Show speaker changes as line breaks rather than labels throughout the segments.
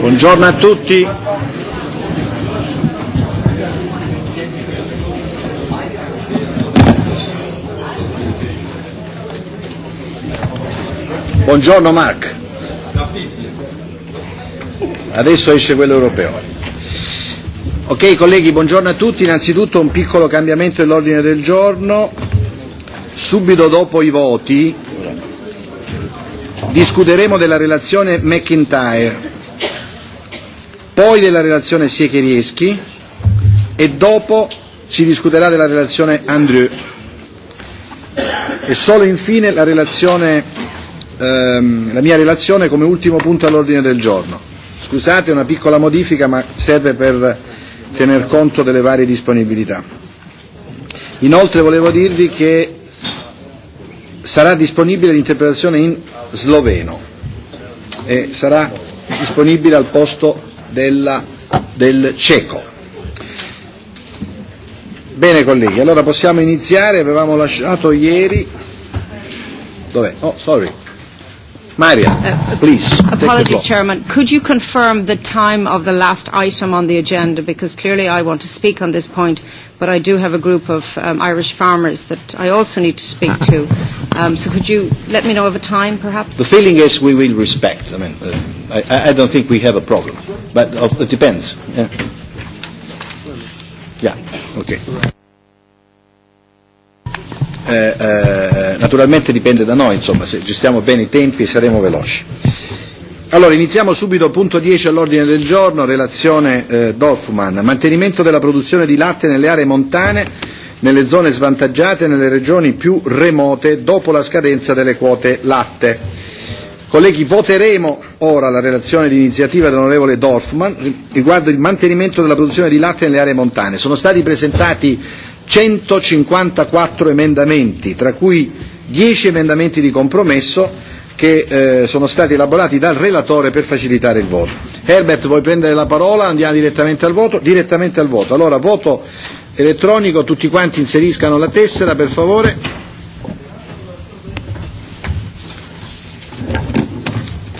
Buongiorno a tutti. Buongiorno Mark. Adesso esce quello europeo. Ok colleghi, buongiorno a tutti. Innanzitutto un piccolo cambiamento dell'ordine del giorno. Subito dopo i voti discuteremo della relazione McIntyre poi della relazione Siecherieschi e dopo si discuterà della relazione Andrew e solo infine la, relazione, ehm, la mia relazione come ultimo punto all'ordine del giorno. Scusate, una piccola modifica ma serve per tener conto delle varie disponibilità. Inoltre volevo dirvi che sarà disponibile l'interpretazione in sloveno e sarà disponibile al posto della, del cieco. Bene colleghi, allora possiamo iniziare, avevamo lasciato ieri. Dov'è? Oh, sorry. Maria, uh, please. Apologies,
Chairman. Could you confirm the time of the last item on the agenda? Because clearly I want to speak on this point, but I do have a group of um, Irish farmers that I also need to speak to. Um, so could you let me know of a time, perhaps?
The feeling is we will respect. I mean, uh, I, I don't think we have a problem, but of, uh, it depends. Yeah. yeah. Okay eh, eh, naturalmente dipende da noi, insomma, se gestiamo bene i tempi e saremo veloci. Allora, iniziamo subito punto 10 all'ordine del giorno, relazione eh, Dorfman, mantenimento della produzione di latte nelle aree montane, nelle zone svantaggiate e nelle regioni più remote dopo la scadenza delle quote latte. Colleghi, voteremo ora la relazione di iniziativa dell'onorevole Dorfman riguardo il mantenimento della produzione di latte nelle aree montane. Sono stati presentati 154 emendamenti, tra cui 10 emendamenti di compromesso che eh, sono stati elaborati dal relatore per facilitare il voto. Herbert, vuoi prendere la parola? Andiamo direttamente al voto? Direttamente al voto. Allora, voto elettronico, tutti quanti inseriscano la tessera, per favore.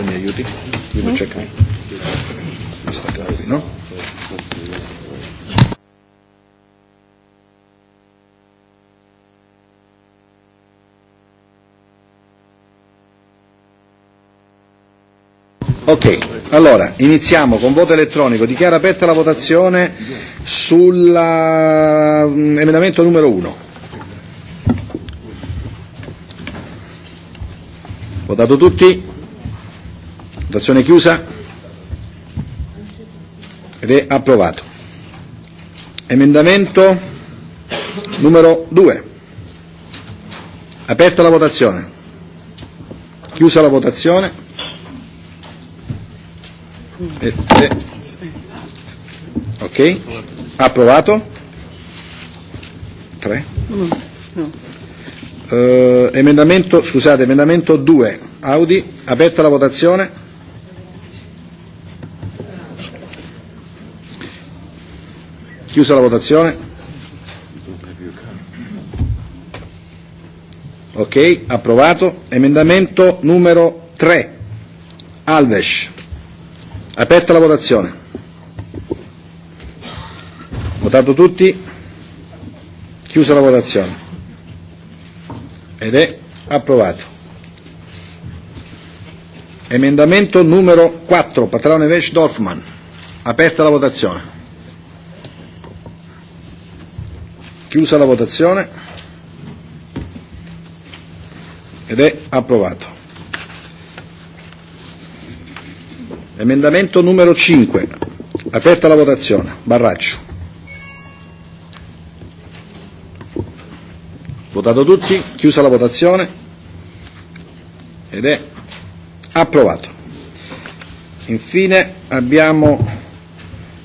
Mi aiuti? You check me. Ok, allora iniziamo con voto elettronico. Dichiaro aperta la votazione sull'emendamento mm, numero 1. Votato tutti? Votazione chiusa? Ed è approvato. Emendamento numero 2. Aperta la votazione. Chiusa la votazione. Eh, eh. Ok, approvato. 3.
Uh,
eh, emendamento, scusate, emendamento 2. Audi, aperta la votazione. Chiusa la votazione. Ok, approvato. Emendamento numero 3. Alves. Aperta la votazione. Votato tutti. Chiusa la votazione. Ed è approvato. Emendamento numero 4, Patrone Vesh Dorfman. Aperta la votazione. Chiusa la votazione. Ed è approvato. Emendamento numero 5. Aperta la votazione. Barraccio. Votato tutti, chiusa la votazione ed è approvato. Infine abbiamo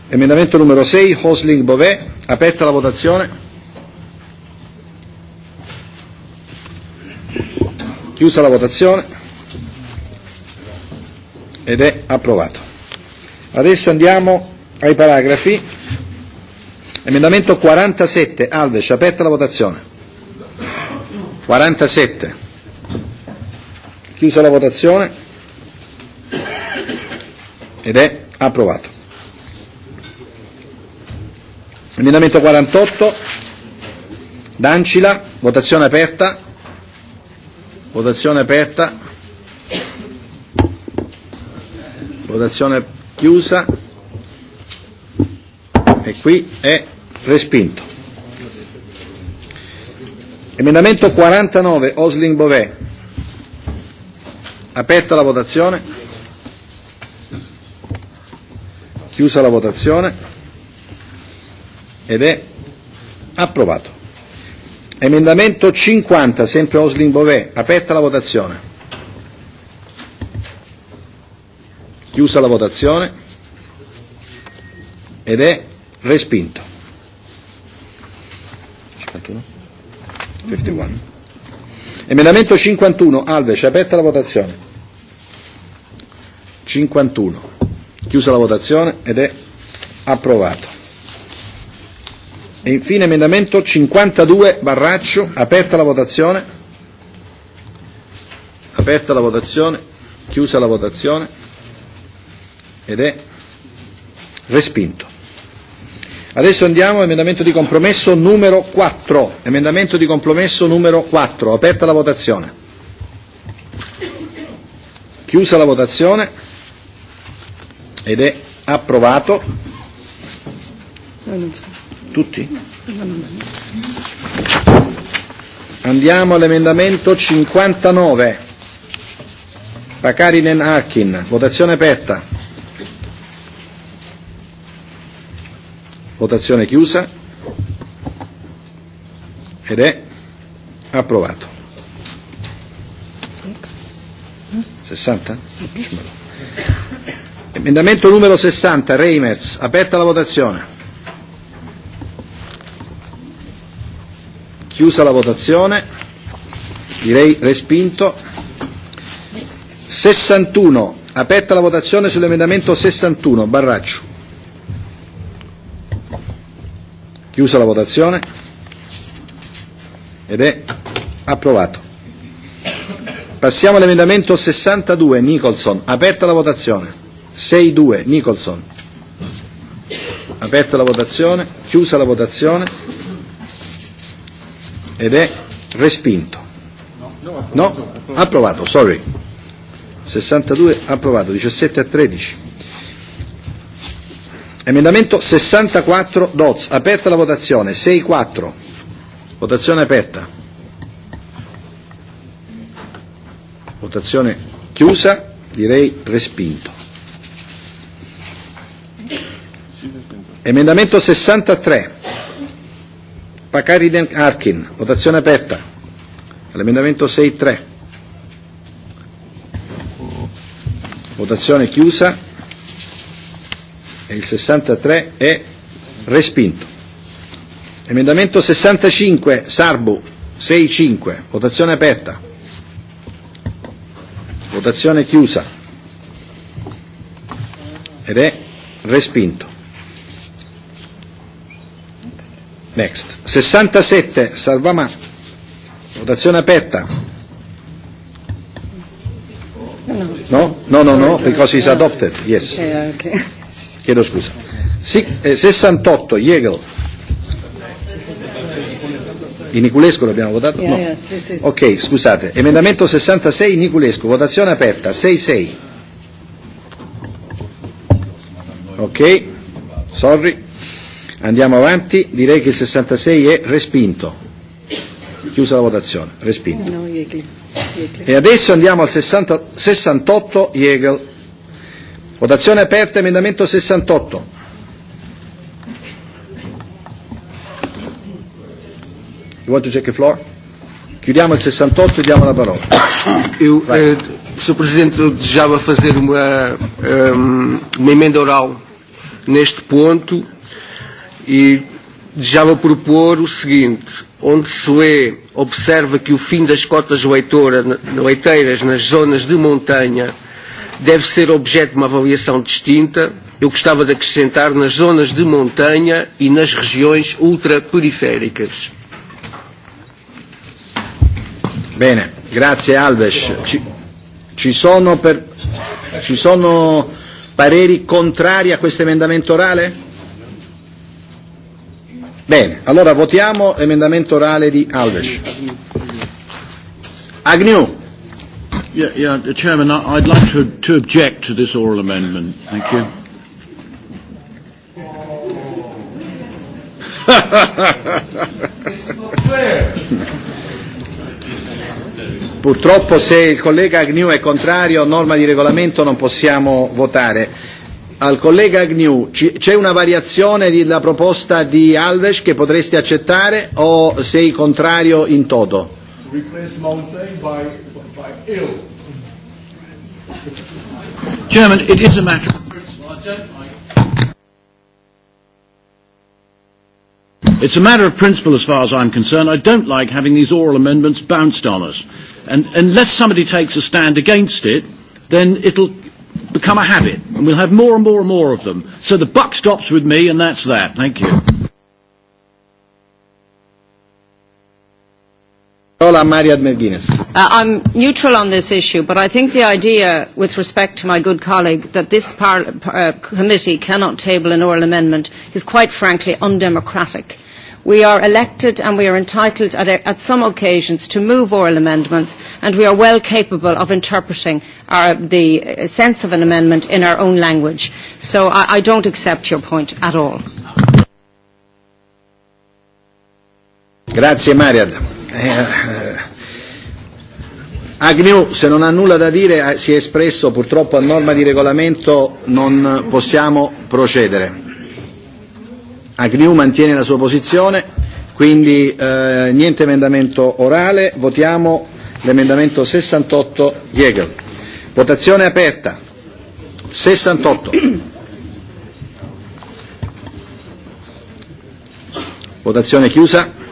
emendamento numero 6, Hosling Bové. Aperta la votazione. Chiusa la votazione ed è approvato. Adesso andiamo ai paragrafi. Emendamento 47, Alves, aperta la votazione. 47. Chiusa la votazione ed è approvato. Emendamento 48, Dancila, votazione aperta. Votazione aperta. Votazione chiusa. E qui è respinto. Emendamento 49, Osling Bovè. Aperta la votazione. Chiusa la votazione. Ed è approvato. Emendamento 50, sempre Osling Bovè. Aperta la votazione. Chiusa la votazione ed è respinto. 51. 51. Emendamento 51, Alves, è aperta la votazione. 51. Chiusa la votazione ed è approvato. E infine emendamento 52 Barraccio, aperta la votazione. Aperta la votazione, chiusa la votazione ed è respinto. Adesso andiamo all'emendamento di compromesso numero 4. Emendamento di compromesso numero 4. Aperta la votazione. Chiusa la votazione ed è approvato. Tutti? Andiamo all'emendamento 59. Pakarinen Arkin. Votazione aperta. Votazione chiusa ed è approvato. 60? Emendamento numero 60, Reimers, aperta la votazione. Chiusa la votazione, direi respinto. 61, aperta la votazione sull'emendamento 61, Barraccio. Chiusa la votazione ed è approvato. Passiamo all'emendamento 62 Nicholson, aperta la votazione. 62 Nicholson. Aperta la votazione, chiusa la votazione ed è respinto. No, approvato, sorry. 62 approvato, 17 a 13. Emendamento 64 Doz, aperta la votazione, 6-4, votazione aperta. Votazione chiusa, direi respinto. Emendamento 63, Pacariden Arkin, votazione aperta, all'emendamento 6-3. Votazione chiusa, e il 63 è respinto. Emendamento 65, Sarbu, 6-5, votazione aperta. Votazione chiusa. Ed è respinto. Next. 67, Salvamà. Votazione aperta. No, no, no, no because it's adopted, yes.
Okay, okay
chiedo scusa. Si, eh, 68, Jägel. Di Niculesco l'abbiamo votato? Yeah, no. Yeah, sì, sì, sì. Ok, scusate. Emendamento 66, Niculesco, votazione aperta, 6-6. Ok, sorry. Andiamo avanti, direi che il 66 è respinto. Chiusa la votazione, respinto.
No, Jägel. Jägel.
E adesso andiamo al 60, 68 Jägel. Votazione aperta, emendamento 68. You want to check the floor? Chiudiamo il 68 e diamo la parola.
Eu, eh, Sr. Presidente, eu desejava fazer uma, um, uma emenda oral neste ponto e desejava propor o seguinte, onde se lê, observa que o fim das cotas leiteiras nas zonas de montanha deve ser objeto de uma avaliação distinta. Eu gostava de acrescentar nas zonas de montanha e nas regiões ultraperiféricas.
Bene, grazie Alves. Ci, ci, sono per, ci sono pareri contrari a questo emendamento orale? Bene, allora votiamo l'emendamento orale di Alves. Agnew.
Yeah, yeah, the Chairman, I'd like to, to object to this oral amendment. Thank you.
Purtroppo se il collega Agnew è contrario a norma di regolamento non possiamo votare. Al collega Agnew c'è una variazione della proposta di Alves che potresti accettare o sei contrario in toto?
Replace mountain by I'm ill.
Chairman, it is a matter of principle. I don't like.
It's a matter of principle as far as I'm concerned. I don't like having these oral amendments bounced on us. And unless somebody takes a stand against it, then it'll become a habit. And we'll have more and more and more of them. So the buck stops with me, and that's that. Thank you.
Hola, Maria McGuinness. Uh,
I'm neutral on this issue, but I think the idea, with respect to my good colleague, that this par- uh, committee cannot table an oral amendment is quite frankly undemocratic. We are elected and we are entitled at, a, at some occasions to move oral amendments and we are well capable of interpreting our, the uh, sense of an amendment in our own language. So I, I don't accept your point at all.
Grazie Mariad. Eh, eh, Agnew, se non ha nulla da dire, eh, si è espresso, purtroppo a norma di regolamento non possiamo procedere. Agnew mantiene la sua posizione, quindi eh, niente emendamento orale, votiamo l'emendamento 68 Jägel. Votazione aperta. 68. Votazione chiusa.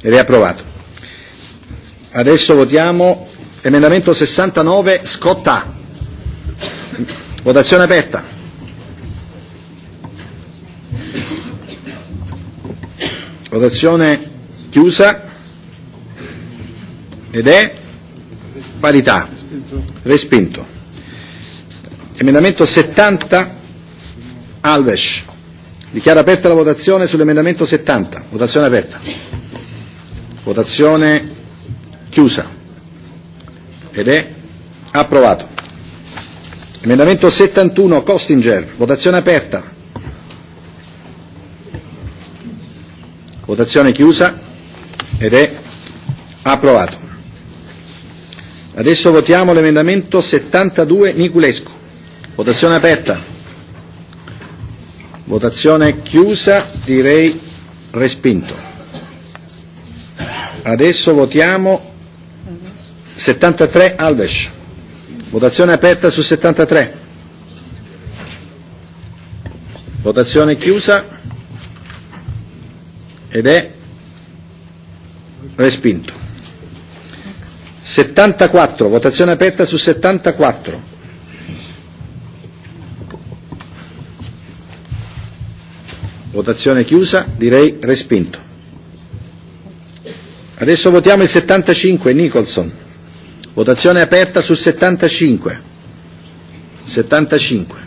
ed è approvato. Adesso votiamo emendamento 69 Scotta. Votazione aperta. Votazione chiusa ed è parità. Respinto. Emendamento 70 Alves. Dichiara aperta la votazione sull'emendamento 70. Votazione aperta. Votazione chiusa. Ed è approvato. Emendamento 71 Costinger. Votazione aperta. Votazione chiusa ed è approvato. Adesso votiamo l'emendamento 72 Niculescu. Votazione aperta. Votazione chiusa, direi respinto. Adesso votiamo 73 Alves. Votazione aperta su 73. Votazione chiusa ed è respinto. 74, votazione aperta su 74. Votazione chiusa, direi respinto. Adesso votiamo il 75, Nicholson. Votazione aperta su 75. 75.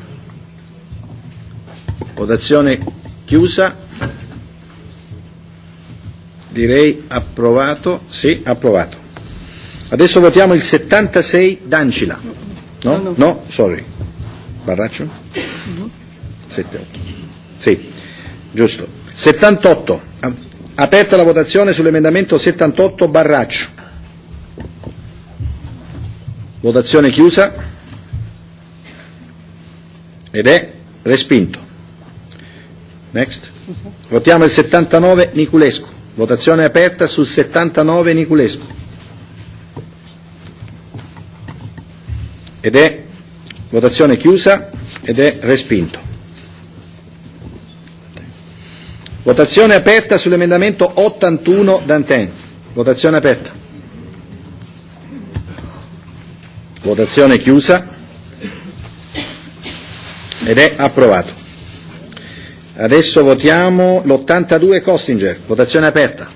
Votazione chiusa. Direi approvato. Sì, approvato. Adesso votiamo il 76 Dancila. No? No, no. no sorry. Barraccio?
Mm-hmm.
7, 8. Sì, giusto. 78. Aperta la votazione sull'emendamento 78 Barraccio. Votazione chiusa ed è respinto. Next. Votiamo il 79 Niculescu. Votazione aperta sul 79 Niculescu. Ed è votazione chiusa ed è respinto. Votazione aperta sull'emendamento 81 Danten. Votazione aperta. Votazione chiusa. Ed è approvato. Adesso votiamo l'82 Costinger. Votazione aperta.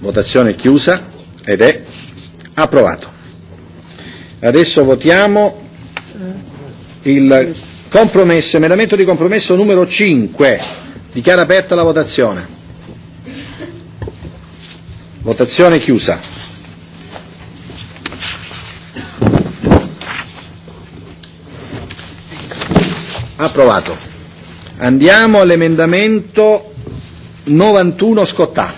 Votazione chiusa ed è approvato. Adesso votiamo il Compromesso, emendamento di compromesso numero 5. Dichiara aperta la votazione. Votazione chiusa. Approvato. Andiamo all'emendamento 91 Scottà.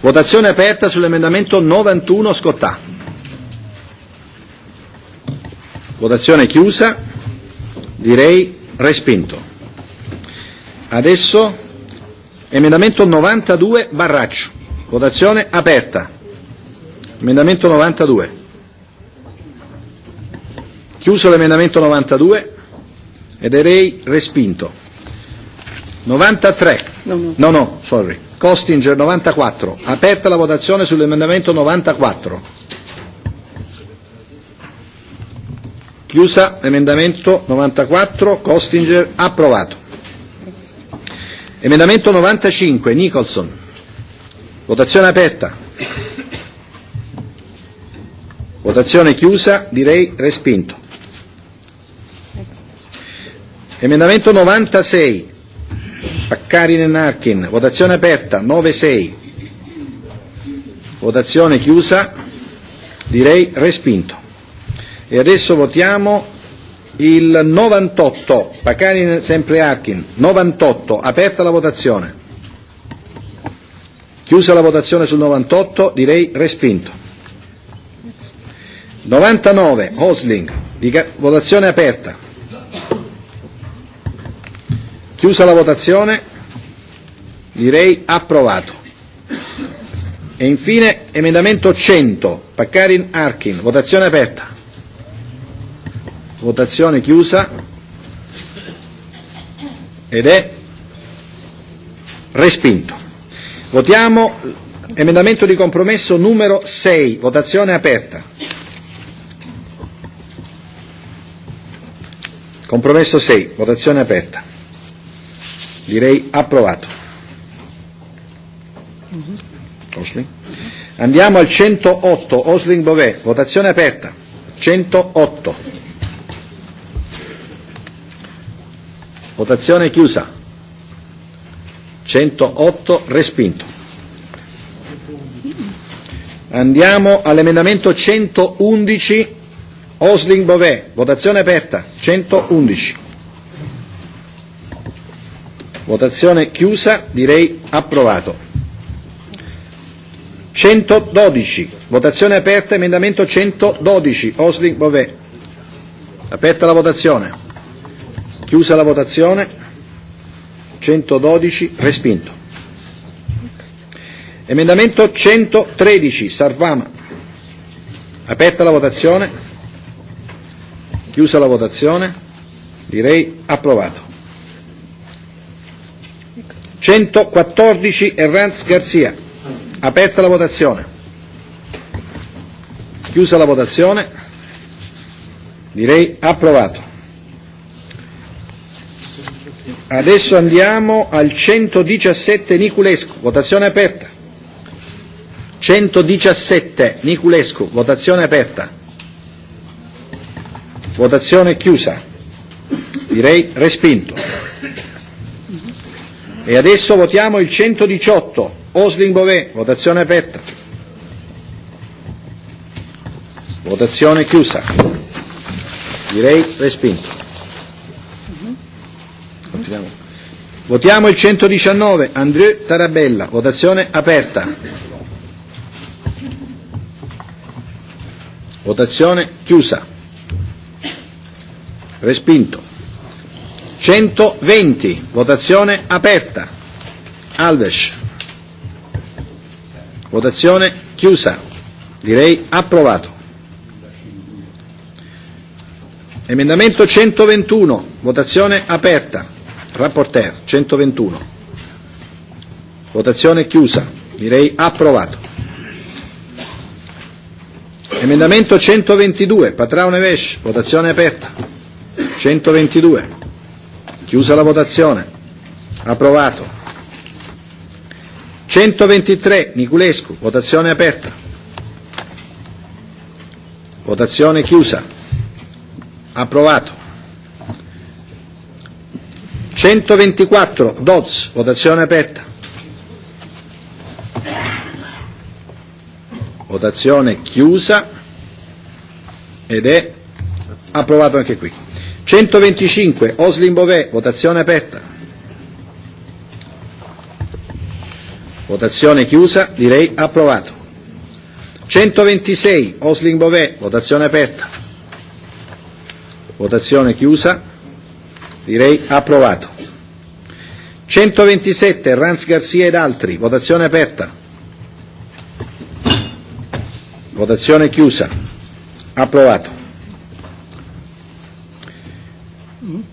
Votazione aperta sull'emendamento 91 Scottà. Votazione chiusa, direi respinto. Adesso emendamento 92 Barraccio. Votazione aperta. Emendamento 92. Chiuso l'emendamento 92 ed erei respinto. 93. No, no, no, no sorry. Costinger 94. Aperta la votazione sull'emendamento 94. Chiusa emendamento 94, Costinger approvato. Emendamento 95, Nicholson. Votazione aperta. Votazione chiusa, direi respinto. Emendamento 96, Paccarine Narkin. Votazione aperta, 9-6. Votazione chiusa, direi respinto. E adesso votiamo il 98, Pacani sempre Arkin, 98, aperta la votazione. Chiusa la votazione sul 98, direi respinto. 99, Hosling, votazione aperta. Chiusa la votazione, direi approvato. E infine emendamento 100, Paccarin Arkin, votazione aperta. Votazione chiusa. Ed è respinto. Votiamo emendamento di compromesso numero 6. Votazione aperta. Compromesso 6. Votazione aperta. Direi approvato. Osling. Andiamo al 108. Osling Bovè. Votazione aperta. 108. Votazione chiusa. 108 respinto. Andiamo all'emendamento 111 Osling Bové. Votazione aperta. 111. Votazione chiusa, direi approvato. 112. Votazione aperta, emendamento 112 Osling Bové. Aperta la votazione. Chiusa la votazione. 112 respinto. Emendamento 113 Sarvama. Aperta la votazione. Chiusa la votazione. Direi approvato. 114 Erranz Garzia. Aperta la votazione. Chiusa la votazione. Direi approvato. Adesso andiamo al 117 Niculescu, votazione aperta. 117 Niculescu, votazione aperta. Votazione chiusa. Direi respinto. E adesso votiamo il 118 Osling Bové, votazione aperta. Votazione chiusa. Direi respinto. Continuiamo. Votiamo il 119, Andreu Tarabella, votazione aperta. Votazione chiusa. Respinto. 120, votazione aperta. Alves. Votazione chiusa. Direi approvato. Emendamento 121, votazione aperta. Rapporteur 121. Votazione chiusa. Direi approvato. Emendamento 122. Patraone Vesh. Votazione aperta. 122. Chiusa la votazione. Approvato. 123. Niculescu. Votazione aperta. Votazione chiusa. Approvato. 124 Dodds, votazione aperta. Votazione chiusa ed è approvato anche qui. 125 Oslin Bové, votazione aperta. Votazione chiusa, direi approvato. 126 Oslin Bové, votazione aperta. Votazione chiusa Direi approvato. 127 Ranz Garcia ed altri, votazione aperta. Votazione chiusa. Approvato.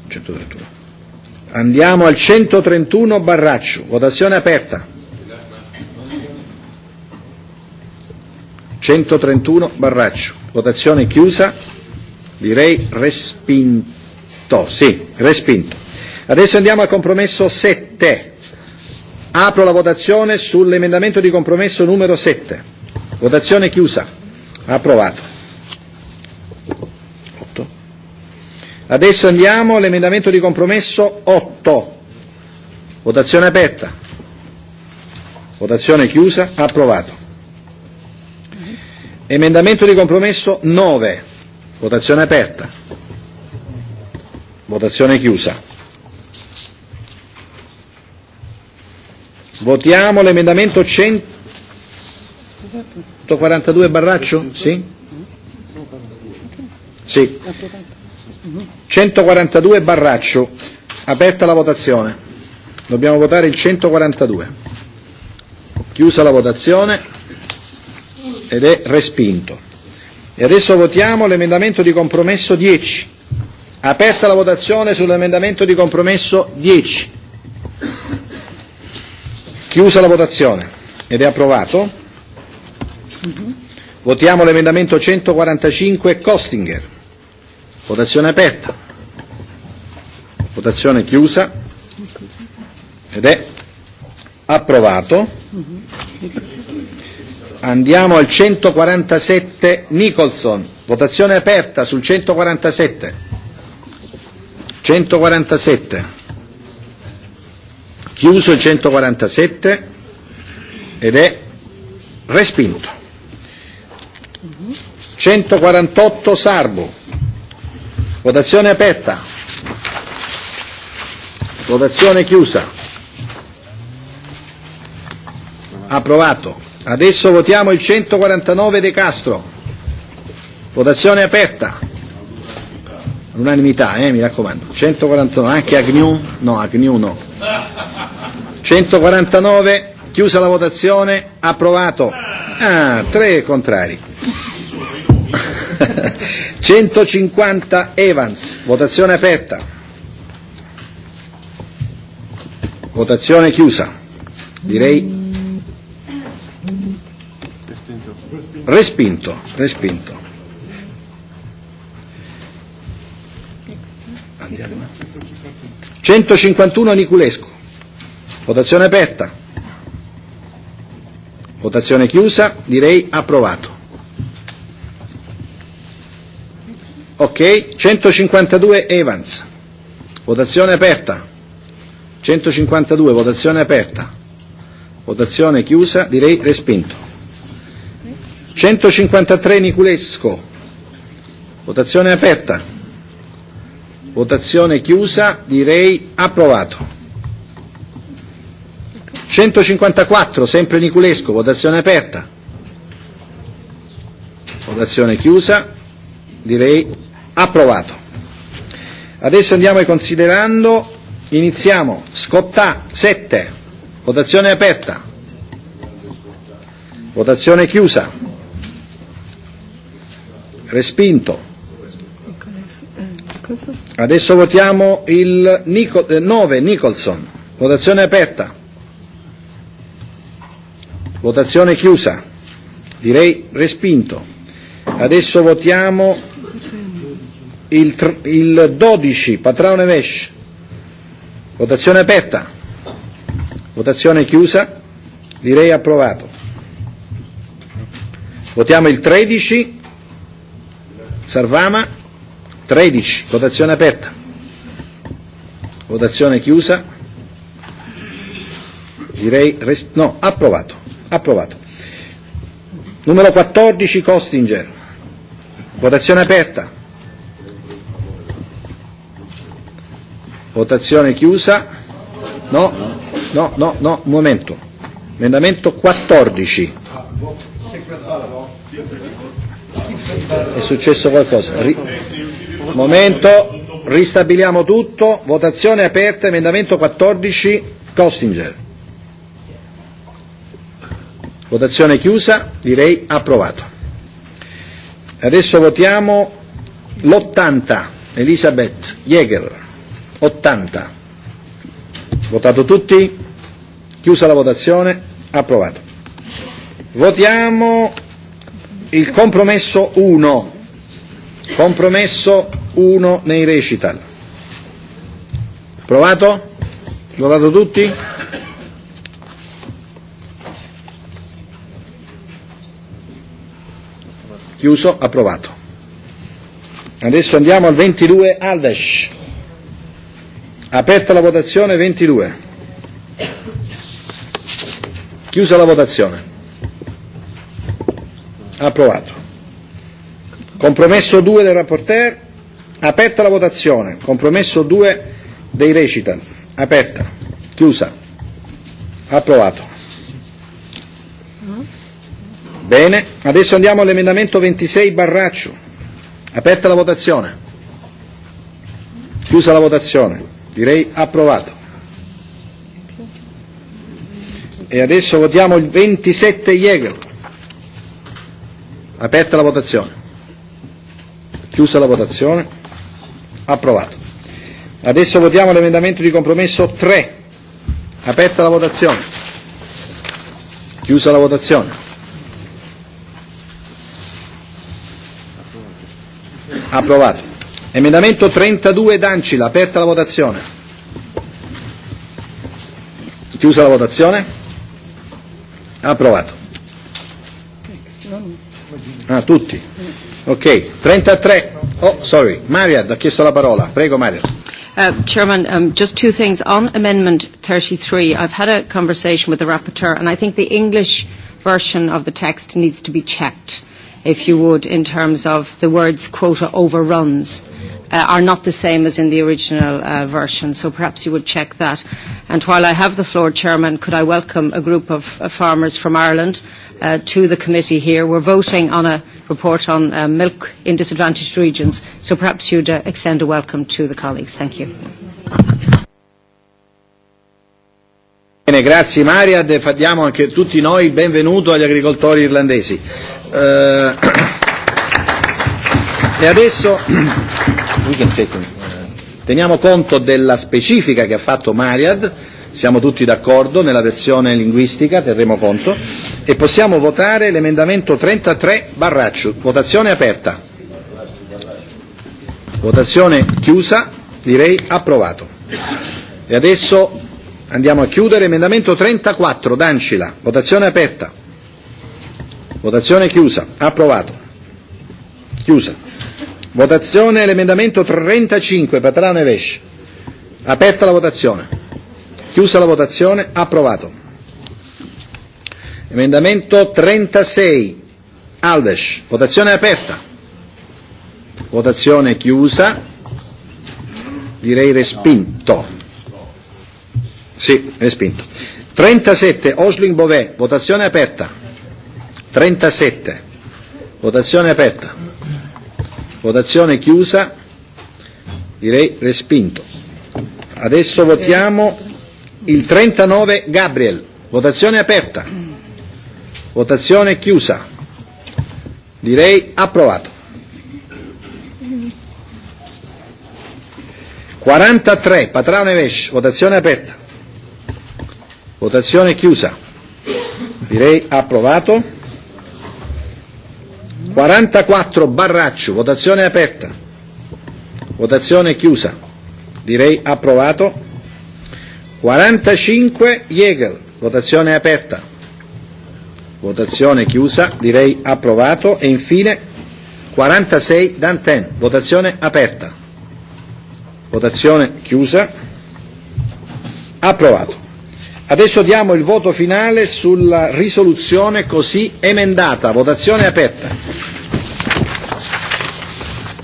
131. Andiamo al 131 Barraccio, votazione aperta. 131 Barraccio, votazione chiusa, direi respinto respinto, sì, respinto. Adesso andiamo al compromesso 7. Apro la votazione sull'emendamento di compromesso numero 7. Votazione chiusa. Approvato. 8. Adesso andiamo all'emendamento di compromesso 8. Votazione aperta. Votazione chiusa. Approvato. Emendamento di compromesso 9. Votazione aperta. Votazione chiusa. Votiamo l'emendamento 142 Barraccio? Sì? Sì. 142 Barraccio. Aperta la votazione. Dobbiamo votare il 142. Chiusa la votazione ed è respinto. E adesso votiamo l'emendamento di compromesso 10. Aperta la votazione sull'emendamento di compromesso 10. Chiusa la votazione ed è approvato. Votiamo l'emendamento 145 Costinger. Votazione aperta. Votazione chiusa ed è approvato. Andiamo al 147 Nicholson. Votazione aperta sul 147. 147. Chiuso il 147 ed è respinto. 148 Sarbo. Votazione aperta. Votazione chiusa. Approvato. Adesso votiamo il 149 De Castro. Votazione aperta all'unanimità, eh, mi raccomando. 149, anche Agnew? No, Agnew no. 149, chiusa la votazione, approvato. Ah, tre contrari. 150 Evans, votazione aperta. Votazione chiusa. Direi respinto, respinto. Andiamo. 151 Niculescu. Votazione aperta. Votazione chiusa, direi approvato. Ok, 152 Evans. Votazione aperta. 152, votazione aperta. Votazione chiusa, direi respinto. 153 Niculesco. Votazione aperta. Votazione chiusa, direi approvato. 154, sempre Niculesco, votazione aperta. Votazione chiusa, direi approvato. Adesso andiamo ai considerando, iniziamo, Scottà 7, votazione aperta. Votazione chiusa. Respinto. Adesso votiamo il Nico, eh, 9, Nicholson. Votazione aperta. Votazione chiusa. Direi respinto. Adesso votiamo il, tr- il 12, Patraone Vesh. Votazione aperta. Votazione chiusa. Direi approvato. Votiamo il 13, Sarvama. 13, votazione aperta. Votazione chiusa. Direi res- no, approvato. Approvato. Numero 14 Costinger. Votazione aperta. Votazione chiusa. No, no, no, no, un momento. Emendamento 14. È successo qualcosa? Ri- Momento, ristabiliamo tutto. Votazione aperta, emendamento 14, Costinger. Votazione chiusa, direi approvato. Adesso votiamo l'80, Elisabeth Jäger, 80. Votato tutti? Chiusa la votazione, approvato. Votiamo il compromesso 1, Compromesso 1 nei recital. Provato? Votato tutti? Chiuso, approvato. Adesso andiamo al 22 Alves. Aperta la votazione 22. Chiusa la votazione. Approvato. Compromesso 2 del rapporteur, aperta la votazione. Compromesso 2 dei recita, aperta, chiusa, approvato. Bene, adesso andiamo all'emendamento 26 Barraccio. Aperta la votazione. Chiusa la votazione. Direi approvato. E adesso votiamo il 27 Jäger. Aperta la votazione. Chiusa la votazione. Approvato. Adesso votiamo l'emendamento di compromesso 3. Aperta la votazione. Chiusa la votazione. Approvato. Emendamento 32 Dancila. Aperta la votazione. Chiusa la votazione. Approvato. Ah, tutti. Ok, 33. Oh, sorry. Mariad ha chiesto la parola. Prego, Mariad.
Uh,
Chairman, um, just two things. On Amendment 33, I've had a conversation with the rapporteur, and I think the English version of the text needs to be checked, if you would, in terms of the words quota overruns uh, are not the same as in the original uh, version, so perhaps you would check that. And while I have the floor, Chairman, could I welcome a group of uh, farmers from Ireland? Uh, uh, to the committee here. We're voting on a report on uh, milk in disadvantaged regions, so perhaps you'd uh, extend a welcome to the colleagues. Thank you.
Bene, grazie Mariad e diamo anche tutti noi il benvenuto agli agricoltori irlandesi. Eh, e adesso teniamo conto della specifica che ha fatto Mariad siamo tutti d'accordo nella versione linguistica, terremo conto, e possiamo votare l'emendamento 33 Barracciu. Votazione aperta. Votazione chiusa, direi approvato. E adesso andiamo a chiudere emendamento 34 Dancila. Votazione aperta. Votazione chiusa, approvato. Chiusa. Votazione l'emendamento 35 Patrano e Vesce. Aperta la votazione. Chiusa la votazione, approvato. Emendamento 36, Alves, votazione aperta. Votazione chiusa, direi respinto. Sì, respinto. 37, Osling Bové, votazione aperta. 37, votazione aperta. Votazione chiusa, direi respinto. Adesso votiamo Il 39 Gabriel. Votazione aperta. Votazione chiusa. Direi approvato. 43 Patrano Nevesh. Votazione aperta. Votazione chiusa. Direi approvato. 44 Barraccio. Votazione aperta. Votazione chiusa. Direi approvato. 45 Jägel, votazione aperta, votazione chiusa, direi approvato e infine 46 Danten, votazione aperta, votazione chiusa, approvato. Adesso diamo il voto finale sulla risoluzione così emendata, votazione aperta,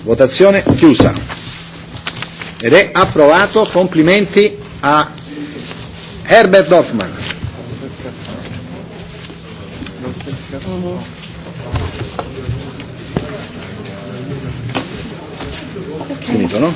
votazione chiusa ed è approvato, complimenti a Herbert Hoffman. Mm-hmm.
Okay. Finito, no?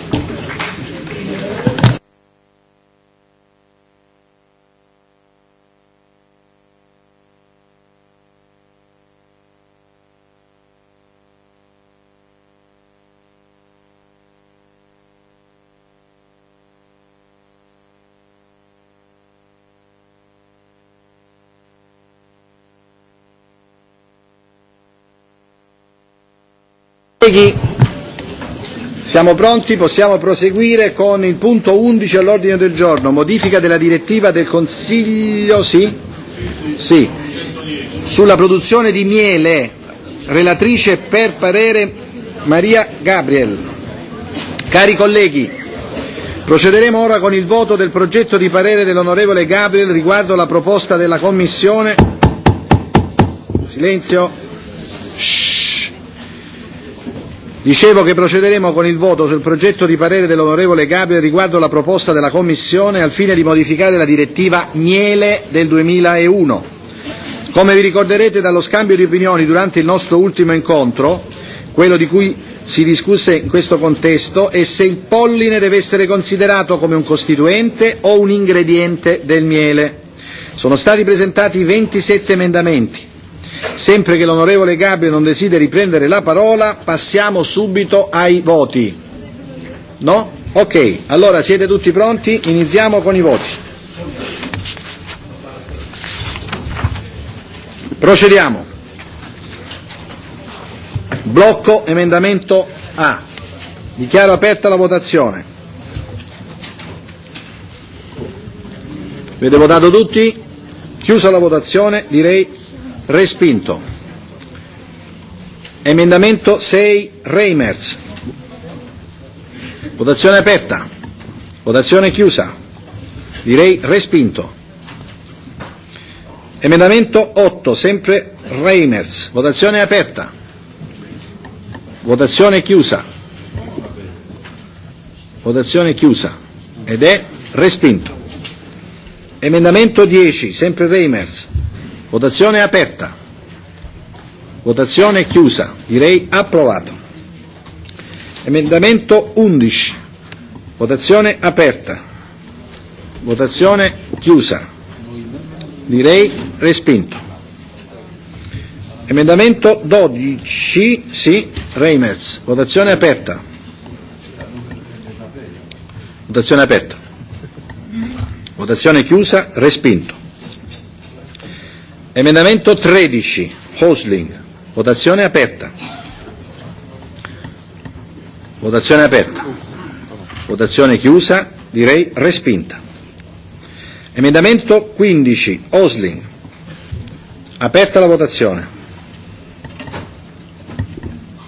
Colleghi, siamo pronti, possiamo proseguire con il punto 11 all'ordine del giorno, modifica della direttiva del Consiglio, sì? Sì, sulla produzione di miele, relatrice per parere Maria Gabriel. Cari colleghi, procederemo ora con il voto del progetto di parere dell'onorevole Gabriel riguardo la proposta della Commissione. Silenzio. Shh Dicevo che procederemo con il voto sul progetto di parere dell'onorevole Gabriel riguardo alla proposta della Commissione al fine di modificare la direttiva Miele del 2001. Come vi ricorderete dallo scambio di opinioni durante il nostro ultimo incontro, quello di cui si discusse in questo contesto è se il polline deve essere considerato come un costituente o un ingrediente del miele. Sono stati presentati 27 emendamenti Sempre che l'onorevole Gabriel non desideri prendere la parola, passiamo subito ai voti. No? Ok, allora siete tutti pronti? Iniziamo con i voti. Procediamo. Blocco emendamento A. Dichiaro aperta la votazione. Avete votato tutti? Chiusa la votazione, direi Respinto. Emendamento 6 Reimers. Votazione aperta. Votazione chiusa. Direi respinto. Emendamento 8, sempre Reimers. Votazione aperta. Votazione chiusa. Votazione chiusa. Ed è respinto. Emendamento 10, sempre Reimers. Votazione aperta. Votazione chiusa. Direi approvato. Emendamento 11. Votazione aperta. Votazione chiusa. Direi respinto. Emendamento 12, sì, Reimers. Votazione aperta. Votazione aperta. Votazione chiusa, respinto. Emendamento 13, Hosling. Votazione aperta. Votazione aperta. Votazione chiusa, direi respinta. Emendamento 15, Osling. Aperta la votazione.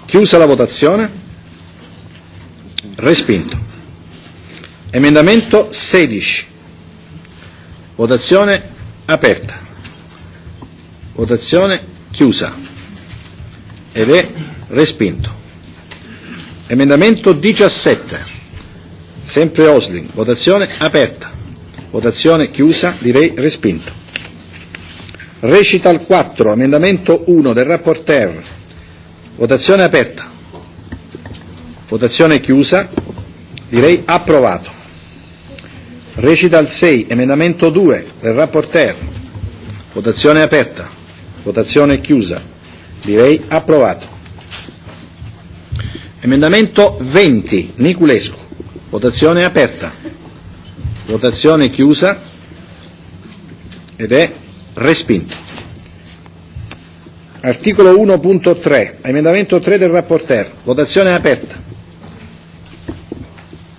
Chiusa la votazione. Respinto. Emendamento 16. Votazione aperta. Votazione chiusa. Ed è respinto. Emendamento 17. Sempre Osling. Votazione aperta. Votazione chiusa, direi respinto. Recital 4, emendamento 1 del rapporteur. Votazione aperta. Votazione chiusa, direi approvato. Recital 6, emendamento 2 del rapporteur. Votazione aperta. Votazione chiusa. Direi approvato. Emendamento 20, Niculescu. Votazione aperta. Votazione chiusa ed è respinto. Articolo 1.3, emendamento 3 del rapporter. Votazione aperta.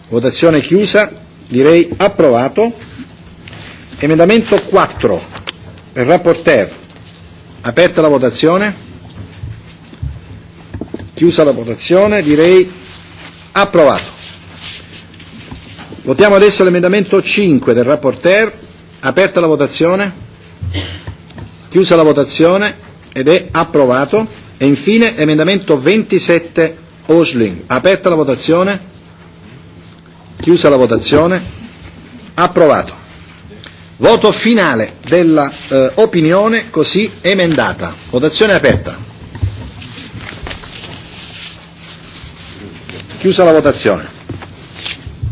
Votazione chiusa, direi approvato. Emendamento 4, il rapporter. Aperta la votazione. Chiusa la votazione, direi approvato. Votiamo adesso l'emendamento 5 del rapporteur. Aperta la votazione. Chiusa la votazione ed è approvato. E infine emendamento 27 Osling. Aperta la votazione. Chiusa la votazione. Approvato. Voto finale della eh, opinione così emendata. Votazione aperta. Chiusa la votazione.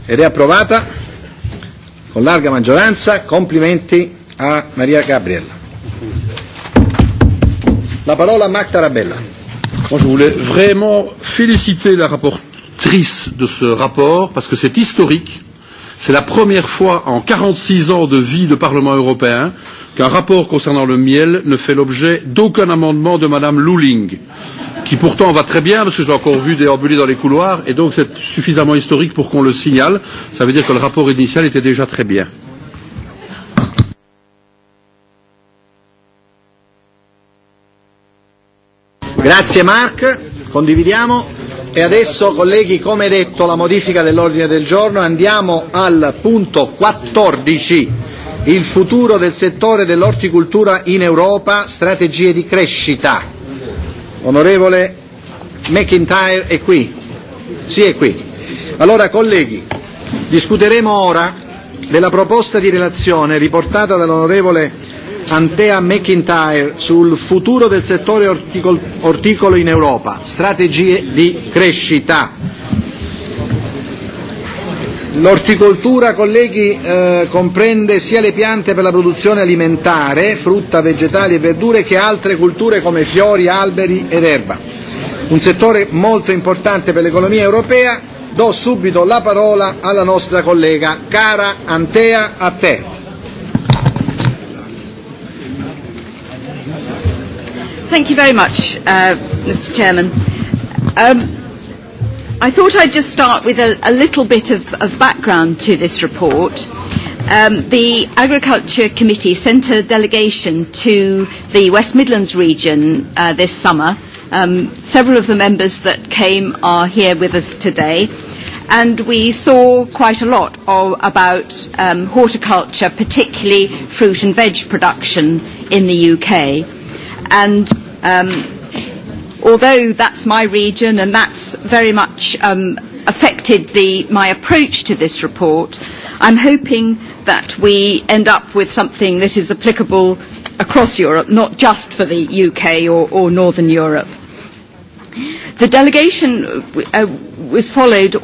Ed è approvata con larga maggioranza. Complimenti a Maria Gabriella. La parola a Mac Tarabella. Moi, je voulais vraiment
féliciter la rapporteure de ce rapport parce que c'est historique C'est la première fois en 46 ans de vie de Parlement européen qu'un rapport concernant le miel ne fait l'objet d'aucun amendement de Madame Luling, qui pourtant va très bien, parce que j'ai encore vu déambuler dans les couloirs, et donc c'est suffisamment historique pour qu'on le signale. Ça veut dire que le rapport
initial était déjà très bien. Grazie Marc, condividiamo. E adesso, colleghi, come detto, la modifica dell'ordine del giorno. Andiamo al punto 14, il futuro del settore dell'orticoltura in Europa, strategie di crescita. Onorevole McIntyre è qui. Sì, è qui. Allora, colleghi, discuteremo ora della proposta di relazione riportata dall'onorevole Antea McIntyre sul futuro del settore orticol- orticolo in Europa, strategie di crescita. L'orticoltura, colleghi, eh, comprende sia le piante per la produzione alimentare, frutta, vegetali e verdure, che altre culture come fiori, alberi ed erba. Un settore molto importante per l'economia europea. Do subito la parola alla nostra collega.
Cara Antea, a te. Thank you very much, uh, Mr. Chairman. Um, I thought I'd just start with a, a little bit of, of background to this report. Um, the Agriculture Committee sent a delegation to the West Midlands region uh, this summer. Um, several of the members that came are here with us today. And we saw quite a lot of, about um, horticulture, particularly fruit and veg production in the UK and um, although that's my region and that's very much um, affected the, my approach to this report, I'm hoping that we end up with something that is applicable across Europe, not just for the UK or, or Northern Europe. The delegation uh, was followed,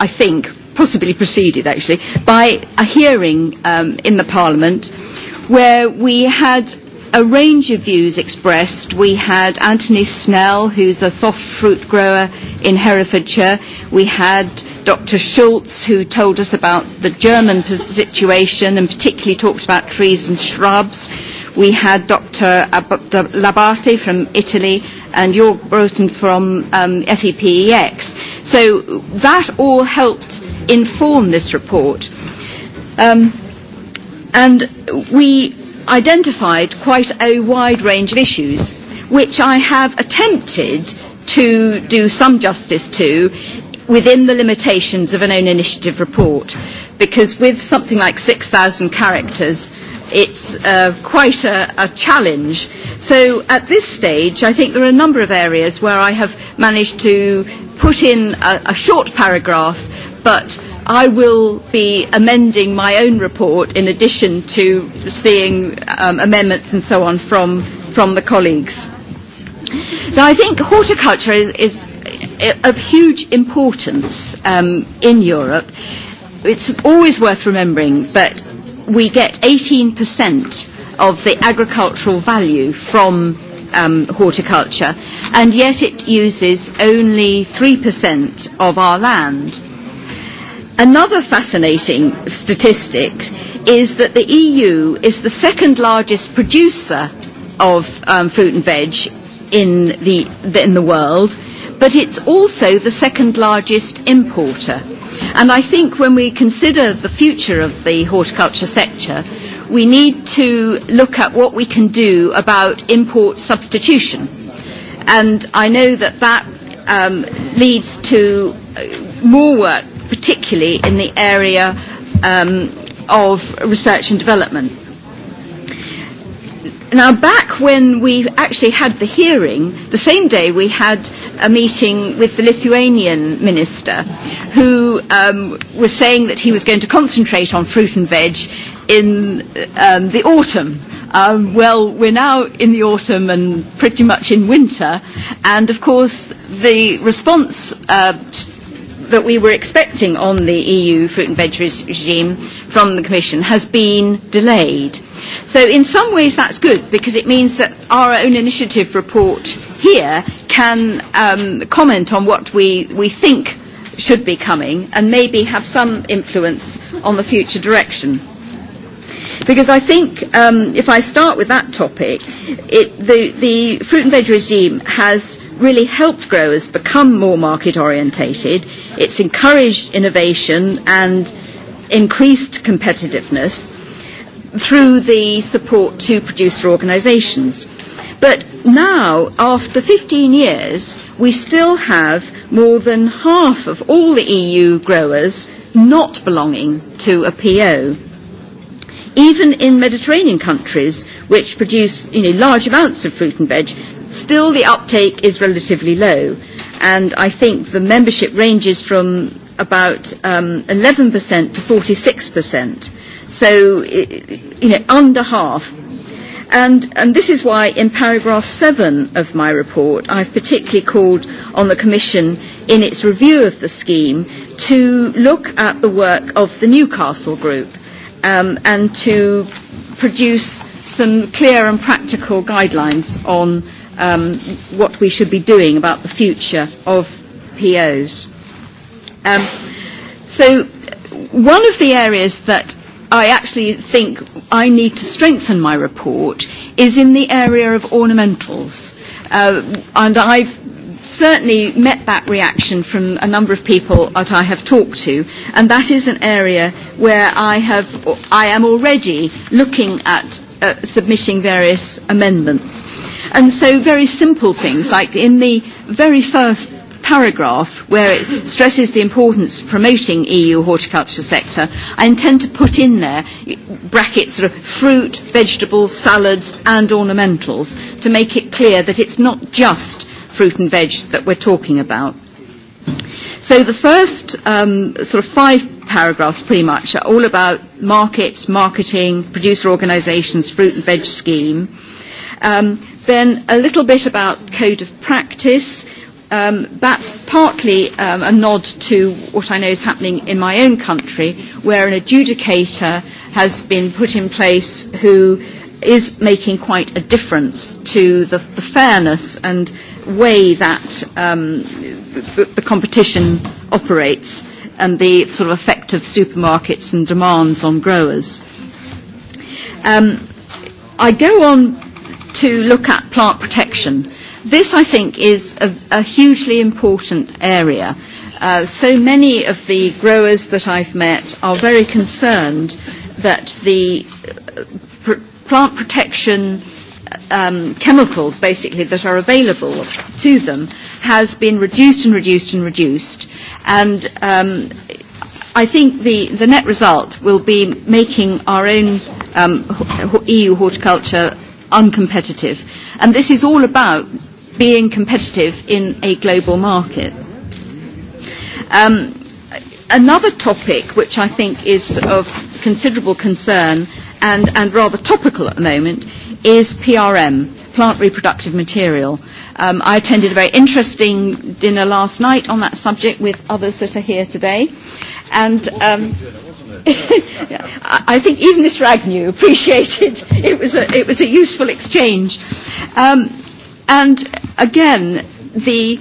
I think, possibly preceded actually, by a hearing um, in the Parliament where we had a range of views expressed. We had Anthony Snell, who's a soft fruit grower in Herefordshire. We had Dr. Schultz, who told us about the German situation and particularly talked about trees and shrubs. We had Dr. Labate from Italy and Jorg Broten from um, FEPEX. So that all helped inform this report. Um, and we identified quite a wide range of issues, which I have attempted to do some justice to within the limitations of an own initiative report, because with something like 6,000 characters, it's uh, quite a, a challenge. So at this stage, I think there are a number of areas where I have managed to put in a, a short paragraph, but I will be amending my own report in addition to seeing um, amendments and so on from, from the colleagues. So I think horticulture is, is of huge importance um, in Europe. It's always worth remembering, but we get 18% of the agricultural value from um, horticulture, and yet it uses only 3% of our land Another fascinating statistic is that the EU is the second largest producer of um, fruit and veg in the, the, in the world, but it's also the second largest importer. And I think when we consider the future of the horticulture sector, we need to look at what we can do about import substitution. And I know that that um, leads to uh, more work particularly in the area um, of research and development. Now, back when we actually had the hearing, the same day we had a meeting with the Lithuanian minister who um, was saying that he was going to concentrate on fruit and veg in um, the autumn. Um, well, we're now in the autumn and pretty much in winter, and of course the response uh, that we were expecting on the EU fruit and veg regime from the Commission has been delayed. So in some ways that's good because it means that our own initiative report here can um, comment on what we, we think should be coming and maybe have some influence on the future direction. Because I think um, if I start with that topic, it, the, the fruit and veg regime has really helped growers become more market orientated. It's encouraged innovation and increased competitiveness through the support to producer organisations. But now, after 15 years, we still have more than half of all the EU growers not belonging to a PO even in Mediterranean countries, which produce you know, large amounts of fruit and veg, still the uptake is relatively low. And I think the membership ranges from about um, 11% to 46%. So, you know, under half. And, and this is why in paragraph 7 of my report, I've particularly called on the Commission in its review of the scheme to look at the work of the Newcastle Group um, and to produce some clear and practical guidelines on um, what we should be doing about the future of POs. Um, so one of the areas that I actually think I need to strengthen my report is in the area of ornamentals. Uh, and I've certainly met that reaction from a number of people that I have talked to, and that is an area where I, have, I am already looking at uh, submitting various amendments. And so very simple things, like in the very first paragraph where it stresses the importance of promoting EU horticulture sector, I intend to put in there brackets sort of fruit, vegetables, salads and ornamentals to make it clear that it's not just fruit and veg that we're talking about. So the first um, sort of five paragraphs pretty much are all about markets, marketing, producer organisations, fruit and veg scheme. Um, then a little bit about code of practice. Um, that's partly um, a nod to what I know is happening in my own country, where an adjudicator has been put in place who is making quite a difference to the, the fairness and way that um, the, the competition operates and the sort of effect of supermarkets and demands on growers. Um, I go on to look at plant protection. This, I think, is a, a hugely important area. Uh, so many of the growers that I've met are very concerned that the uh, pr- plant protection uh, um, chemicals basically that are available to them has been reduced and reduced and reduced. And um, I think the, the net result will be making our own um, EU horticulture uncompetitive. And this is all about being competitive in a global market. Um, another topic which I think is of considerable concern and, and rather topical at the moment is PRM, plant reproductive material. Um, I attended a very interesting dinner last night on that subject with others that are here today. And um, yeah, I think even Mr. Agnew appreciated it was a, it was a useful exchange. Um, and again, the,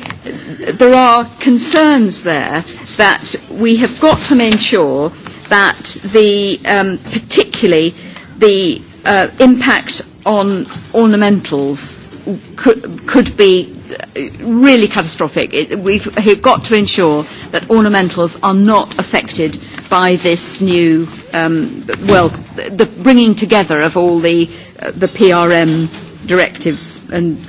there are concerns there that we have got to ensure that the, um, particularly the uh, impact on ornamentals could, could be really catastrophic. It, we've, we've got to ensure that ornamentals are not affected by this new, um, well, the bringing together of all the, uh, the PRM directives and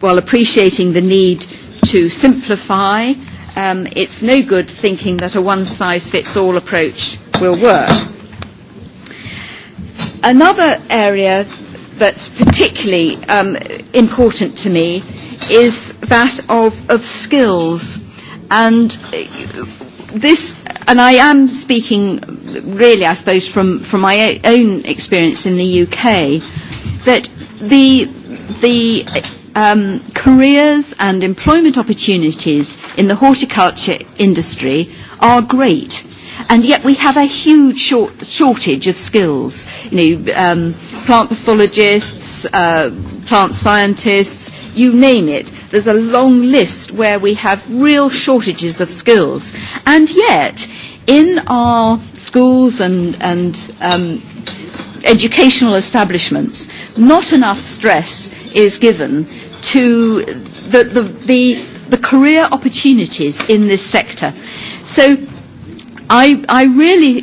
while appreciating the need to simplify, um, it's no good thinking that a one-size-fits-all approach will work. Another area that's particularly um, important to me is that of, of skills. And uh, this, and I am speaking really, I suppose, from, from my own experience in the UK, that the, the um, careers and employment opportunities in the horticulture industry are great and yet we have a huge short, shortage of skills. You know, um, plant pathologists, uh, plant scientists, you name it. There's a long list where we have real shortages of skills, and yet in our schools and and um, educational establishments, not enough stress is given to the the, the the career opportunities in this sector. So I, I really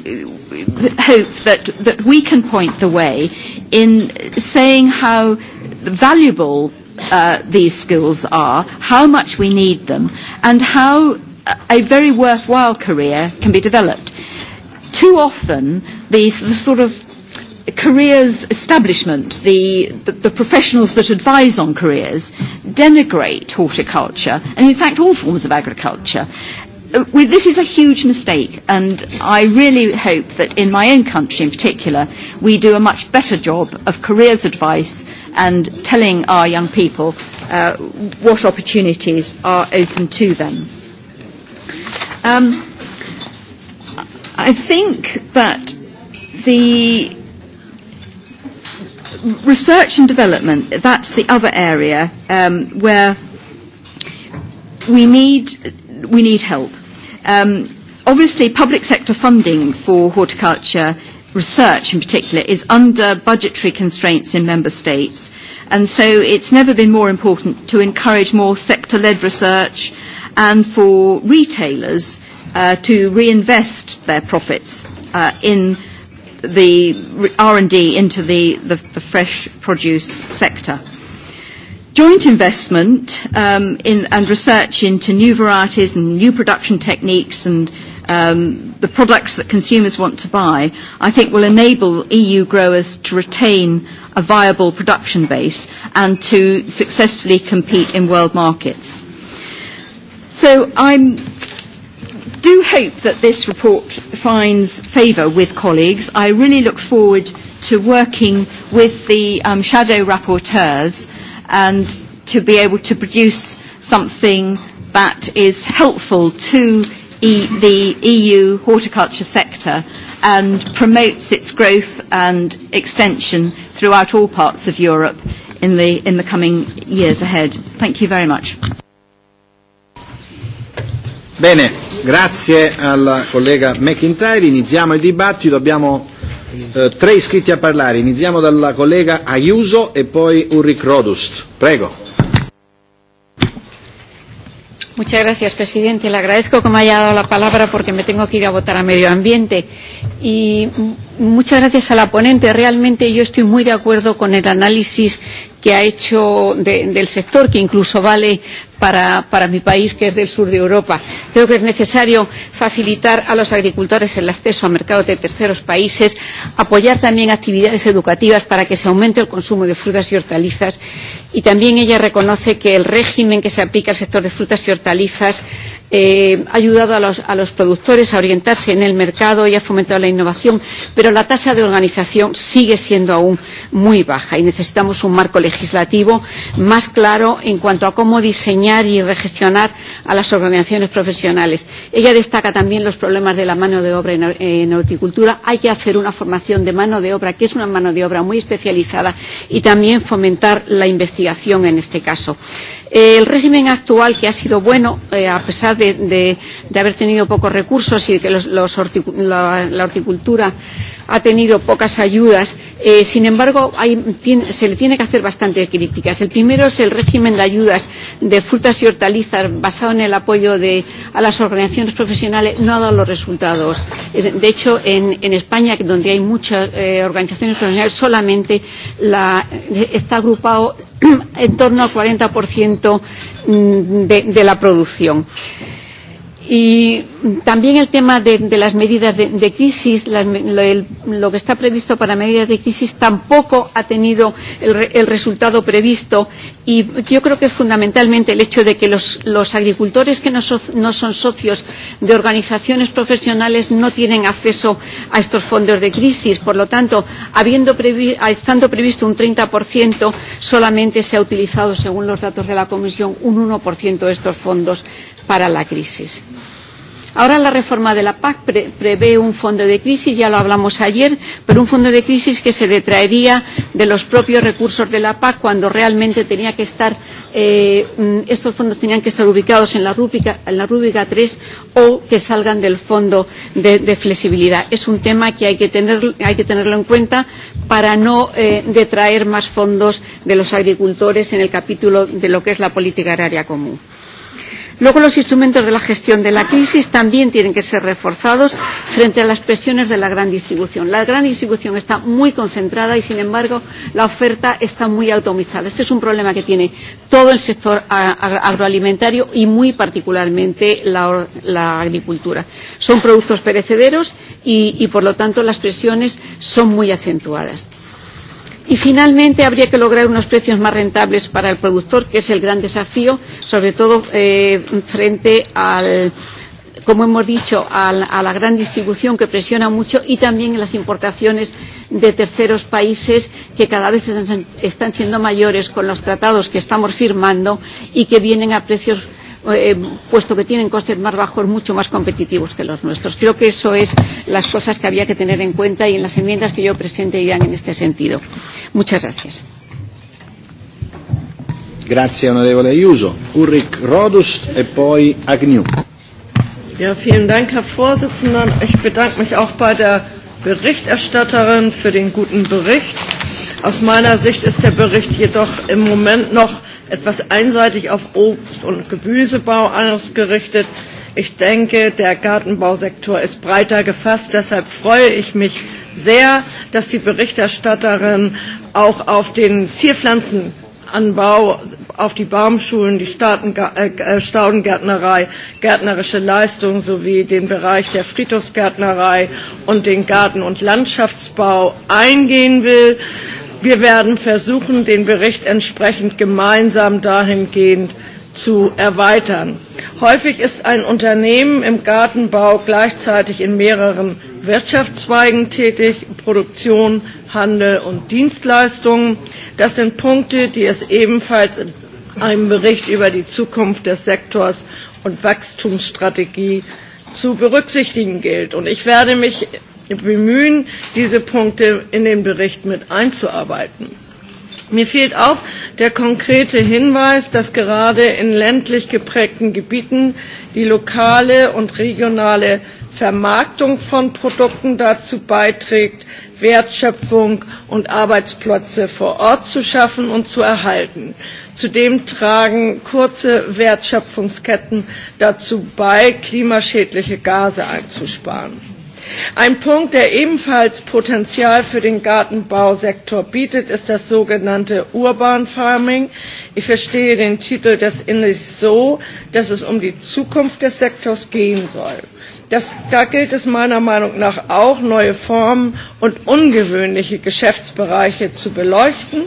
hope that, that we can point the way in saying how valuable uh, these skills are, how much we need them, and how a very worthwhile career can be developed. Too often, the, the sort of careers establishment, the, the, the professionals that advise on careers, denigrate horticulture and, in fact, all forms of agriculture. Uh, we, this is a huge mistake, and I really hope that in my own country in particular, we do a much better job of careers advice and telling our young people uh, what opportunities are open to them. Um, I think that the research and development, that's the other area um, where we need, we need help Um, obviously, public sector funding for horticulture research in particular is under budgetary constraints in member states and so it's never been more important to encourage more sector-led research and for retailers uh, to reinvest their profits uh, in the R&D into the, the, the fresh produce sector. Uh, Joint investment um, in, and research into new varieties and new production techniques and um, the products that consumers want to buy, I think will enable EU growers to retain a viable production base and to successfully compete in world markets. So I'm do hope that this report finds favour with colleagues. I really look forward to working with the um, shadow rapporteurs and to be able to produce something that is helpful to e the EU horticulture sector and promotes its growth and extension throughout all parts of Europe in the, in the coming years ahead. Thank you very much.
Bene, grazie alla collega McIntyre. Iniziamo il dibattito. Abbiamo eh, tre iscritti a parlare. Iniziamo dalla collega Ayuso e poi Ulrich Rodust. Prego.
Muchas gracias, presidente. Le agradezco que me haya dado la palabra porque me tengo que ir a votar a medio ambiente. Y muchas gracias a la ponente. Realmente yo estoy muy de acuerdo con el análisis que ha hecho de, del sector, que incluso vale para, para mi país, que es del sur de Europa. Creo que es necesario facilitar a los agricultores el acceso a mercados de terceros países, apoyar también actividades educativas para que se aumente el consumo de frutas y hortalizas y también ella reconoce que el régimen que se aplica al sector de frutas y hortalizas eh, ha ayudado a los, a los productores a orientarse en el mercado y ha fomentado la innovación, pero la tasa de organización sigue siendo aún muy baja y necesitamos un marco legislativo más claro en cuanto a cómo diseñar y regestionar a las organizaciones profesionales. Ella destaca también los problemas de la mano de obra en, en horticultura. Hay que hacer una formación de mano de obra, que es una mano de obra muy especializada, y también fomentar la investigación en este caso. El régimen actual, que ha sido bueno, eh, a pesar de, de, de haber tenido pocos recursos y que los, los horticu la, la horticultura ha tenido pocas ayudas. Eh, sin embargo, hay, tiene, se le tiene que hacer bastantes críticas. El primero es el régimen de ayudas de frutas y hortalizas basado en el apoyo de, a las organizaciones profesionales no ha dado los resultados. Eh, de hecho, en, en España, donde hay muchas eh, organizaciones profesionales, solamente la, eh, está agrupado en torno al 40% mm, de, de la producción. Y También el tema de, de las medidas de, de crisis, las, lo, el, lo que está previsto para medidas de crisis tampoco ha tenido el, el resultado previsto y yo creo que fundamentalmente el hecho de que los, los agricultores que no, so, no son socios de organizaciones profesionales no tienen acceso a estos fondos de crisis. Por lo tanto, habiendo previ, estando previsto un 30%, solamente se ha utilizado, según los datos de la Comisión, un 1% de estos fondos para la crisis. Gracias. Ahora la reforma de la PAC pre prevé un fondo de crisis, ya lo hablamos ayer, pero un fondo de crisis que se detraería de los propios recursos de la PAC cuando realmente tenía que estar, eh, mm, estos fondos tenían que estar ubicados en la rúbrica, en la rúbrica 3 o que salgan del fondo de, de flexibilidad. Es un tema que hay que, tener, hay que tenerlo en cuenta para no eh, detraer más fondos de los agricultores en el capítulo de lo que es la política agraria común. Luego, los instrumentos de la gestión de la crisis también tienen que ser reforzados frente a las presiones de la gran distribución. La gran distribución está muy concentrada y, sin embargo, la oferta está muy atomizada. Este es un problema que tiene todo el sector agroalimentario y, muy particularmente, la, la agricultura. Son productos perecederos y, y, por lo tanto, las presiones son muy acentuadas. Y finalmente habría que lograr unos precios más rentables para el productor, que es el gran desafío, sobre todo eh, frente al, como hemos dicho, al, a la gran distribución que presiona mucho y también en las importaciones de terceros países que cada vez están siendo mayores con los tratados que estamos firmando y que vienen a precios eh, puesto que tienen costes más bajos, mucho más competitivos que los nuestros. Creo que eso es las cosas que había que tener en cuenta y en las enmiendas que yo presente irán en este sentido. Muchas gracias.
Grazie onorevole Ayuso. Ulrich Rodust e poi Agnew.
Ja, vielen Dank, Herr Vorsitzender. Ich bedanke mich auch bei der Berichterstatterin für den guten Bericht. Aus meiner Sicht ist der Bericht jedoch im Moment noch etwas einseitig auf Obst- und Gemüsebau ausgerichtet. Ich denke, der Gartenbausektor ist breiter gefasst. Deshalb freue ich mich sehr, dass die Berichterstatterin auch auf den Zierpflanzen Anbau auf die Baumschulen, die Staaten, äh, äh, Staudengärtnerei, gärtnerische Leistungen sowie den Bereich der Friedhofsgärtnerei und den Garten- und Landschaftsbau eingehen will. Wir werden versuchen, den Bericht entsprechend gemeinsam dahingehend zu erweitern. Häufig ist ein Unternehmen im Gartenbau gleichzeitig in mehreren Wirtschaftszweigen tätig, Produktion, Handel und Dienstleistungen. Das sind Punkte, die es ebenfalls in einem Bericht über die Zukunft des Sektors und Wachstumsstrategie zu berücksichtigen gilt. Und ich werde mich bemühen, diese Punkte in den Bericht mit einzuarbeiten. Mir fehlt auch der konkrete Hinweis, dass gerade in ländlich geprägten Gebieten die lokale und regionale Vermarktung von Produkten dazu beiträgt, Wertschöpfung und Arbeitsplätze vor Ort zu schaffen und zu erhalten. Zudem tragen kurze Wertschöpfungsketten dazu bei, klimaschädliche Gase einzusparen. Ein Punkt, der ebenfalls Potenzial für den Gartenbausektor bietet, ist das sogenannte Urban Farming. Ich verstehe den Titel des Indes so, dass es um die Zukunft des Sektors gehen soll. Das, da gilt es meiner Meinung nach auch, neue Formen und ungewöhnliche Geschäftsbereiche zu beleuchten.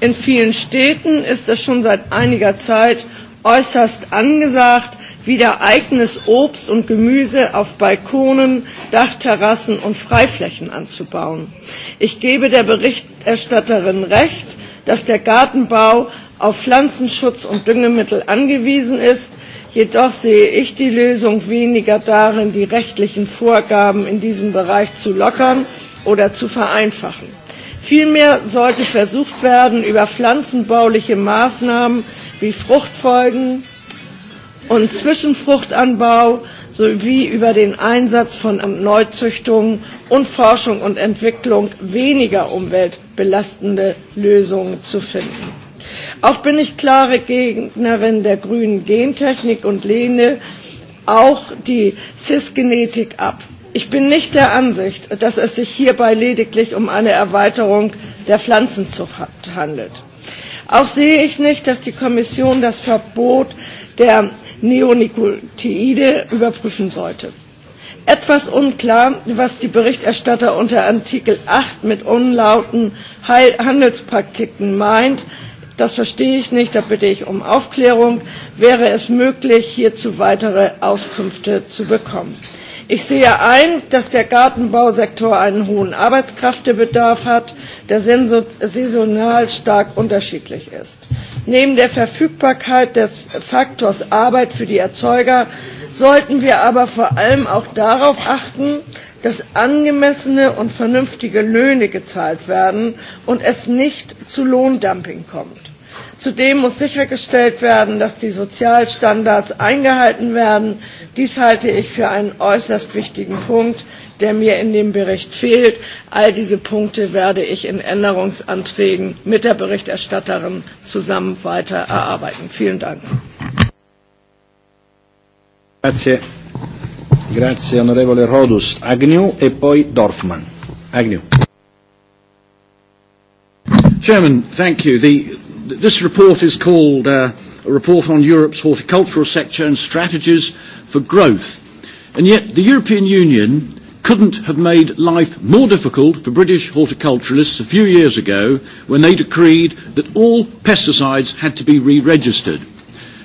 In vielen Städten ist das schon seit einiger Zeit äußerst angesagt wieder eigenes Obst und Gemüse auf Balkonen, Dachterrassen und Freiflächen anzubauen. Ich gebe der Berichterstatterin recht, dass der Gartenbau auf Pflanzenschutz und Düngemittel angewiesen ist. Jedoch sehe ich die Lösung weniger darin, die rechtlichen Vorgaben in diesem Bereich zu lockern oder zu vereinfachen. Vielmehr sollte versucht werden, über pflanzenbauliche Maßnahmen wie Fruchtfolgen und Zwischenfruchtanbau sowie über den Einsatz von Neuzüchtungen und Forschung und Entwicklung weniger umweltbelastende Lösungen zu finden. Auch bin ich klare Gegnerin der grünen Gentechnik und lehne auch die CIS-Genetik ab. Ich bin nicht der Ansicht, dass es sich hierbei lediglich um eine Erweiterung der Pflanzenzucht handelt. Auch sehe ich nicht, dass die Kommission das Verbot der Neonicotinoide überprüfen sollte. Etwas unklar, was die Berichterstatter unter Artikel 8 mit unlauten Handelspraktiken meint, das verstehe ich nicht, da bitte ich um Aufklärung. Wäre es möglich, hierzu weitere Auskünfte zu bekommen? Ich sehe ein, dass der Gartenbausektor einen hohen Arbeitskräftebedarf hat, der saisonal stark unterschiedlich ist. Neben der Verfügbarkeit des Faktors Arbeit für die Erzeuger sollten wir aber vor allem auch darauf achten, dass angemessene und vernünftige Löhne gezahlt werden und es nicht zu Lohndumping kommt. Zudem muss sichergestellt werden, dass die Sozialstandards eingehalten werden. Dies halte ich für einen äußerst wichtigen Punkt, der mir in dem Bericht fehlt. All diese Punkte werde ich in Änderungsanträgen mit der Berichterstatterin zusammen weiter erarbeiten. Vielen Dank.
Grazie. Grazie onorevole Rodus Agnew e poi Dorfman. Agnew. Chairman, thank you. The, This
report is called uh, a report on Europe's horticultural sector and strategies for growth. And yet the European Union couldn't have made life more difficult for British horticulturalists a few years ago when they decreed that all pesticides had to be re-registered.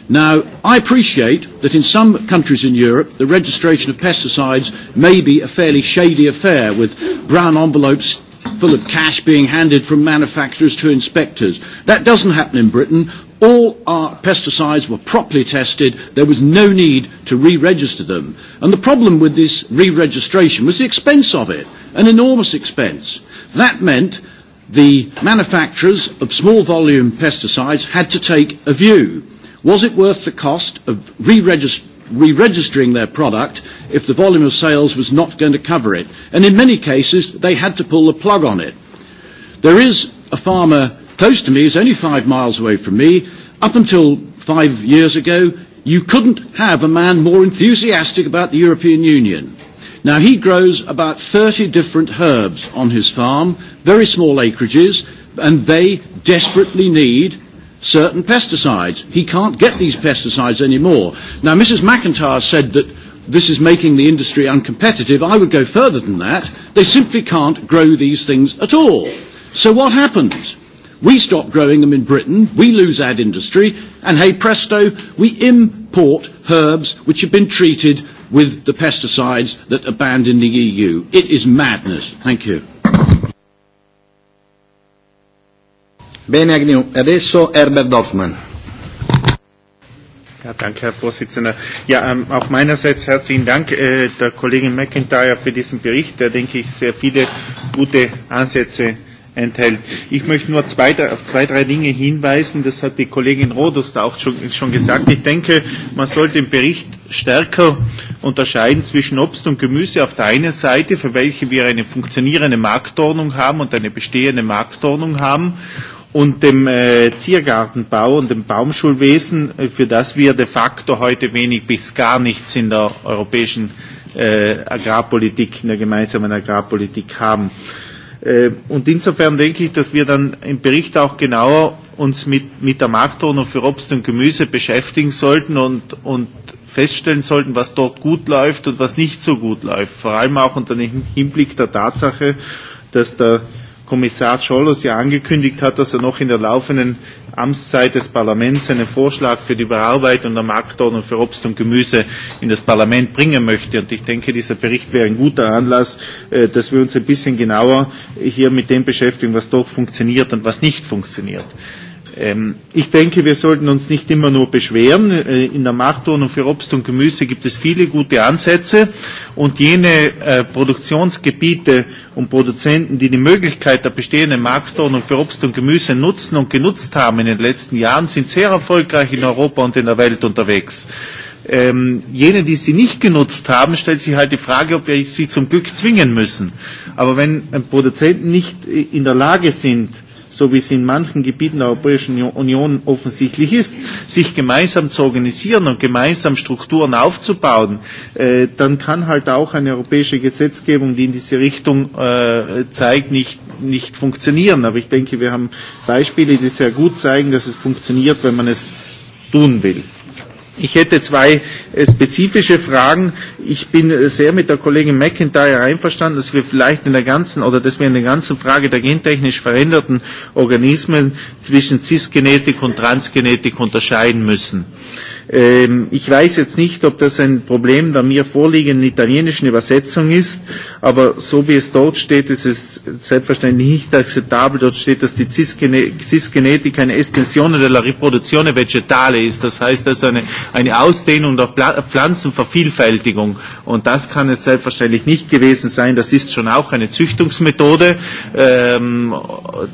Now, I appreciate that in some countries in Europe, the registration of pesticides may be a fairly shady affair with brown envelopes full of cash being handed from manufacturers to inspectors. That doesn't happen in Britain. All our pesticides were properly tested. There was no need to re-register them. And the problem with this re-registration was the expense of it, an enormous expense. That meant the manufacturers of small volume pesticides had to take a view. Was it worth the cost of re-registering re-registering their product if the volume of sales was not going to cover it. And in many cases, they had to pull the plug on it. There is a farmer close to me, is only five miles away from me. Up until five years ago, you couldn't have a man more enthusiastic about the European Union. Now, he grows about 30 different herbs on his farm, very small acreages, and they desperately need certain pesticides. He can't get these pesticides anymore. Now, Mrs. McIntyre said that this is making the industry uncompetitive. I would go further than that. They simply can't grow these things at all. So what happens? We stop growing them in Britain, we lose ad industry, and hey presto, we import herbs which have been treated with the pesticides that are banned in the EU. It is madness. Thank you.
Bene Agnew, adesso Herbert Hoffmann.
Ja, danke, Herr Vorsitzender. Ja, ähm, auch meinerseits herzlichen Dank äh, der Kollegin McIntyre für diesen Bericht, der, denke ich, sehr viele gute Ansätze enthält. Ich möchte nur zwei, auf zwei, drei Dinge hinweisen. Das hat die Kollegin Rodos da auch schon, schon gesagt. Ich denke, man sollte im Bericht stärker unterscheiden zwischen Obst und Gemüse auf der einen Seite, für welche wir eine funktionierende Marktordnung haben und eine bestehende Marktordnung haben, und dem äh, Ziergartenbau und dem Baumschulwesen, äh, für das wir de facto heute wenig bis gar nichts in der europäischen äh, Agrarpolitik, in der gemeinsamen Agrarpolitik haben. Äh, und insofern denke ich, dass wir dann im Bericht auch genauer uns mit, mit der Marktordnung für Obst und Gemüse beschäftigen sollten und, und feststellen sollten, was dort gut läuft und was nicht so gut läuft. Vor allem auch unter dem Hinblick der Tatsache, dass der äh, Kommissar Scholz ja angekündigt hat, dass er noch in der laufenden Amtszeit des Parlaments einen Vorschlag für die Bearbeitung der Marktordnung für Obst und Gemüse in das Parlament bringen möchte. Und ich denke, dieser Bericht wäre ein guter Anlass, äh, dass wir uns ein bisschen genauer hier mit dem beschäftigen, was dort funktioniert und was nicht funktioniert. Äh, Ähm, ich denke, wir sollten uns nicht immer nur beschweren. Äh, in der Marktordnung für Obst und Gemüse gibt es viele gute Ansätze und jene äh, Produktionsgebiete und Produzenten, die die Möglichkeit der bestehenden Marktordnung für Obst und Gemüse nutzen und genutzt haben in den letzten Jahren, sind sehr erfolgreich in Europa und in der Welt unterwegs. Ähm, jene, die sie nicht genutzt haben, stellt sich halt die Frage, ob wir sie zum Glück zwingen müssen. Aber wenn äh, Produzenten nicht äh, in der Lage sind, äh, so wie es in manchen Gebieten der Europäischen Union offensichtlich ist, sich gemeinsam zu organisieren und gemeinsam Strukturen aufzubauen, äh, dann kann halt auch eine europäische Gesetzgebung, die in diese Richtung äh, zeigt, nicht, nicht funktionieren. Aber ich denke, wir haben Beispiele, die sehr gut zeigen, dass es funktioniert, wenn man es tun will. Ich hätte zwei äh, spezifische Fragen. Ich bin äh, sehr mit der Kollegin McIntyre einverstanden, dass wir vielleicht in der ganzen oder dass wir in der ganzen Frage der gentechnisch veränderten Organismen zwischen Cisgenetik und Transgenetik unterscheiden müssen. Äh, Ähm, ich weiß jetzt nicht, ob das ein Problem der mir vorliegenden italienischen Übersetzung ist, aber so wie es dort steht, ist es selbstverständlich nicht akzeptabel. Dort steht, dass die Cisgenetik eine Estensione della riproduzione vegetale ist. Das heißt, das ist eine, eine Ausdehnung der Pla Pflanzenvervielfältigung. Und das kann es selbstverständlich nicht gewesen sein. Das ist schon auch eine Züchtungsmethode, ähm,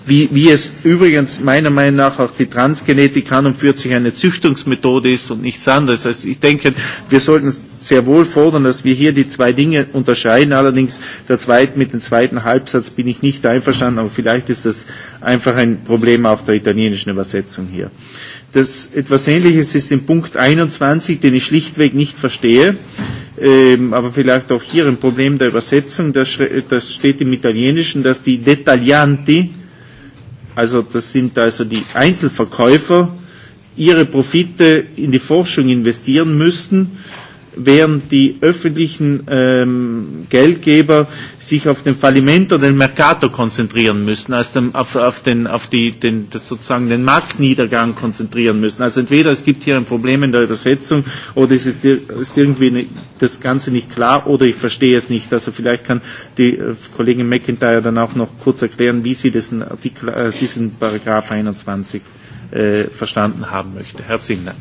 wie, wie es übrigens meiner Meinung nach auch die Transgenetik an und für sich eine Züchtungsmethode ist und nichts anderes. Also ich denke, wir sollten sehr wohl fordern, dass wir hier die zwei Dinge unterscheiden. Allerdings der zweiten, mit dem zweiten Halbsatz bin ich nicht einverstanden, aber vielleicht ist das einfach ein Problem auch der italienischen Übersetzung hier. Das etwas Ähnliches ist in Punkt 21, den ich schlichtweg nicht verstehe, ähm, aber vielleicht auch hier ein Problem der Übersetzung. Das, das steht im Italienischen, dass die Detaglianti, also das sind also die Einzelverkäufer, ihre Profite in die Forschung investieren müssten, während die öffentlichen ähm, Geldgeber sich auf den Falliment oder den Mercator konzentrieren müssen, also dem, auf, auf, den, auf die, den, das sozusagen den Marktniedergang konzentrieren müssen. Also entweder es gibt hier ein Problem in der Übersetzung oder es ist, ist irgendwie ne, das Ganze nicht klar oder ich verstehe es nicht. Also vielleicht kann die äh, Kollegin McIntyre dann auch noch kurz erklären, wie sie diesen, Artikel, äh, diesen Paragraph 21 äh, verstanden haben möchte. Herzlichen Dank.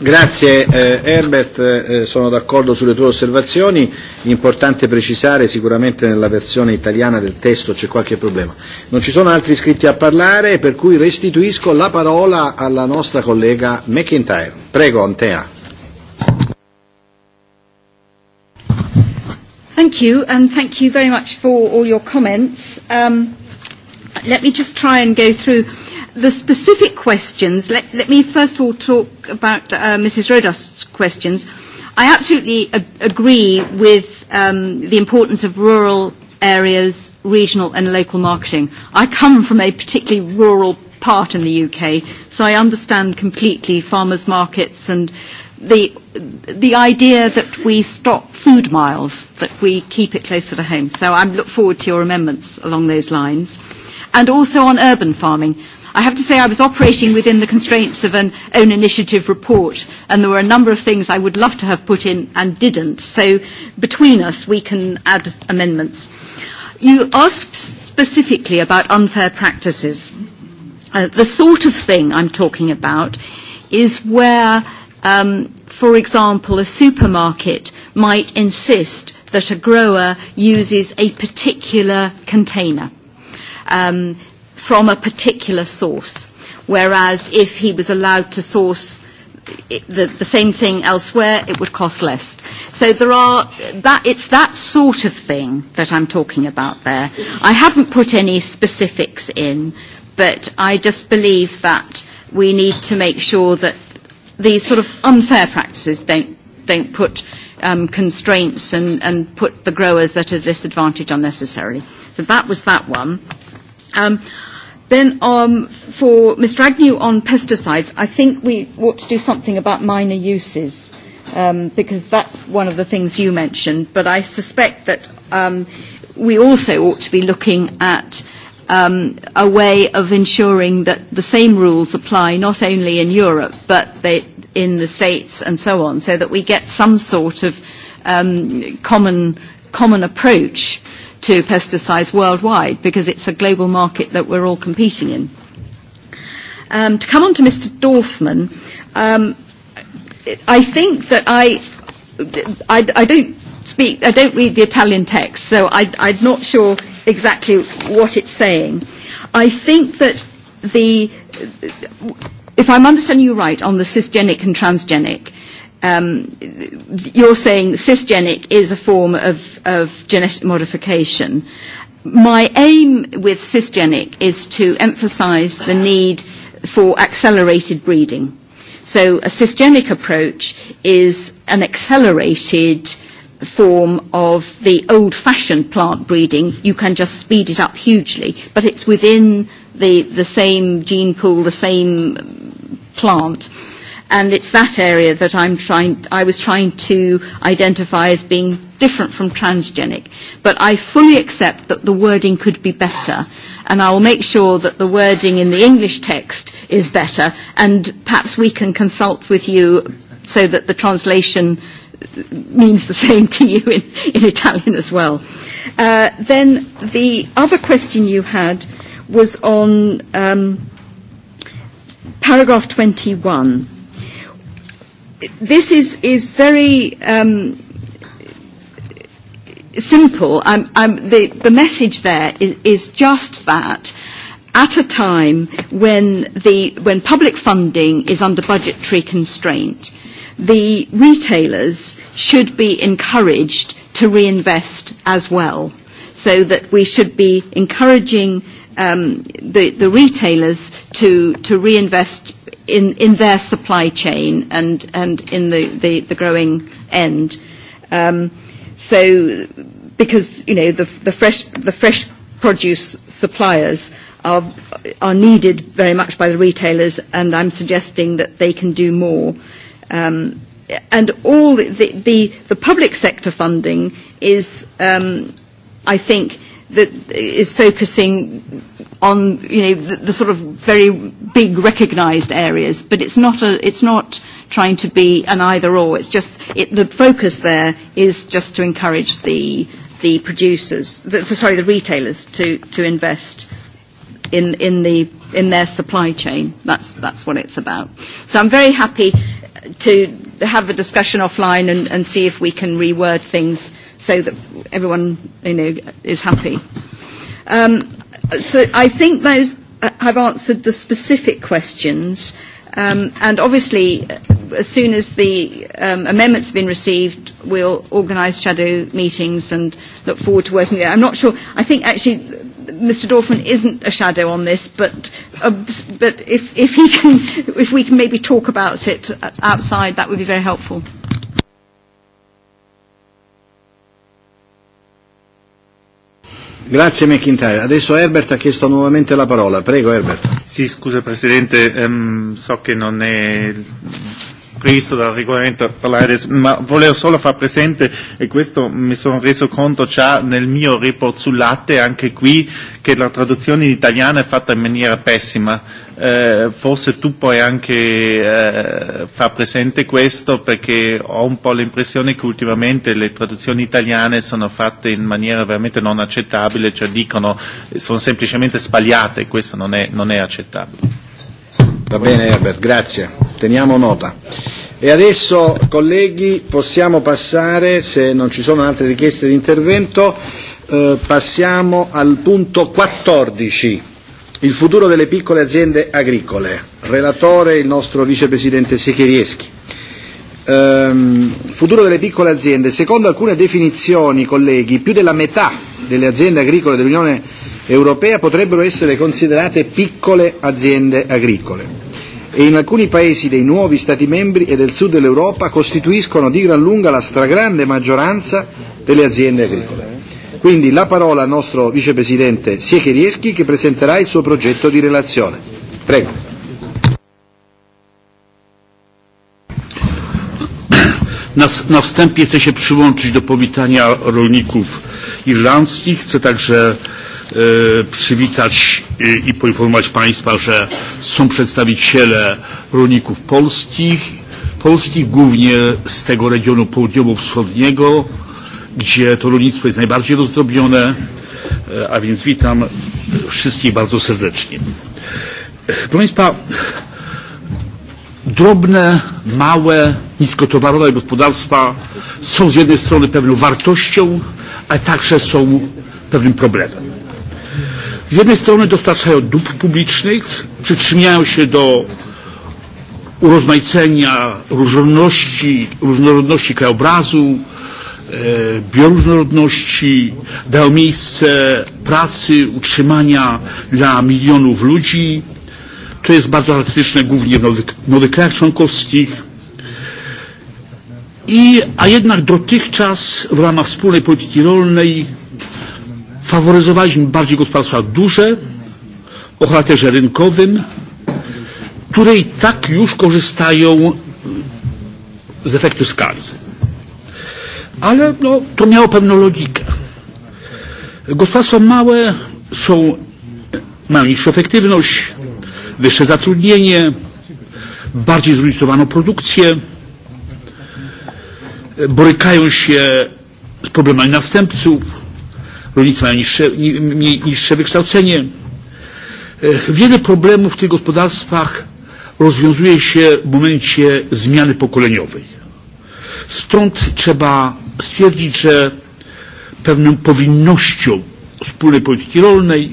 Grazie eh, Herbert, eh, eh, sono d'accordo sulle tue osservazioni, importante precisare sicuramente nella versione italiana del testo c'è qualche problema. Non ci sono altri iscritti a parlare per cui restituisco la parola alla nostra collega McIntyre. Prego Antea.
Thank you and thank you very much for all your comments. Um, let me just try and go through the specific questions. Let, let me first of all talk about uh, Mrs. Rodust's questions. I absolutely ag- agree with um, the importance of rural areas, regional and local marketing. I come from a particularly rural part in the UK, so I understand completely farmers' markets and the, the idea that we stop food miles, that we keep it closer to home. So I look forward to your amendments along those lines. Uh, and also on urban farming. I have to say I was operating within the constraints of an own initiative report, and there were a number of things I would love to have put in and didn't. So between us, we can add amendments. You asked specifically about unfair practices. Uh, the sort of thing I'm talking about is where, um, for example, a supermarket might insist that a grower uses a particular container um, from a particular source. Whereas if he was allowed to source the, the same thing elsewhere, it would cost less. So there are that it's that sort of thing that I'm talking about there. I haven't put any specifics in, but I just believe that we need to make sure that these sort of unfair practices don't don't put um, constraints and, and put the growers at a disadvantage unnecessarily. So that was that one. Um, Then um, for Mr. Agnew on pesticides, I think we ought to do something about minor uses um, because that's one of the things you mentioned. But I suspect that um, we also ought to be looking at um, a way of ensuring that the same rules apply not only in Europe but they, in the States and so on, so that we get some sort of um, common, common approach. Uh, to pesticides worldwide because it's a global market that we're all competing in. Um, to come on to Mr. Dorfman, um, I think that I, I, I don't speak, I don't read the Italian text, so I, I'm not sure exactly what it's saying. I think that the, if I'm understanding you right on the cisgenic and transgenic, uh, um, you're saying cisgenic is a form of, of genetic modification. My aim with cisgenic is to emphasize the need for accelerated breeding. So a cisgenic approach is an accelerated form of the old-fashioned plant breeding. You can just speed it up hugely, but it's within the, the same gene pool, the same plant. Uh, and it's that area that I'm trying, I was trying to identify as being different from transgenic. But I fully accept that the wording could be better, and I will make sure that the wording in the English text is better, and perhaps we can consult with you so that the translation means the same to you in, in Italian as well. Uh, then the other question you had was on um, paragraph 21 this is, is very um, simple. I'm, I'm, the, the message there is, is just that at a time when, the, when public funding is under budgetary constraint, the retailers should be encouraged to reinvest as well, so that we should be encouraging um, the, the retailers to, to reinvest in, in their supply chain and, and in the, the, the growing end. Um, so, because you know the, the fresh the fresh produce suppliers are are needed very much by the retailers, and I'm suggesting that they can do more. Um, and all the, the, the, the public sector funding is, um, I think, that is focusing on you know the, the sort of very big recognised areas, but it's not a it's not trying to be an either or. It's just it, the focus there is just to encourage the the producers, the, the, sorry, the retailers to to invest in in the in their supply chain. That's that's what it's about. So I'm very happy to have a discussion offline and, and see if we can reword things so that everyone you know, is happy. Um, so I think those uh, have answered the specific questions. Um, and obviously, uh, as soon as the um, amendments have been received, we'll organise shadow meetings and look forward to working there. I'm not sure. I think actually Mr. Dorfman isn't a shadow on this, but uh, but if if he can, if we can maybe talk about it outside, that would be very helpful.
Grazie McIntyre. Adesso Herbert ha chiesto nuovamente la parola. Prego Herbert. Sì, scusa
Presidente, um, so che non è previsto dal regolamento parlare, ma volevo solo far presente, e questo mi sono reso conto già nel mio report sul latte, anche qui, che la traduzione in italiano è fatta in maniera pessima. Eh, forse tu puoi anche eh, far presente questo perché ho un po' l'impressione che ultimamente le traduzioni italiane sono fatte in maniera veramente non accettabile, cioè dicono sono semplicemente sbagliate e questo non è, non è accettabile.
Va bene Herbert, grazie. Teniamo nota. E adesso, colleghi, possiamo passare, se non ci sono altre richieste di intervento, eh, passiamo al punto 14, il futuro delle piccole aziende agricole. Relatore il nostro vicepresidente Secherieschi. Ehm, futuro delle piccole aziende. Secondo alcune definizioni, colleghi, più della metà delle aziende agricole dell'Unione europea potrebbero essere considerate piccole aziende agricole e in alcuni paesi dei nuovi Stati membri e del sud dell'Europa costituiscono di gran lunga la stragrande maggioranza delle aziende agricole. Quindi la parola al nostro vicepresidente Siecherieschi che presenterà il suo progetto di relazione. Prego.
Na, na wstępie chcę się przyłączyć do powitania rolników irlandzkich. Chcę także E, przywitać i poinformować Państwa, że są przedstawiciele rolników polskich, polskich głównie z tego regionu południowo-wschodniego, gdzie to rolnictwo jest najbardziej rozdrobnione, e, a więc witam wszystkich bardzo serdecznie. Proszę Państwa, drobne, małe, niskotowarowe gospodarstwa są z jednej strony pewną wartością, ale także są pewnym problemem. Z jednej strony dostarczają dóbr publicznych, przyczyniają się do urozmaicenia różnorodności, różnorodności krajobrazu, e, bioróżnorodności, dają miejsce pracy, utrzymania dla milionów ludzi. To jest bardzo elastyczne głównie w nowych, nowych krajach członkowskich. I, a jednak dotychczas w ramach wspólnej polityki rolnej Faworyzowaliśmy bardziej gospodarstwa duże, o charakterze rynkowym, które i tak już korzystają z efektu skali. Ale no, to miało pewną logikę. Gospodarstwa małe są, mają niższą efektywność, wyższe zatrudnienie, bardziej zróżnicowaną produkcję, borykają się z problemami następców, rolnicy mają niższe, ni, niższe wykształcenie. E, wiele problemów w tych gospodarstwach rozwiązuje się w momencie zmiany pokoleniowej. Stąd trzeba stwierdzić, że pewną powinnością wspólnej polityki rolnej,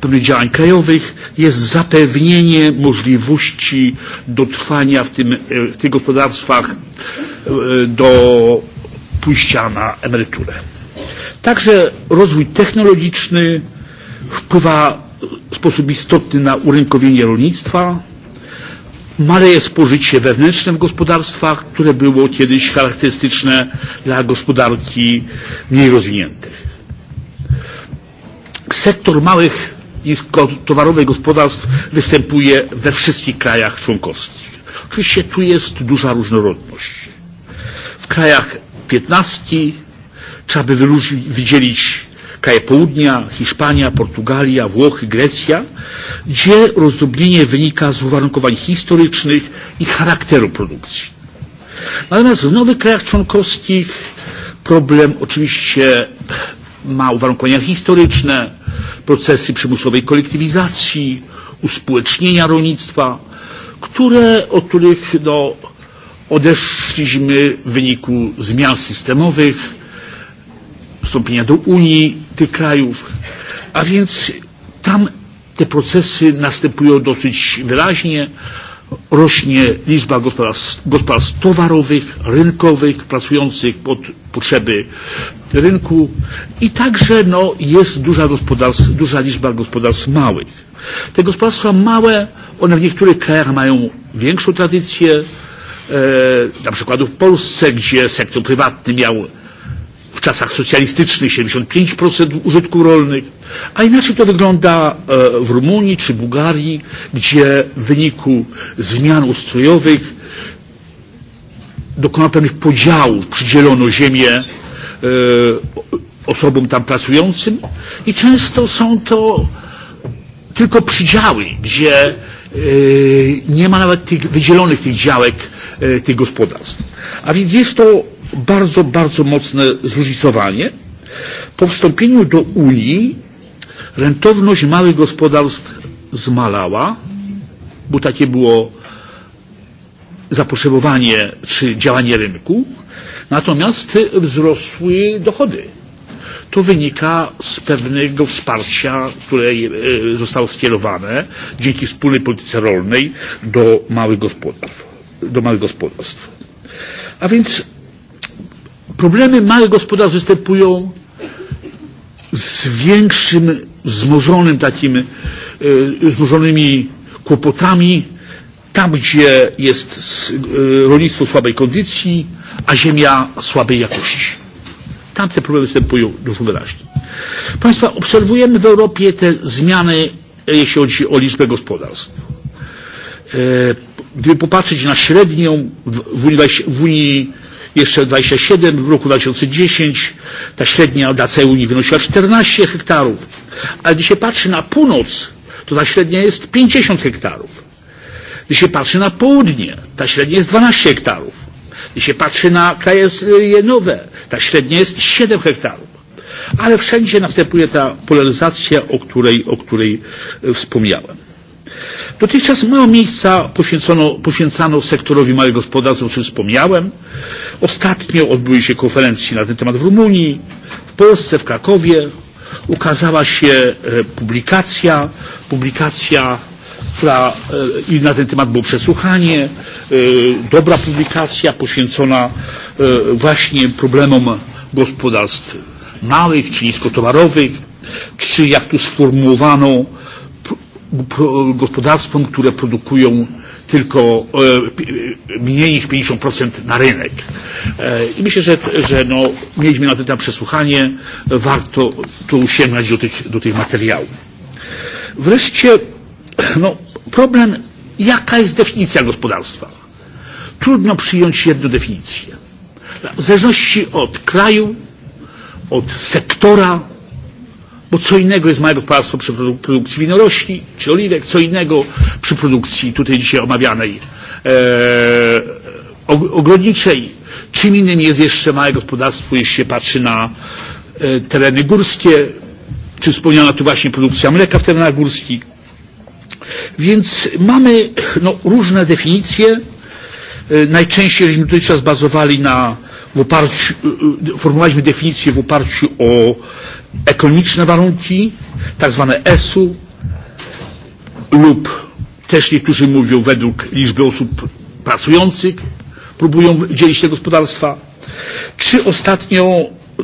pewnych działań krajowych jest zapewnienie możliwości dotrwania w, tym, e, w tych gospodarstwach e, do pójścia na emeryturę. Także rozwój technologiczny wpływa w sposób istotny na urynkowienie rolnictwa. Maleje spożycie wewnętrzne w gospodarstwach, które było kiedyś charakterystyczne dla gospodarki mniej rozwiniętych. Sektor małych niskotowarowych gospodarstw występuje we wszystkich krajach członkowskich. Oczywiście tu jest duża różnorodność. W krajach piętnastki Trzeba by wydzielić kraje południa, Hiszpania, Portugalia, Włochy, Grecja, gdzie rozdrobnienie wynika z uwarunkowań historycznych i charakteru produkcji. Natomiast w nowych krajach członkowskich problem oczywiście ma uwarunkowania historyczne, procesy przymusowej kolektywizacji, uspołecznienia rolnictwa, które, od których no, odeszliśmy w wyniku zmian systemowych przystąpienia do Unii tych krajów. A więc tam te procesy następują dosyć wyraźnie. Rośnie liczba gospodarstw, gospodarstw towarowych, rynkowych, pracujących pod potrzeby rynku i także no, jest duża, gospodarstw, duża liczba gospodarstw małych. Te gospodarstwa małe, one w niektórych krajach mają większą tradycję, e, na przykład w Polsce, gdzie sektor prywatny miał w czasach socjalistycznych 75% użytków rolnych, a inaczej to wygląda e, w Rumunii czy Bułgarii, gdzie w wyniku zmian ustrojowych dokonano pewnych podziałów, przydzielono ziemię e, osobom tam pracującym i często są to tylko przydziały, gdzie e, nie ma nawet tych wydzielonych tych działek tych gospodarstw. A więc jest to bardzo, bardzo mocne zróżnicowanie. Po wstąpieniu do Unii rentowność małych gospodarstw zmalała, bo takie było zapotrzebowanie czy działanie rynku, natomiast wzrosły dochody. To wynika z pewnego wsparcia, które e, zostało skierowane dzięki wspólnej polityce rolnej do małych gospodarstw. Do małych gospodarstw. A więc Problemy małych gospodarstw występują z większym, zmożonym takim, e, zmożonymi kłopotami, tam gdzie jest e, rolnictwo słabej kondycji, a ziemia słabej jakości. Tam te problemy występują dużo wyraźnie. Państwa, obserwujemy w Europie te zmiany, e, jeśli chodzi o liczbę gospodarstw. Gdyby popatrzeć na średnią w Unii, w Unii jeszcze 27, w roku 2010 ta średnia dla całej Unii wynosiła 14 hektarów, ale gdy się patrzy na północ, to ta średnia jest 50 hektarów. Gdy się patrzy na południe, ta średnia jest 12 hektarów. Gdy się patrzy na kraje nowe, ta średnia jest 7 hektarów. Ale wszędzie następuje ta polaryzacja, o której, o której e, wspomniałem. Dotychczas mało miejsca poświęcono, poświęcano sektorowi małych gospodarstw, o czym wspomniałem. Ostatnio odbyły się konferencje na ten temat w Rumunii, w Polsce, w Krakowie. Ukazała się e, publikacja, publikacja która, e, i na ten temat było przesłuchanie, e, dobra publikacja poświęcona właśnie problemom gospodarstw małych czy niskotowarowych, czy jak tu sformułowano gospodarstwom, które produkują tylko e, e, mniej niż 50% na rynek. E, I myślę, że, że no, mieliśmy na ten temat przesłuchanie. Warto tu sięgnąć do tych, do tych materiałów. Wreszcie no, problem, jaka jest definicja gospodarstwa. Trudno przyjąć jedną definicję. W zależności od kraju, od sektora, bo co innego jest małe gospodarstwo przy produkcji winorośli czy oliwek, co innego przy produkcji tutaj dzisiaj omawianej e, ogrodniczej. Czym innym jest jeszcze małe gospodarstwo, jeśli się patrzy na e, tereny górskie, czy wspomniana tu właśnie produkcja mleka w terenach górskich. Więc mamy no, różne definicje. E, najczęściej żeśmy dotychczas bazowali na w oparciu, formułowaliśmy definicję w oparciu o ekonomiczne warunki, tak zwane ESU lub też niektórzy mówią według liczby osób pracujących, próbują dzielić te gospodarstwa. Czy ostatnio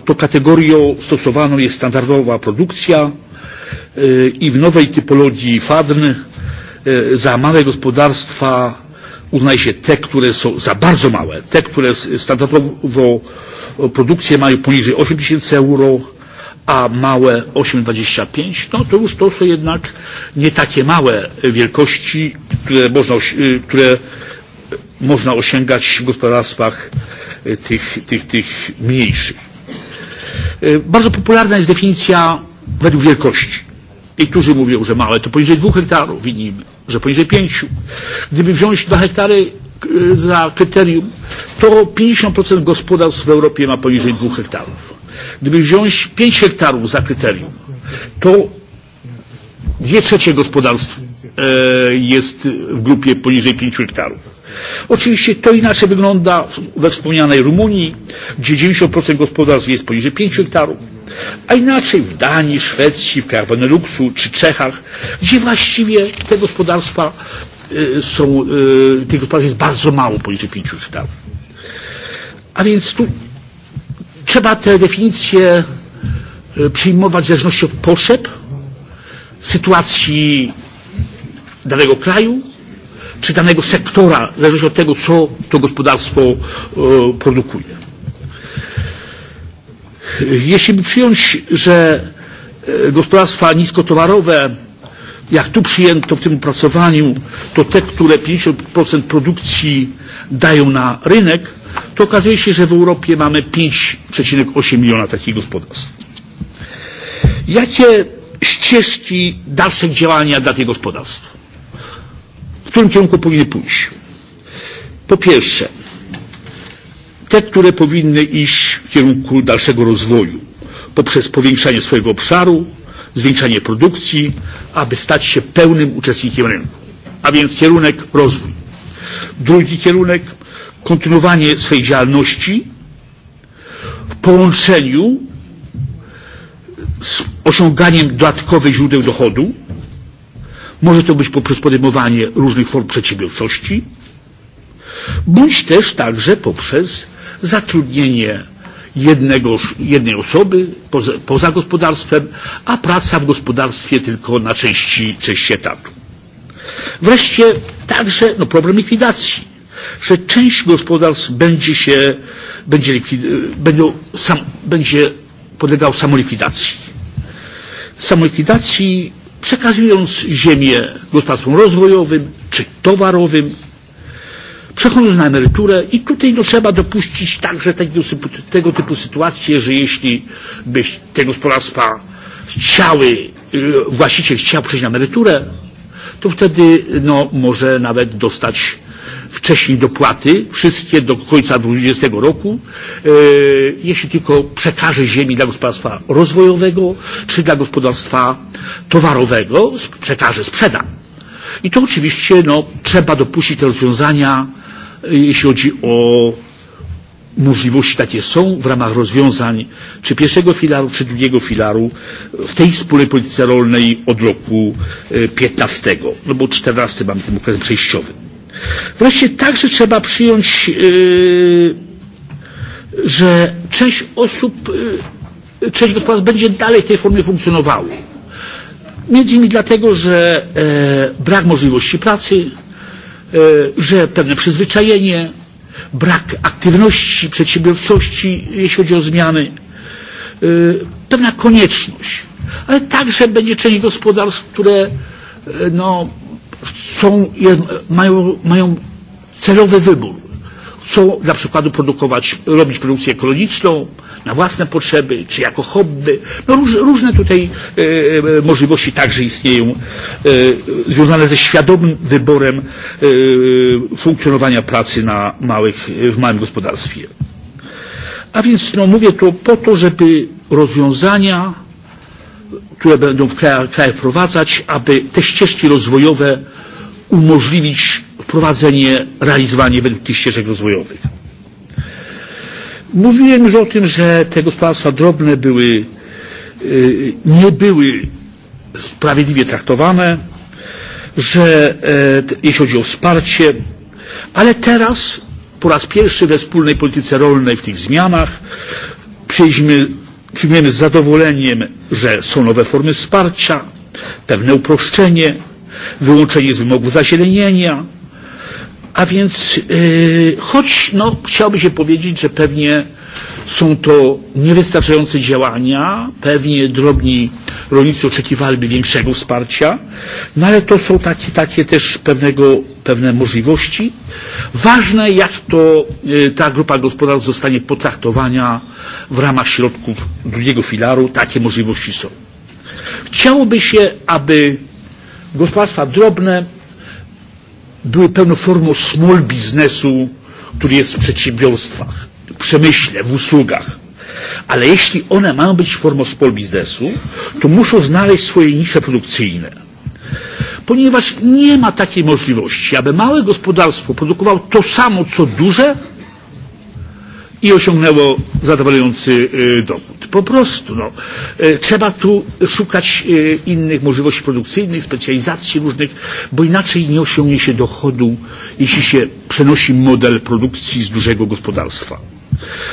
to kategorią stosowaną jest standardowa produkcja i w nowej typologii FADN za małe gospodarstwa uznaje się te, które są za bardzo małe, te, które standardowo e, produkcję mają poniżej 8 tysięcy euro, a małe 8,25, no to już to są jednak nie takie małe wielkości, które można, e, które można osiągać w gospodarstwach e, tych, tych, tych mniejszych. Bardzo popularna jest definicja według wielkości i którzy mówią, że małe, to poniżej dwóch hektarów winimy, że poniżej pięciu. Gdyby wziąć dwa hektary za kryterium, to 50% gospodarstw w Europie ma poniżej dwóch hektarów. Gdyby wziąć 5 hektarów za kryterium, to Dwie trzecie gospodarstw e, jest w grupie poniżej 5 hektarów. Oczywiście to inaczej wygląda we wspomnianej Rumunii, gdzie 90% gospodarstw jest poniżej 5 hektarów, a inaczej w Danii, Szwecji, w krajach Beneluxu czy Czechach, gdzie właściwie te gospodarstwa e, są, e, tych gospodarstw jest bardzo mało poniżej 5 hektarów. A więc tu trzeba te definicje przyjmować w zależności od potrzeb, sytuacji danego kraju czy danego sektora, w zależności od tego, co to gospodarstwo e, produkuje. Jeśli by przyjąć, że e, gospodarstwa niskotowarowe, jak tu przyjęto w tym opracowaniu, to te, które 50% produkcji dają na rynek, to okazuje się, że w Europie mamy 5,8 miliona takich gospodarstw. Jakie ścieżki dalszych działania dla tych gospodarstw. W którym kierunku powinny pójść? Po pierwsze, te, które powinny iść w kierunku dalszego rozwoju poprzez powiększanie swojego obszaru, zwiększanie produkcji, aby stać się pełnym uczestnikiem rynku, a więc kierunek rozwój. Drugi kierunek kontynuowanie swojej działalności w połączeniu z osiąganiem dodatkowych źródeł dochodu. Może to być poprzez podejmowanie różnych form przedsiębiorczości, bądź też także poprzez zatrudnienie jednego, jednej osoby poza, poza gospodarstwem, a praca w gospodarstwie tylko na części, części etatu. Wreszcie także no, problem likwidacji, że część gospodarstw będzie się, będzie, likwid, będą, sam, będzie podlegał samolikwidacji. Samolikwidacji przekazując ziemię gospodarstwom rozwojowym czy towarowym, przechodząc na emeryturę i tutaj no, trzeba dopuścić także tego, tego typu sytuacje, że jeśli by te gospodarstwa chciały, właściciel chciał przejść na emeryturę, to wtedy no, może nawet dostać wcześniej dopłaty, wszystkie do końca 2020 roku, yy, e, jeśli tylko przekaże ziemi dla gospodarstwa rozwojowego czy dla gospodarstwa towarowego, przekaże, sprzeda. I to oczywiście no, trzeba dopuścić te rozwiązania, yy, e, jeśli chodzi o możliwości takie są w ramach rozwiązań czy pierwszego filaru, czy drugiego filaru w tej wspólnej polityce rolnej od roku 15, e, no bo 14 mamy ten okres przejściowy. Wreszcie także trzeba przyjąć, e, że część osób, e, część gospodarstw będzie dalej w tej formie funkcjonowało. Między innymi dlatego, że e, brak możliwości pracy, że pewne przyzwyczajenie, brak aktywności, przedsiębiorczości, jeśli chodzi o zmiany, pewna konieczność. Ale także będzie część gospodarstw, które no, chcą, mają, mają celowy wybór. Chcą na przykład produkować, robić produkcję ekologiczną na własne potrzeby, czy jako hobby. No róż, różne tutaj e, e, możliwości także istnieją, e, związane ze świadomym wyborem e, funkcjonowania pracy na małych, w małym gospodarstwie. A więc no, mówię to po to, żeby rozwiązania, które będą w krajach, krajach wprowadzać, aby te ścieżki rozwojowe umożliwić wprowadzenie, realizowanie według tych ścieżek rozwojowych. Mówiłem już o tym, że te gospodarstwa drobne były, nie były sprawiedliwie traktowane, że e, jeśli chodzi o wsparcie, ale teraz po raz pierwszy we wspólnej polityce rolnej w tych zmianach przyjmiemy, przyjmiemy z zadowoleniem, że są nowe formy wsparcia, pewne uproszczenie, wyłączenie z wymogów zazielenienia. A więc yy, e, choć no, chciałoby się powiedzieć, że pewnie są to niewystarczające działania, pewnie drobni rolnicy oczekiwaliby większego wsparcia, no ale to są takie, takie też pewnego, pewne możliwości. Ważne, jak to yy, e, ta grupa gospodarstw zostanie potraktowana w ramach środków drugiego filaru, takie możliwości są. Chciałoby się, aby gospodarstwa drobne były pełną formą small biznesu, który jest w przedsiębiorstwach, w przemyśle, w usługach. Ale jeśli one mają być formą small biznesu, to muszą znaleźć swoje nisze produkcyjne. Ponieważ nie ma takiej możliwości, aby małe gospodarstwo produkowało to samo, co duże, i osiągnęło zadowalający dochód. Po prostu no, trzeba tu szukać innych możliwości produkcyjnych, specjalizacji różnych, bo inaczej nie osiągnie się dochodu, jeśli się przenosi model produkcji z dużego gospodarstwa.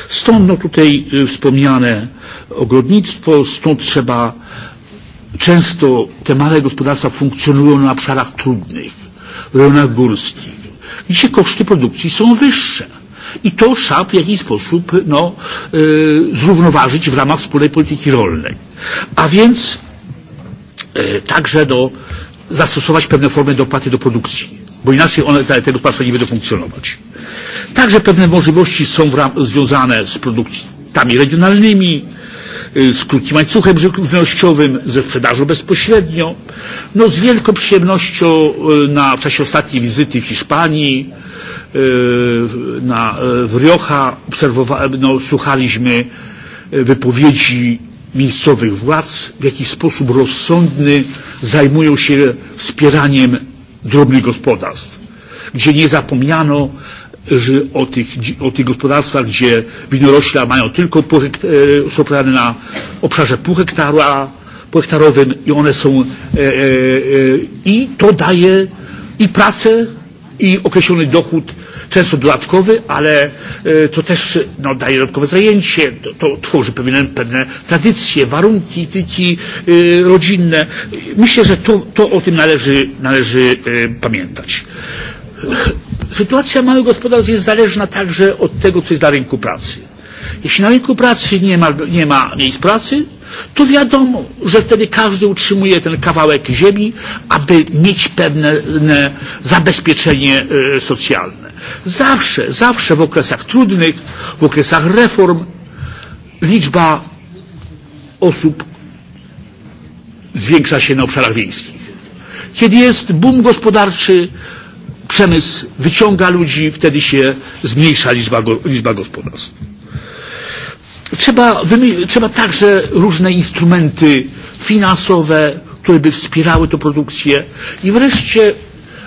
Stąd no, tutaj wspomniane ogrodnictwo, stąd trzeba często te małe gospodarstwa funkcjonują na obszarach trudnych, rejonach górskich, gdzie koszty produkcji są wyższe i to trzeba w jakiś sposób no, y, e, zrównoważyć w ramach wspólnej polityki rolnej. A więc y, e, także no, zastosować pewne formy dopłaty do produkcji, bo inaczej one, te, te gospodarstwa nie będą funkcjonować. Także pewne możliwości są w ram, związane z produktami regionalnymi, e, z krótkim łańcuchem żywnościowym, ze sprzedażą bezpośrednio. No z wielką przyjemnością na, w czasie ostatniej wizyty w Hiszpanii na, w Riocha no, słuchaliśmy wypowiedzi miejscowych władz, w jaki sposób rozsądny zajmują się wspieraniem drobnych gospodarstw, gdzie nie zapomniano że o, tych, o tych gospodarstwach, gdzie winorośla mają tylko pół hektar, są prowadzone na obszarze pół hektara, pół hektarowym i one są e, e, e, i to daje i pracę i określony dochód często dodatkowy, ale e, to też no, daje dodatkowe zajęcie, to, to tworzy pewne, pewne tradycje, warunki tyki e, rodzinne. Myślę, że to, to o tym należy, należy e, pamiętać. Sytuacja małych gospodarstw jest zależna także od tego, co jest na rynku pracy. Jeśli na rynku pracy nie ma, nie ma miejsc pracy, to wiadomo, że wtedy każdy utrzymuje ten kawałek ziemi, aby mieć pewne zabezpieczenie e, socjalne. Zawsze, zawsze w okresach trudnych, w okresach reform liczba osób zwiększa się na obszarach wiejskich. Kiedy jest boom gospodarczy, przemysł wyciąga ludzi, wtedy się zmniejsza liczba, liczba gospodarstw. Trzeba, trzeba także różne instrumenty finansowe, które by wspierały tę produkcję. I wreszcie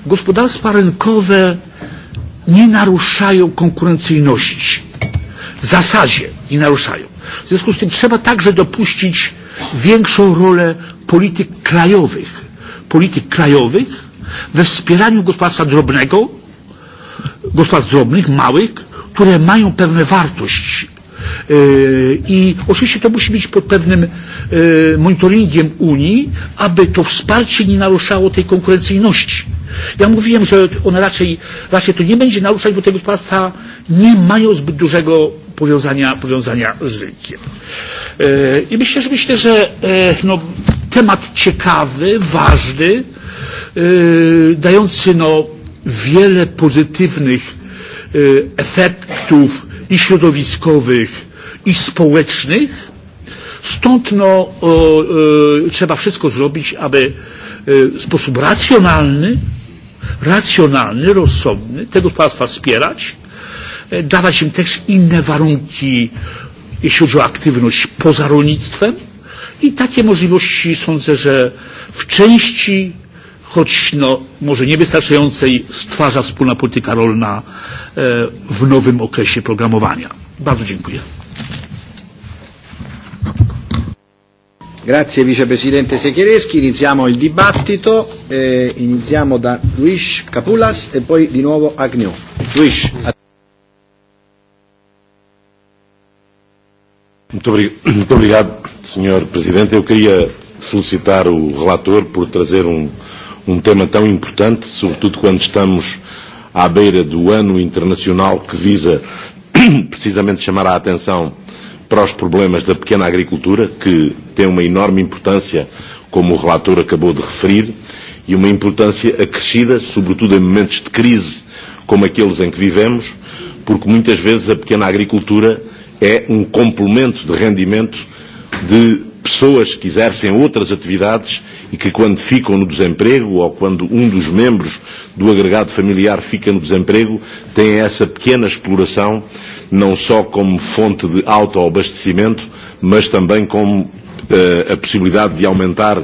gospodarstwa rynkowe nie naruszają konkurencyjności. W zasadzie nie naruszają. W związku z tym trzeba także dopuścić większą rolę polityk krajowych. Polityk krajowych we wspieraniu gospodarstwa drobnego, gospodarstw drobnych, małych, które mają pewne wartość E, I oczywiście to musi być pod pewnym e, monitoringiem Unii, aby to wsparcie nie naruszało tej konkurencyjności. Ja mówiłem, że ona raczej, raczej to nie będzie naruszać, bo te gospodarstwa nie mają zbyt dużego powiązania, powiązania z rynkiem. E, I myślę, że myślę, że no, temat ciekawy, ważny, dający no, wiele pozytywnych efektów i środowiskowych, i społecznych. Stąd no, o, e, y, e, trzeba wszystko zrobić, aby y, e, w sposób racjonalny, racjonalny, rozsądny te gospodarstwa wspierać, y, dawać im też inne warunki, jeśli chodzi o aktywność poza rolnictwem. I takie możliwości sądzę, że w części, choć no, może niewystarczającej, stwarza wspólna polityka rolna y, w nowym okresie programowania. Bardzo
dziękuję. Grazie Vicepresidente Sechereschi, iniziamo il dibattito, eh, iniziamo da Luis Capulas e poi di nuovo Agnew. Luis.
Muito, obrig muito obrigado, Sr. Presidente. Eu queria felicitar o relator por trazer um, um tema tão importante, sobretudo quando estamos à beira do ano internacional que visa precisamente chamar a atenção para os problemas da pequena agricultura, que tem uma enorme importância, como o relator acabou de referir, e uma importância acrescida, sobretudo em momentos de crise como aqueles em que vivemos, porque muitas vezes a pequena agricultura é um complemento de rendimento de pessoas que exercem outras atividades e que quando ficam no desemprego ou quando um dos membros do agregado familiar fica no desemprego, têm essa pequena exploração não só como fonte de autoabastecimento, mas também como uh, eh, a possibilidade de aumentar uh,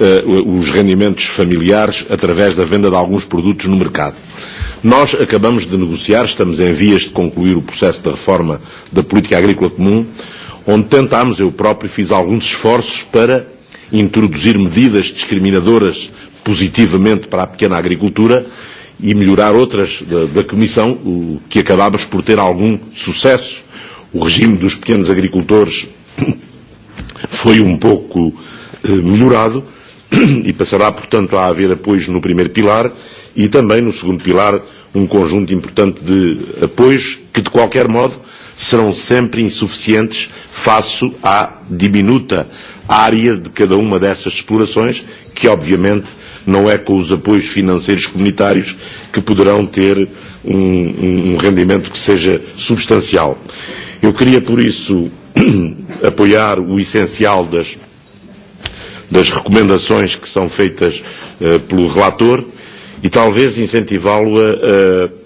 eh, os rendimentos familiares através da venda de alguns produtos no mercado. Nós acabamos de negociar, estamos em vias de concluir o processo da reforma da política agrícola comum, onde tentámos, eu próprio fiz alguns esforços para introduzir medidas discriminadoras positivamente para a pequena agricultura e melhorar outras da, da Comissão, o, que acabámos por ter algum sucesso. O regime dos pequenos agricultores foi um pouco eh, melhorado e passará, portanto, a haver apoios no primeiro pilar e também no segundo pilar um conjunto importante de apoios que, de qualquer modo, serão sempre insuficientes face à diminuta a área de cada uma dessas explorações, que obviamente não é com os apoios financeiros comunitários que poderão ter um, um, um rendimento que seja substancial. Eu queria, por isso, apoiar o essencial das, das recomendações que são feitas uh, pelo relator e talvez incentivá-lo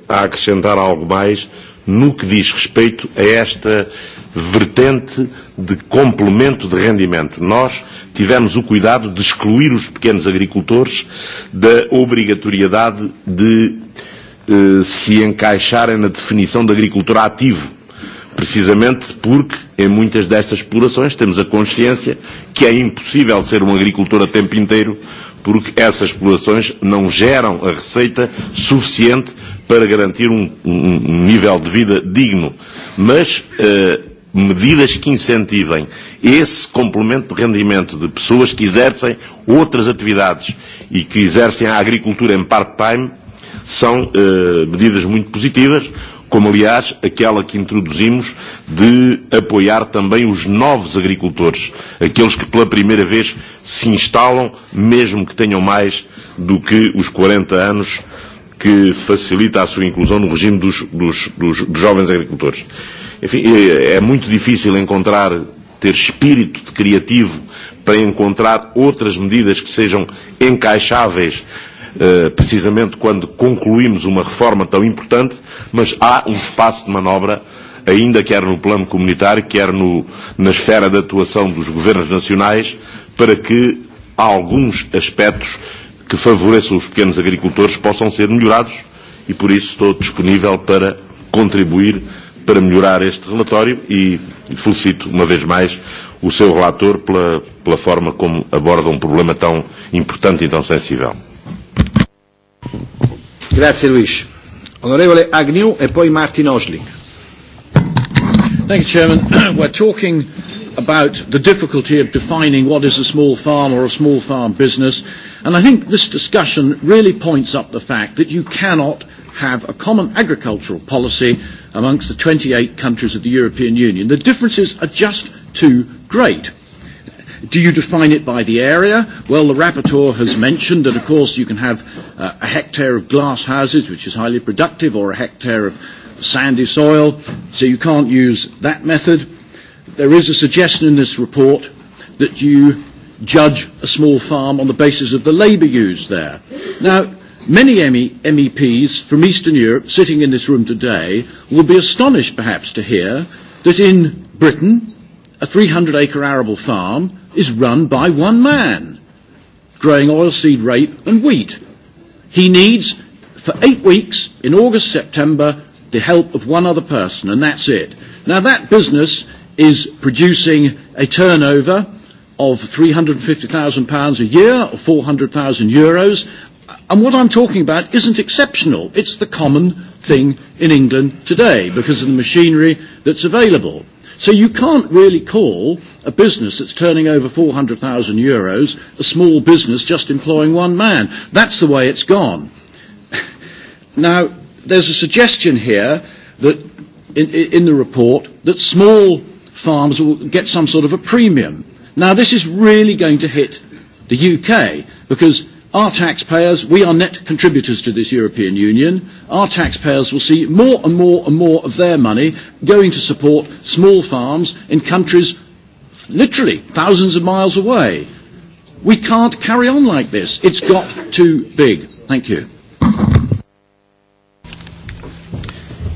a, a, a acrescentar algo mais no que diz respeito a esta uh, vertente de complemento de rendimento. Nós tivemos o cuidado de excluir os pequenos agricultores da obrigatoriedade de eh, se encaixarem na definição de agricultor ativo, precisamente porque em muitas destas explorações temos a consciência que é impossível ser um agricultor a tempo inteiro porque essas explorações não geram a receita suficiente para garantir um, um, um nível de vida digno. Mas uh, medidas que incentivem esse complemento de rendimento de pessoas que exercem outras atividades e que exercem a agricultura em part-time são eh, medidas muito positivas, como aliás aquela que introduzimos de apoiar também os novos agricultores, aqueles que pela primeira vez se instalam, mesmo que tenham mais do que os 40 anos, que facilita a sua inclusão no regime dos, dos, dos, dos jovens agricultores. Uh, Enfim, e, e, é muito difícil encontrar, ter espírito de criativo para encontrar outras medidas que sejam encaixáveis Uh, precisamente quando concluímos uma reforma tão importante, mas há um espaço de manobra, ainda quer no plano comunitário, quer no, na esfera de atuação dos governos nacionais, para que alguns aspectos que favoreçam os pequenos agricultores possam ser melhorados e por isso estou disponível para contribuir para melhorar este relatório e felicito uma vez mais o seu relator pela, pela forma como aborda um problema tão importante e tão sensível.
Grazie Luis. Onorevole Agnew e poi Martin Osling.
Thank you, Chairman. We're talking about the difficulty of defining what is a small farm or a small farm business. And I think this discussion really points up the fact that you cannot have a common agricultural policy amongst the 28 countries of the European Union. The differences are just too great. Do you define it by the area? Well, the rapporteur has mentioned that, of course, you can have uh, a hectare of glass houses, which is highly productive, or a hectare of sandy soil, so you can't use that method. There is a suggestion in this report that you judge a small farm on the basis of the labour used there. Now, Many ME, MEPs from Eastern Europe sitting in this room today will be astonished perhaps to hear that in Britain a 300 acre arable farm is run by one man growing oilseed rape and wheat. He needs for eight weeks in August, September the help of one other person and that's it. Now that business is producing a turnover of 350,000 pounds a year or 400,000 euros And what I'm talking about isn't exceptional. It's the common thing in England today because of the machinery that's available. So you can't really call a business that's turning over 400,000 euros a small business just employing one man. That's the way it's gone. now, there's a suggestion here that in, in the report that small farms will get some sort of a premium. Now, this is really going to hit the UK because Our taxpayers, we are net contributors to this European Union. Our taxpayers will see more and more and more of their money going to support small farms in countries literally thousands of miles away. We can't carry on like this. It's got too big. Thank you.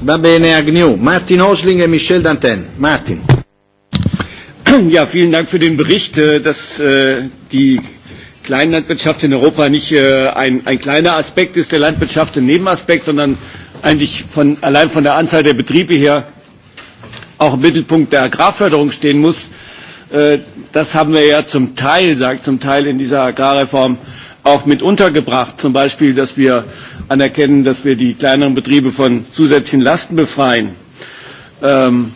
Va bene, Agnew. Martin Osling e Michel Dantin. Martin. Ja, vielen Dank für den Bericht, äh, dass äh, die
Kleinlandwirtschaft in Europa nicht äh, ein, ein kleiner Aspekt ist der Landwirtschaft, ein Nebenaspekt, sondern eigentlich von, allein von der Anzahl der Betriebe her auch im Mittelpunkt der Agrarförderung stehen muss. Äh, das haben wir ja zum Teil, sagt zum Teil in dieser Agrarreform auch mit untergebracht. Zum Beispiel, dass wir anerkennen, dass wir die kleineren Betriebe von zusätzlichen Lasten befreien. Ähm,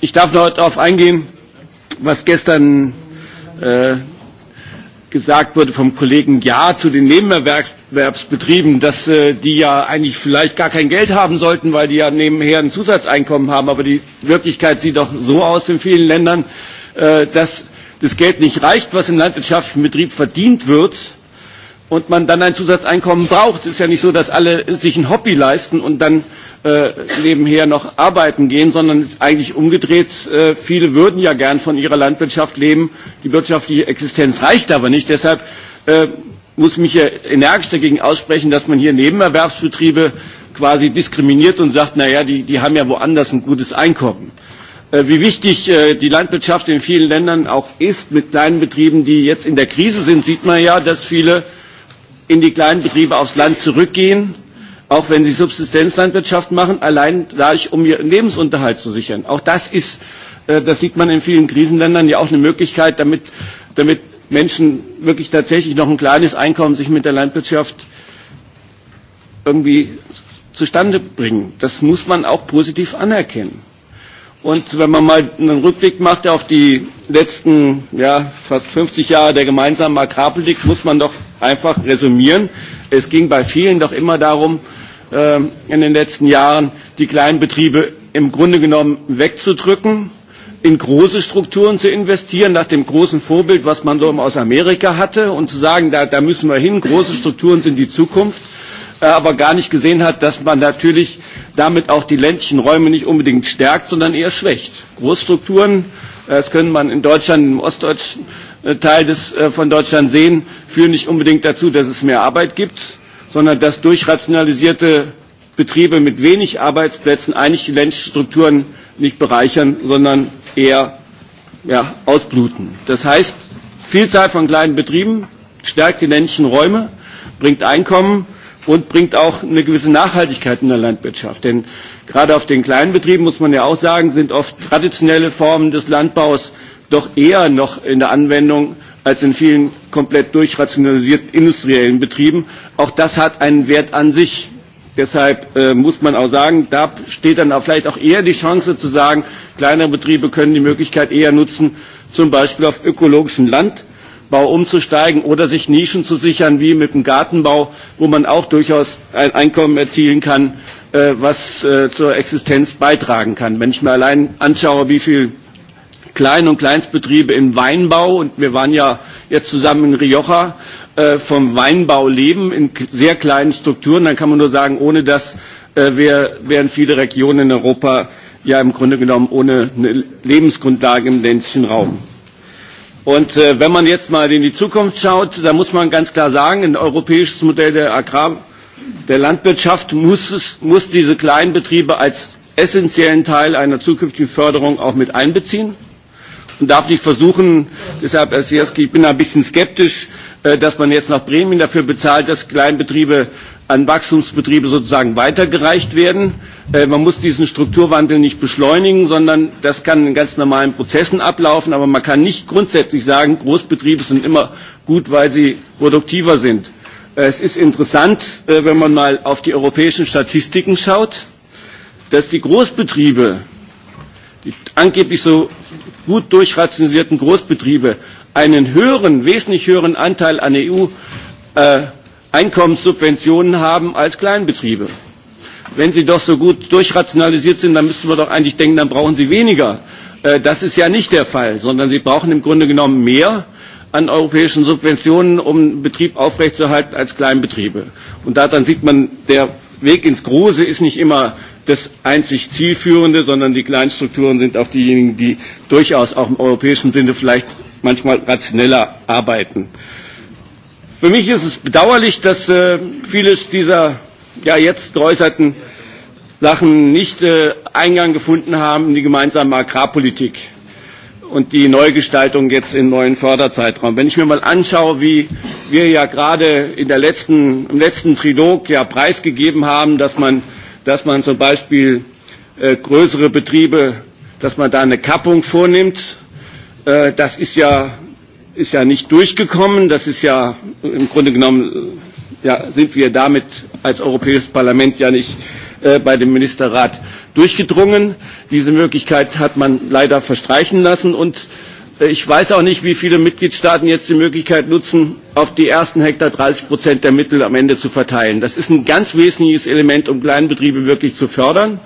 ich darf noch darauf eingehen, was gestern äh, gesagt wurde vom Kollegen Ja zu den Nebenerwerbsbetrieben, dass äh, die ja eigentlich vielleicht gar kein Geld haben sollten, weil die ja nebenher ein Zusatzeinkommen haben. Aber die Wirklichkeit sieht doch so aus in vielen Ländern, äh, dass das Geld nicht reicht, was im landwirtschaftlichen Betrieb verdient wird, und man dann ein Zusatzeinkommen braucht. Es ist ja nicht so, dass alle sich ein Hobby leisten und dann äh, nebenher noch arbeiten gehen, sondern es ist eigentlich umgedreht. Äh, viele würden ja gern von ihrer Landwirtschaft leben. Die wirtschaftliche Existenz reicht aber nicht. Deshalb äh, muss mich hier energisch dagegen aussprechen, dass man hier Nebenerwerbsbetriebe quasi diskriminiert und sagt, naja, die, die haben ja woanders ein gutes Einkommen. Äh, wie wichtig äh, die Landwirtschaft in vielen Ländern auch ist mit kleinen Betrieben, die jetzt in der Krise sind, sieht man ja, dass viele äh, in die kleinen Betriebe aufs Land zurückgehen, auch wenn sie Subsistenzlandwirtschaft machen, allein dadurch, um ihren Lebensunterhalt zu sichern. Auch das ist, äh, das sieht man in vielen Krisenländern ja auch eine Möglichkeit, damit, damit Menschen wirklich tatsächlich noch ein kleines Einkommen sich mit der Landwirtschaft irgendwie zustande bringen. Das muss man auch positiv anerkennen. Und wenn man mal einen Rückblick macht auf die letzten ja, fast 50 Jahre der gemeinsamen Agrarpolitik, muss man doch einfach resümieren. Es ging bei vielen doch immer darum, äh, in den letzten Jahren die kleinen Betriebe im Grunde genommen wegzudrücken, in große Strukturen zu investieren, nach dem großen Vorbild, was man so aus Amerika hatte, und zu sagen, da, da müssen wir hin, große Strukturen sind die Zukunft. Äh, aber gar nicht gesehen hat, dass man natürlich damit auch die ländlichen Räume nicht unbedingt stärkt, sondern eher schwächt. Großstrukturen, äh, das könnte man in Deutschland, im ostdeutschen äh, Teil des, von Deutschland sehen, führen nicht unbedingt dazu, dass es mehr Arbeit gibt, sondern dass durch rationalisierte Betriebe mit wenig Arbeitsplätzen eigentlich die ländlichen Strukturen nicht bereichern, sondern eher ja, ausbluten. Das heißt, Vielzahl von kleinen Betrieben stärkt die ländlichen Räume, bringt Einkommen, und bringt auch eine gewisse Nachhaltigkeit in der Landwirtschaft. Denn gerade auf den kleinen Betrieben, muss man ja auch sagen, sind oft traditionelle Formen des Landbaus doch eher noch in der Anwendung als in vielen komplett durchrationalisierten industriellen Betrieben. Auch das hat einen Wert an sich. Deshalb äh, muss man auch sagen, da steht dann auch vielleicht auch eher die Chance zu sagen, kleinere Betriebe können die Möglichkeit eher nutzen, zum Beispiel auf ökologischem Land Bau umzusteigen oder sich Nischen zu sichern, wie mit dem Gartenbau, wo man auch durchaus ein Einkommen erzielen kann, äh, was äh, zur Existenz beitragen kann. Wenn ich mir allein anschaue, wie viel Klein- und Kleinstbetriebe im Weinbau, und wir waren ja jetzt zusammen in Rioja, äh, vom Weinbau leben in sehr kleinen Strukturen, dann kann man nur sagen, ohne das äh, wär, wären viele Regionen in Europa ja im Grunde genommen ohne eine Lebensgrundlage im ländlichen Raum. Mhm. Und äh, wenn man jetzt mal in die Zukunft schaut, dann muss man ganz klar sagen, ein europäisches Modell der Agrar, der Landwirtschaft muss, es, muss diese kleinen Betriebe als essentiellen Teil einer zukünftigen Förderung auch mit einbeziehen und darf nicht versuchen, deshalb, Herr Sierski, ich bin ein bisschen skeptisch, äh, dass man jetzt nach Bremen dafür bezahlt, dass Kleinbetriebe an Wachstumsbetriebe sozusagen weitergereicht werden. Äh, man muss diesen Strukturwandel nicht beschleunigen, sondern das kann in ganz normalen Prozessen ablaufen. Aber man kann nicht grundsätzlich sagen, Großbetriebe sind immer gut, weil sie produktiver sind. Äh, es ist interessant, äh, wenn man mal auf die europäischen Statistiken schaut, dass die Großbetriebe, die angeblich so gut durchrationalisierten Großbetriebe, einen höheren, wesentlich höheren Anteil an EU äh, Einkommenssubventionen haben als Kleinbetriebe. Wenn sie doch so gut durchrationalisiert sind, dann müssten wir doch eigentlich denken, dann brauchen sie weniger. Äh, das ist ja nicht der Fall, sondern sie brauchen im Grunde genommen mehr an europäischen Subventionen, um Betrieb aufrechtzuerhalten als Kleinbetriebe. Und daran sieht man, der Weg ins Große ist nicht immer das einzig Zielführende, sondern die Kleinstrukturen sind auch diejenigen, die durchaus auch im europäischen Sinne vielleicht manchmal rationeller arbeiten. Äh, Für mich ist es bedauerlich, dass äh, vieles dieser ja, jetzt geäußerten Sachen nicht äh, Eingang gefunden haben in die gemeinsame Agrarpolitik und die Neugestaltung jetzt im neuen Förderzeitraum. Wenn ich mir mal anschaue, wie wir ja gerade in der letzten, im letzten Trilog ja preisgegeben haben, dass man, dass man zum Beispiel äh, größere Betriebe, dass man da eine Kappung vornimmt, äh, das ist ja ist ja nicht durchgekommen. Das ist ja im Grunde genommen, ja, sind wir damit als Europäisches Parlament ja nicht äh, bei dem Ministerrat durchgedrungen. Diese Möglichkeit hat man leider verstreichen lassen und äh, ich weiß auch nicht, wie viele Mitgliedstaaten jetzt die Möglichkeit nutzen, auf die ersten Hektar 30 Prozent der Mittel am Ende zu verteilen. Das ist ein ganz wesentliches Element, um Kleinbetriebe wirklich zu fördern.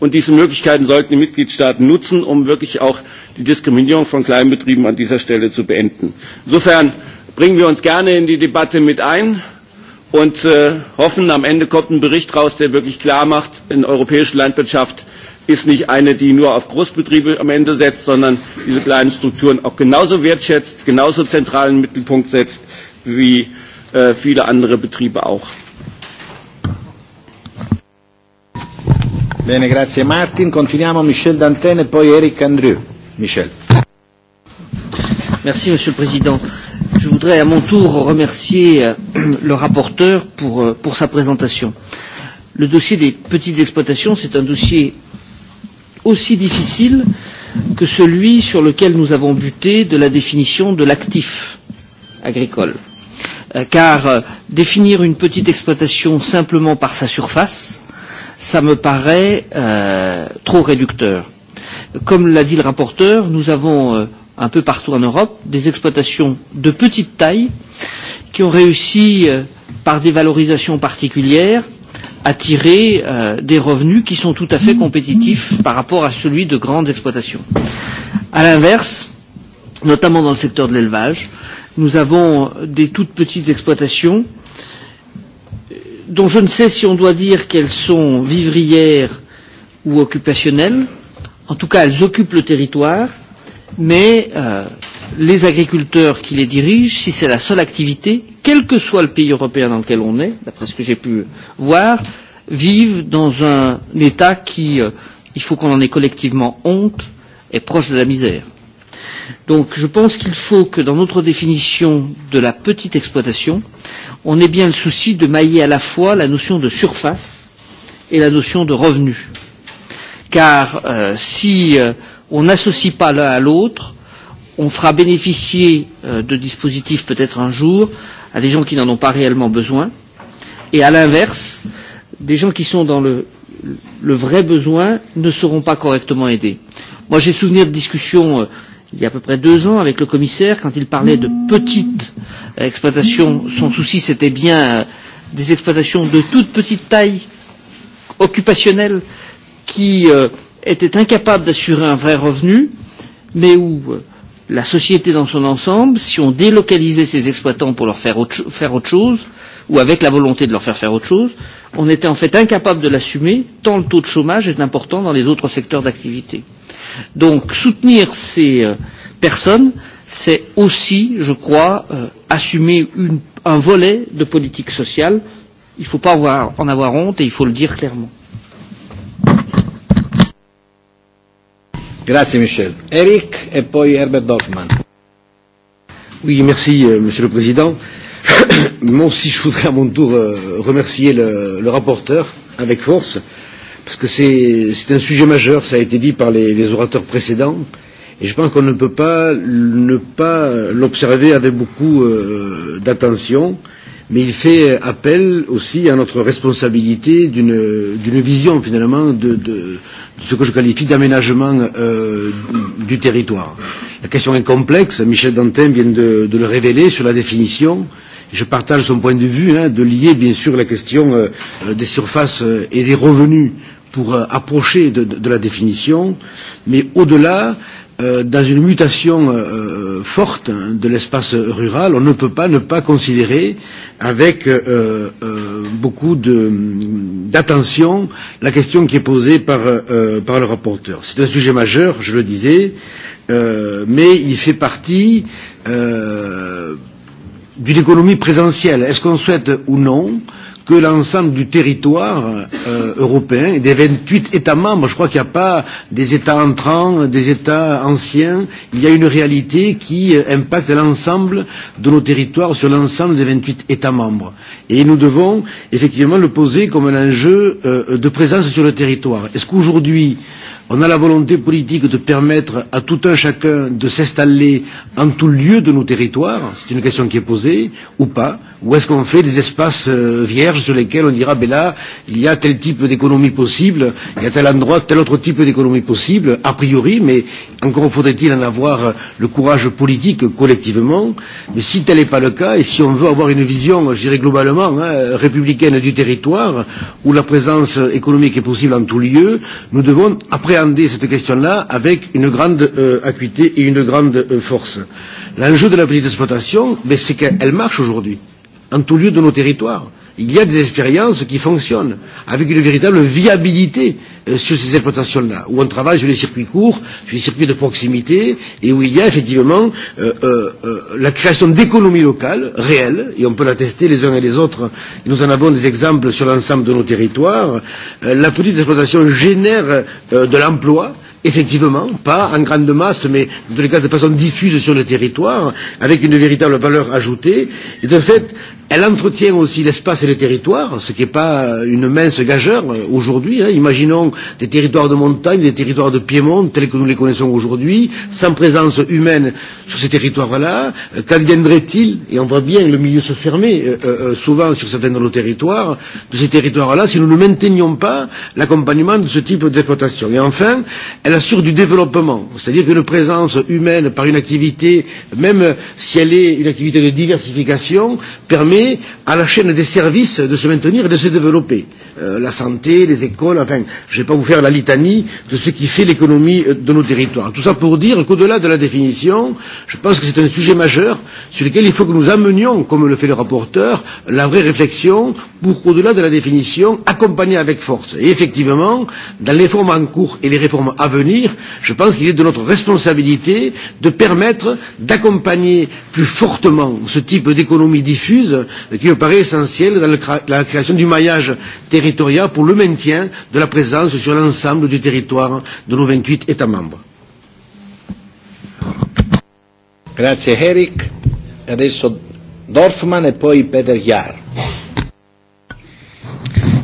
Und diese Möglichkeiten sollten die Mitgliedstaaten nutzen, um wirklich auch äh, die Diskriminierung von Kleinbetrieben an dieser Stelle zu beenden. Insofern bringen wir uns gerne in die Debatte mit ein und äh, hoffen, am Ende kommt ein Bericht raus, der wirklich klar macht, in europäische Landwirtschaft ist nicht eine, die nur auf Großbetriebe am Ende setzt, sondern diese kleinen Strukturen auch genauso wertschätzt, genauso zentralen Mittelpunkt
setzt wie äh, viele andere Betriebe auch. Bene, grazie Martin. Continuiamo Michel Dantin e poi Eric
Andrieu. Michel. Merci, Monsieur le Président. Je voudrais à mon tour remercier euh, le rapporteur pour, euh, pour sa présentation. Le dossier des petites exploitations, c'est un dossier aussi difficile que celui sur lequel nous avons buté de la définition de l'actif agricole. Euh, car euh, définir une petite exploitation simplement par sa surface, ça me paraît euh, trop réducteur. Comme l'a dit le rapporteur, nous avons euh, un peu partout en Europe des exploitations de petite taille qui ont réussi euh, par des valorisations particulières à tirer euh, des revenus qui sont tout à fait compétitifs par rapport à celui de grandes exploitations. À l'inverse, notamment dans le secteur de l'élevage, nous avons euh, des toutes petites exploitations euh, dont je ne sais si on doit dire qu'elles sont vivrières ou occupationnelles, En tout cas, elles occupent le territoire, mais euh, les agriculteurs qui les dirigent, si c'est la seule activité, quel que soit le pays européen dans lequel on est, d'après ce que j'ai pu voir, vivent dans un état qui, euh, il faut qu'on en ait collectivement honte, est proche de la misère. Donc je pense qu'il faut que dans notre définition de la petite exploitation, on ait bien le souci de mailler à la fois la notion de surface et la notion de revenu. Euh, car euh, si euh, on n'associe pas l'un à l'autre, on fera bénéficier euh, de dispositifs peut-être un jour à des gens qui n'en ont pas réellement besoin, et à l'inverse, des gens qui sont dans le, le vrai besoin ne seront pas correctement aidés. Moi, j'ai souvenir de discussions euh, il y a à peu près deux ans avec le commissaire quand il parlait de petites exploitations. Son souci, c'était bien euh, des exploitations de toute petite taille occupationnelle euh, qui euh, étaient incapables d'assurer un vrai revenu, mais où euh, la société dans son ensemble, si on délocalisait ses exploitants pour leur faire autre, faire autre chose, ou avec la volonté de leur faire faire autre chose, on était en fait incapable de l'assumer, tant le taux de chômage est important dans les autres secteurs d'activité. Donc soutenir ces euh, personnes, c'est aussi, je crois, euh, assumer une, un volet de politique sociale. Il ne faut pas avoir, en avoir honte et il faut le dire clairement.
Grazie Michel. Eric e poi Herbert Hoffman. Oui, merci euh, Monsieur le
Président. Moi aussi, je voudrais à mon tour euh, remercier le, le rapporteur avec force, parce que c'est un sujet majeur, ça a été dit par les, les orateurs précédents, et je pense qu'on ne peut pas ne pas l'observer avec beaucoup euh, d'attention. Euh, mais il fait appel aussi à notre responsabilité d'une vision finalement de, de, de ce que je qualifie d'aménagement euh, du territoire. La question est complexe, Michel Dantin vient de, de le révéler sur la définition. Je partage son point de vue hein, de lier bien sûr la question euh, des surfaces euh, et des revenus pour euh, approcher de, de, de la définition, mais au-delà, euh, euh, dans une mutation euh, euh forte de l'espace rural, on ne peut pas ne pas considérer avec euh, euh, beaucoup d'attention la question qui est posée par, euh, par le rapporteur. C'est un sujet majeur, je le disais, euh, mais il fait partie euh, d'une économie présentielle. Est-ce qu'on souhaite ou non euh, que l'ensemble du territoire euh, européen et des 28 États membres. Je crois qu'il n'y a pas des États entrants, des États anciens. Il y a une réalité qui euh, impacte l'ensemble de nos territoires sur l'ensemble des 28 États membres. Et nous devons effectivement le poser comme un enjeu euh, de présence sur le territoire. Est-ce qu'aujourd'hui, on a la volonté politique de permettre à tout un chacun de s'installer en tout lieu de nos territoires, c'est une question qui est posée, ou pas Ou est-ce qu'on fait des espaces euh, vierges sur lesquels on dira, ben là, il y a tel type d'économie possible, il y a tel endroit, tel autre type d'économie possible, a priori, mais encore faudrait-il en avoir le courage politique collectivement. Mais si tel n'est pas le cas, et si on veut avoir une vision, je dirais globalement, hein, républicaine du territoire, où la présence économique est possible en tout lieu, nous devons appréhender cette question-là avec une grande euh, acuité et une grande euh, force. L'enjeu de la petite exploitation, ben, c'est qu'elle marche aujourd'hui en tout lieu de nos territoires. Il y a des expériences qui fonctionnent avec une véritable viabilité euh, sur ces exploitations-là, où on travaille sur les circuits courts, sur les circuits de proximité, et où il y a effectivement euh, euh, euh, la création d'économies locales réelles, et on peut la tester les uns et les autres, et nous en avons des exemples sur l'ensemble de nos territoires. Euh, la petite exploitation génère euh, de l'emploi, euh, effectivement, pas en grande masse, mais dans tous les cas de façon diffuse sur le territoire, avec une véritable valeur ajoutée. Et de fait, Elle entretient aussi l'espace et le territoire, ce qui n'est pas une mince gageure aujourd'hui. Hein. Imaginons des territoires de montagne, des territoires de piémont tels que nous les connaissons aujourd'hui, sans présence humaine sur ces territoires-là. Euh, Qu'adviendrait-il Et on voit bien le milieu se fermer euh, euh, euh, souvent sur certains de nos territoires, de ces territoires-là, si nous ne maintenions pas l'accompagnement de ce type d'exploitation. Et enfin, elle assure du développement, c'est-à-dire qu'une présence humaine par une activité, même si elle est une activité de diversification, permet permet à la chaîne des services de se maintenir et de se développer. Euh, la santé, les écoles, enfin, je ne vais pas vous faire la litanie de ce qui fait l'économie euh, de nos territoires. Tout ça pour dire qu'au-delà de la définition, je pense que c'est un sujet majeur sur lequel il faut que nous amenions, comme le fait le rapporteur, la vraie réflexion pour, au-delà de la définition, accompagner avec force. Et effectivement, dans les réformes en cours et les réformes à venir, je pense qu'il est de notre responsabilité de permettre d'accompagner plus fortement ce type d'économie diffuse qui me paraît essentiel dans le, la création du maillage territorial pour le maintien de la présence sur l'ensemble du territoire de nos 28 États membres.
Grazie Eric. E adesso Dorfman e poi Peter Jahr.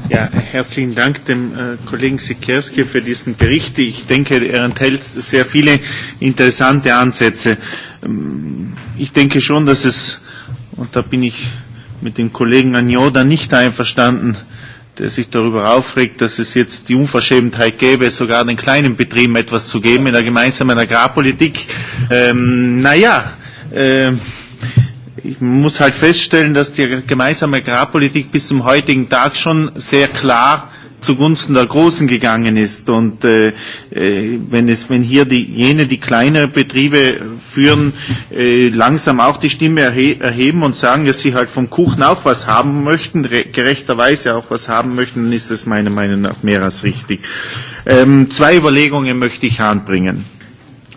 Ja, herzlichen Dank dem äh, Kollegen Sikerski für diesen Bericht. Ich denke, er enthält sehr viele interessante Ansätze. Ähm, ich denke schon, dass es, und da bin ich mit dem Kollegen Agnoda nicht einverstanden, der sich darüber aufregt, dass es jetzt die Unverschämtheit gäbe, sogar den kleinen Betrieben etwas zu geben in der gemeinsamen Agrarpolitik. Ähm, naja, äh, ich muss halt feststellen, dass die gemeinsame Agrarpolitik bis zum heutigen Tag schon sehr klar zugunsten der Großen gegangen ist. Und äh, äh, wenn, es, wenn hier die, jene, die kleinere Betriebe führen, äh, langsam auch die Stimme erhe erheben und sagen, dass sie halt vom Kuchen auch was haben möchten, gerechterweise auch was haben möchten, dann ist das meiner Meinung nach mehr als richtig. Ähm, zwei Überlegungen möchte ich anbringen.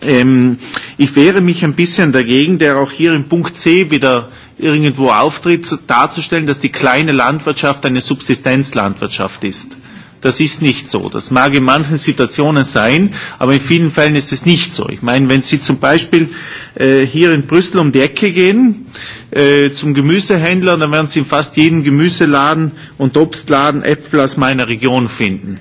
Ähm, ich wehre mich ein bisschen dagegen, der auch hier im Punkt C wieder irgendwo auftritt, darzustellen, dass die kleine Landwirtschaft eine Subsistenzlandwirtschaft ist. Das ist nicht so. Das mag in manchen Situationen sein, aber in vielen Fällen ist es nicht so. Ich meine, wenn Sie zum Beispiel äh, hier in Brüssel um die Ecke gehen, äh, zum Gemüsehändler, dann werden Sie in fast jedem Gemüseladen und Obstladen Äpfel aus meiner Region finden.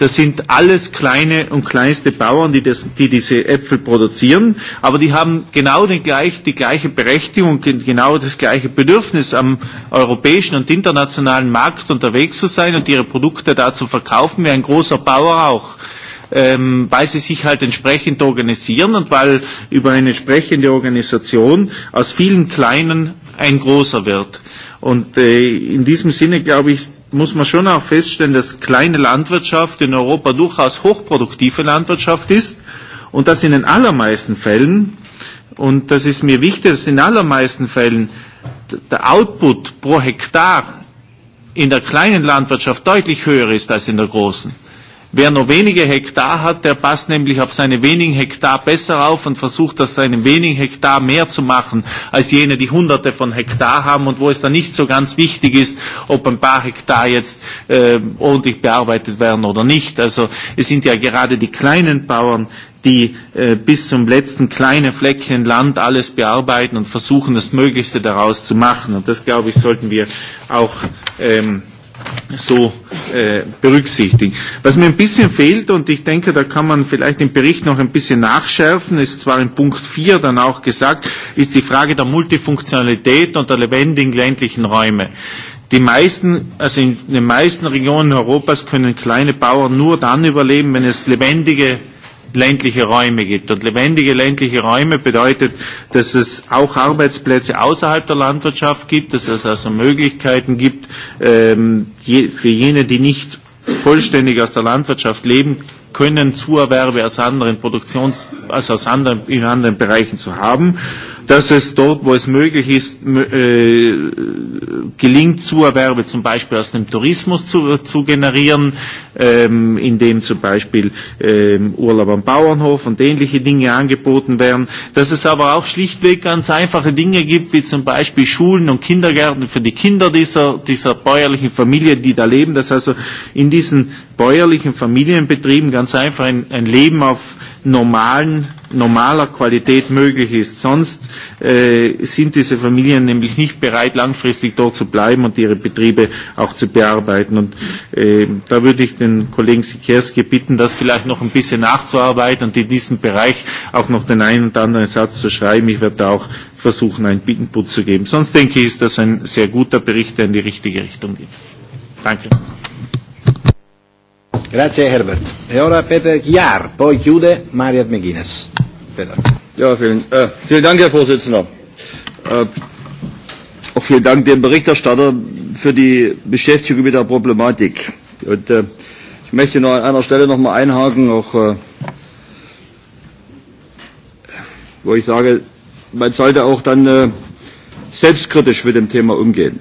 Das sind alles kleine und kleinste Bauern, die, das, die diese Äpfel produzieren, aber die haben genau den gleich, die gleiche Berechtigung, genau das gleiche Bedürfnis, am europäischen und internationalen Markt unterwegs zu sein und ihre Produkte da zu verkaufen, wie ein großer Bauer auch ähm, weil sie sich halt entsprechend organisieren und weil über eine entsprechende Organisation aus vielen kleinen ein großer wird. Und äh, in diesem Sinne, glaube ich, muss man schon auch feststellen, dass kleine Landwirtschaft in Europa durchaus hochproduktive Landwirtschaft ist und dass in den allermeisten Fällen, und das ist mir wichtig, dass in den allermeisten Fällen der Output pro Hektar in der kleinen Landwirtschaft deutlich höher ist als in der großen. Wer nur wenige Hektar hat, der passt nämlich auf seine wenigen Hektar besser auf und versucht, aus seinen wenigen Hektar mehr zu machen, als jene, die hunderte von Hektar haben und wo es dann nicht so ganz wichtig ist, ob ein paar Hektar jetzt äh, ordentlich bearbeitet werden oder nicht. Also es sind ja gerade die kleinen Bauern, die äh, bis zum letzten kleinen Fleckchen Land alles bearbeiten und versuchen, das Möglichste daraus zu machen. Und das, glaube ich, sollten wir auch ähm, so äh, berücksichtigen. Was mir ein bisschen fehlt, und ich denke, da kann man vielleicht im Bericht noch ein bisschen nachschärfen, ist zwar in Punkt 4 dann auch gesagt, ist die Frage der Multifunktionalität und der lebendigen ländlichen Räume. Die meisten, also in den meisten Regionen Europas können kleine Bauern nur dann überleben, wenn es lebendige ländliche Räume gibt. Und lebendige ländliche Räume bedeutet, dass es auch Arbeitsplätze außerhalb der Landwirtschaft gibt, dass es also Möglichkeiten gibt, ähm, je, für jene, die nicht vollständig aus der Landwirtschaft leben können, Zuerwerbe aus anderen Produktions, also aus anderen, in anderen Bereichen zu haben. Äh, dass es dort, wo es möglich ist, äh, gelingt, Zuerwerbe zum Beispiel aus dem Tourismus zu, zu generieren, ähm, indem zum Beispiel ähm, Urlaub am Bauernhof und ähnliche Dinge angeboten werden, dass es aber auch schlichtweg ganz einfache Dinge gibt, wie zum Beispiel Schulen und Kindergärten für die Kinder dieser, dieser bäuerlichen Familien, die da leben, dass also in diesen bäuerlichen Familienbetrieben ganz einfach ein, ein Leben auf normalen, normaler Qualität möglich ist. Sonst äh, sind diese Familien nämlich nicht bereit, langfristig dort zu bleiben und ihre Betriebe auch zu bearbeiten. Und äh, da würde ich den Kollegen Sikerski bitten, das vielleicht noch ein bisschen nachzuarbeiten und in diesem Bereich auch noch den einen oder anderen Satz zu schreiben. Ich werde da auch versuchen, einen Input zu geben. Sonst denke ich, ist das ein sehr guter Bericht, der in die richtige Richtung geht. Danke.
Grazie Herbert. E ora Peter Chiar, poi chiude Mariat McGuinness.
Peter. Ja, vielen, äh, vielen Dank, Herr Vorsitzender. Äh, auch vielen Dank dem Berichterstatter für die Beschäftigung mit der Problematik. Und äh, ich möchte nur an einer Stelle noch mal einhaken, auch äh, wo ich sage, man sollte auch dann äh, selbstkritisch mit dem Thema umgehen.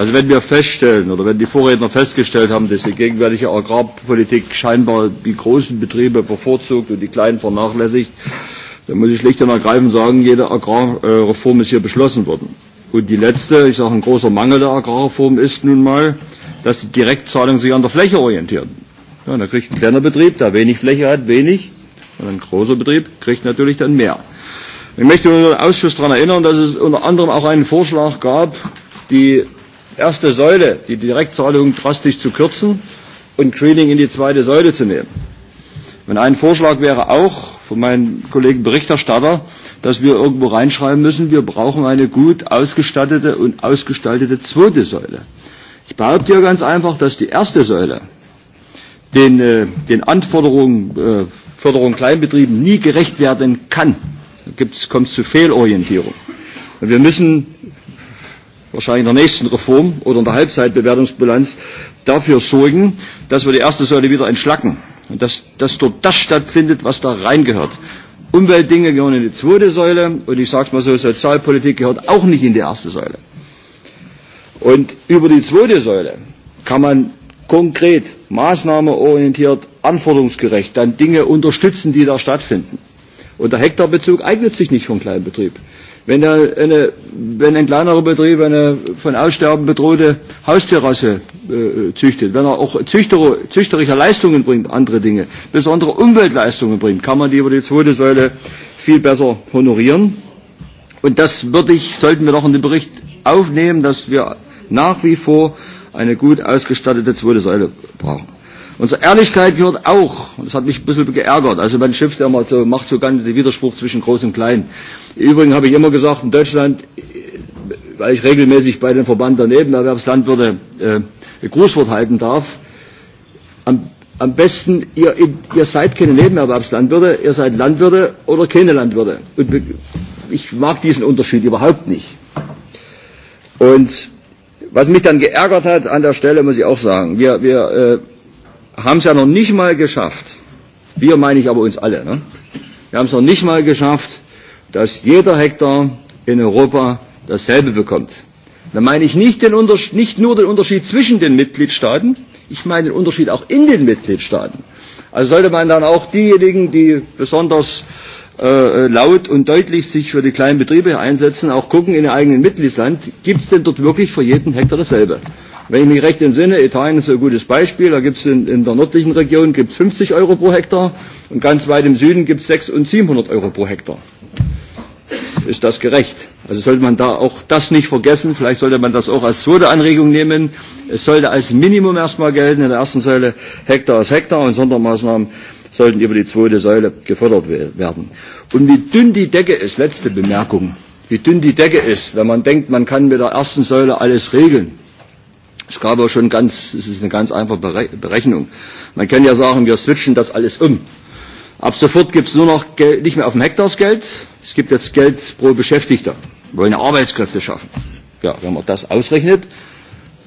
Also wenn wir feststellen oder wenn die Vorredner festgestellt haben, dass die gegenwärtige Agrarpolitik scheinbar die großen Betriebe bevorzugt und die kleinen vernachlässigt, dann muss ich schlicht und ergreifend sagen, jede Agrarreform ist hier beschlossen worden. Und die letzte, ich sage ein großer Mangel der Agrarreform ist nun mal, dass die Direktzahlungen sich an der Fläche orientieren. Ja, da kriegt ein kleiner Betrieb, der wenig Fläche hat, wenig, und ein großer Betrieb kriegt natürlich dann mehr. Ich möchte nur den Ausschuss daran erinnern, dass es unter anderem auch einen Vorschlag gab, die erste Säule, die Direktzahlungen drastisch zu kürzen und Greening in die zweite Säule zu nehmen. Und ein Vorschlag wäre auch von meinem Kollegen Berichterstatter, dass wir irgendwo reinschreiben müssen, wir brauchen eine gut ausgestattete und ausgestaltete zweite Säule. Ich behaupte ja ganz einfach, dass die erste Säule den, äh, den Anforderungen äh, Förderung Kleinbetrieben nie gerecht werden kann. Da kommt es zu Fehlorientierung. Und wir müssen wahrscheinlich in der nächsten Reform oder in der Halbzeitbewertungsbilanz dafür sorgen, dass wir die erste Säule wieder entschlacken und dass, dass dort das stattfindet, was da reingehört. Umweltdinge gehören in die zweite Säule und ich sage es mal so, Sozialpolitik gehört auch nicht in die erste Säule. Und über die zweite Säule kann man konkret, maßnahmeorientiert, anforderungsgerecht dann Dinge unterstützen, die da stattfinden. Und der Hektarbezug eignet sich nicht für einen kleinen Betrieb. Wenn, da eine, wenn ein kleinerer Betrieb eine er von Aussterben bedrohte Haustierrasse äh, züchtet, wenn er auch züchter, züchterische Leistungen bringt, andere Dinge, besondere Umweltleistungen bringt, kann man die über die zweite Säule viel besser honorieren. Und das würde ich, sollten wir noch in den Bericht aufnehmen, dass wir nach wie vor eine gut ausgestattete zweite Säule brauchen. Unsere Ehrlichkeit gehört auch, und das hat mich ein bisschen geärgert, also mein Schiff, der mal so macht so gerne den Widerspruch zwischen Groß und Klein. Übrigens habe ich immer gesagt, in Deutschland, weil ich regelmäßig bei dem Verband der Nebenerwerbslandwirte äh, Grußwort halten darf, am, am besten, ihr, ihr seid keine Nebenerwerbslandwirte, ihr seid Landwirte oder keine Landwirte. Und ich mag diesen Unterschied überhaupt nicht. Und was mich dann geärgert hat an der Stelle, muss ich auch sagen, wir, wir äh, haben es ja noch nicht mal geschafft, wir meine ich aber uns alle, ne? wir haben es noch nicht mal geschafft, dass jeder Hektar in Europa dasselbe bekommt. Da meine ich nicht, den Unterschied, nicht nur den Unterschied zwischen den Mitgliedstaaten, ich meine den Unterschied auch in den Mitgliedstaaten. Also sollte man dann auch diejenigen, die besonders äh, laut und deutlich sich für die kleinen Betriebe einsetzen, auch gucken in den eigenen Mitgliedsland, gibt es denn dort wirklich für jeden Hektar dasselbe? Wenn ich mich recht entsinne, Italien ist ein gutes Beispiel. Da gibt es in, in der nördlichen Region gibt's 50 Euro pro Hektar und ganz weit im Süden gibt es 600 und 700 Euro pro Hektar. Ist das gerecht? Also sollte man da auch das nicht vergessen. Vielleicht sollte man das auch als zweite Anregung nehmen. Es sollte als Minimum erstmal gelten. In der ersten Säule Hektar ist Hektar und Sondermaßnahmen sollten über die zweite Säule gefördert werden. Und wie dünn die Decke ist, letzte Bemerkung, wie dünn die Decke ist, wenn man denkt, man kann mit der ersten Säule alles regeln Es gab auch schon ganz, es ist eine ganz einfache Berechnung. Man kann ja sagen, wir switchen das alles um. Ab sofort gibt es nur noch Geld, nicht mehr auf dem Hektar das Geld, es gibt jetzt Geld pro Beschäftigter. Wir wollen Arbeitskräfte schaffen. Ja, wenn man das ausrechnet,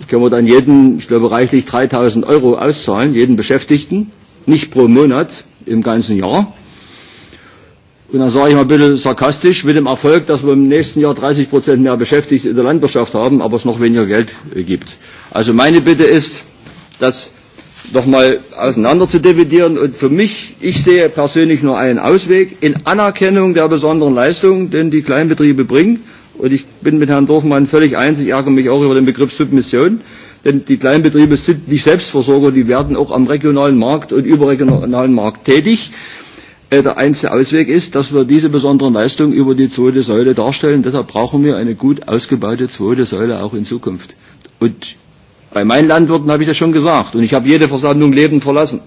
können wir dann jeden, ich glaube reichlich 3000 Euro auszahlen, jeden Beschäftigten, nicht pro Monat, im ganzen Jahr. Und dann sage ich mal ein bisschen sarkastisch, mit dem Erfolg, dass wir im nächsten Jahr 30 Prozent mehr Beschäftigte in der Landwirtschaft haben, aber es noch weniger Geld äh, gibt. Also meine Bitte ist, das nochmal auseinander zu dividieren. Und für mich, ich sehe persönlich nur einen Ausweg in Anerkennung der besonderen Leistungen, den die Kleinbetriebe bringen. Und ich bin mit Herrn Dorfmann völlig eins, ich ärgere mich auch über den Begriff Submission. Denn die Kleinbetriebe sind nicht Selbstversorger, die werden auch am regionalen Markt und überregionalen Markt tätig. Äh, der einzige Ausweg ist, dass wir diese besonderen Leistungen über die zweite Säule darstellen. Deshalb brauchen wir eine gut ausgebaute zweite Säule auch in Zukunft. Und bei meinen Landwirten habe ich das schon gesagt. Und ich habe jede Versammlung lebend verlassen.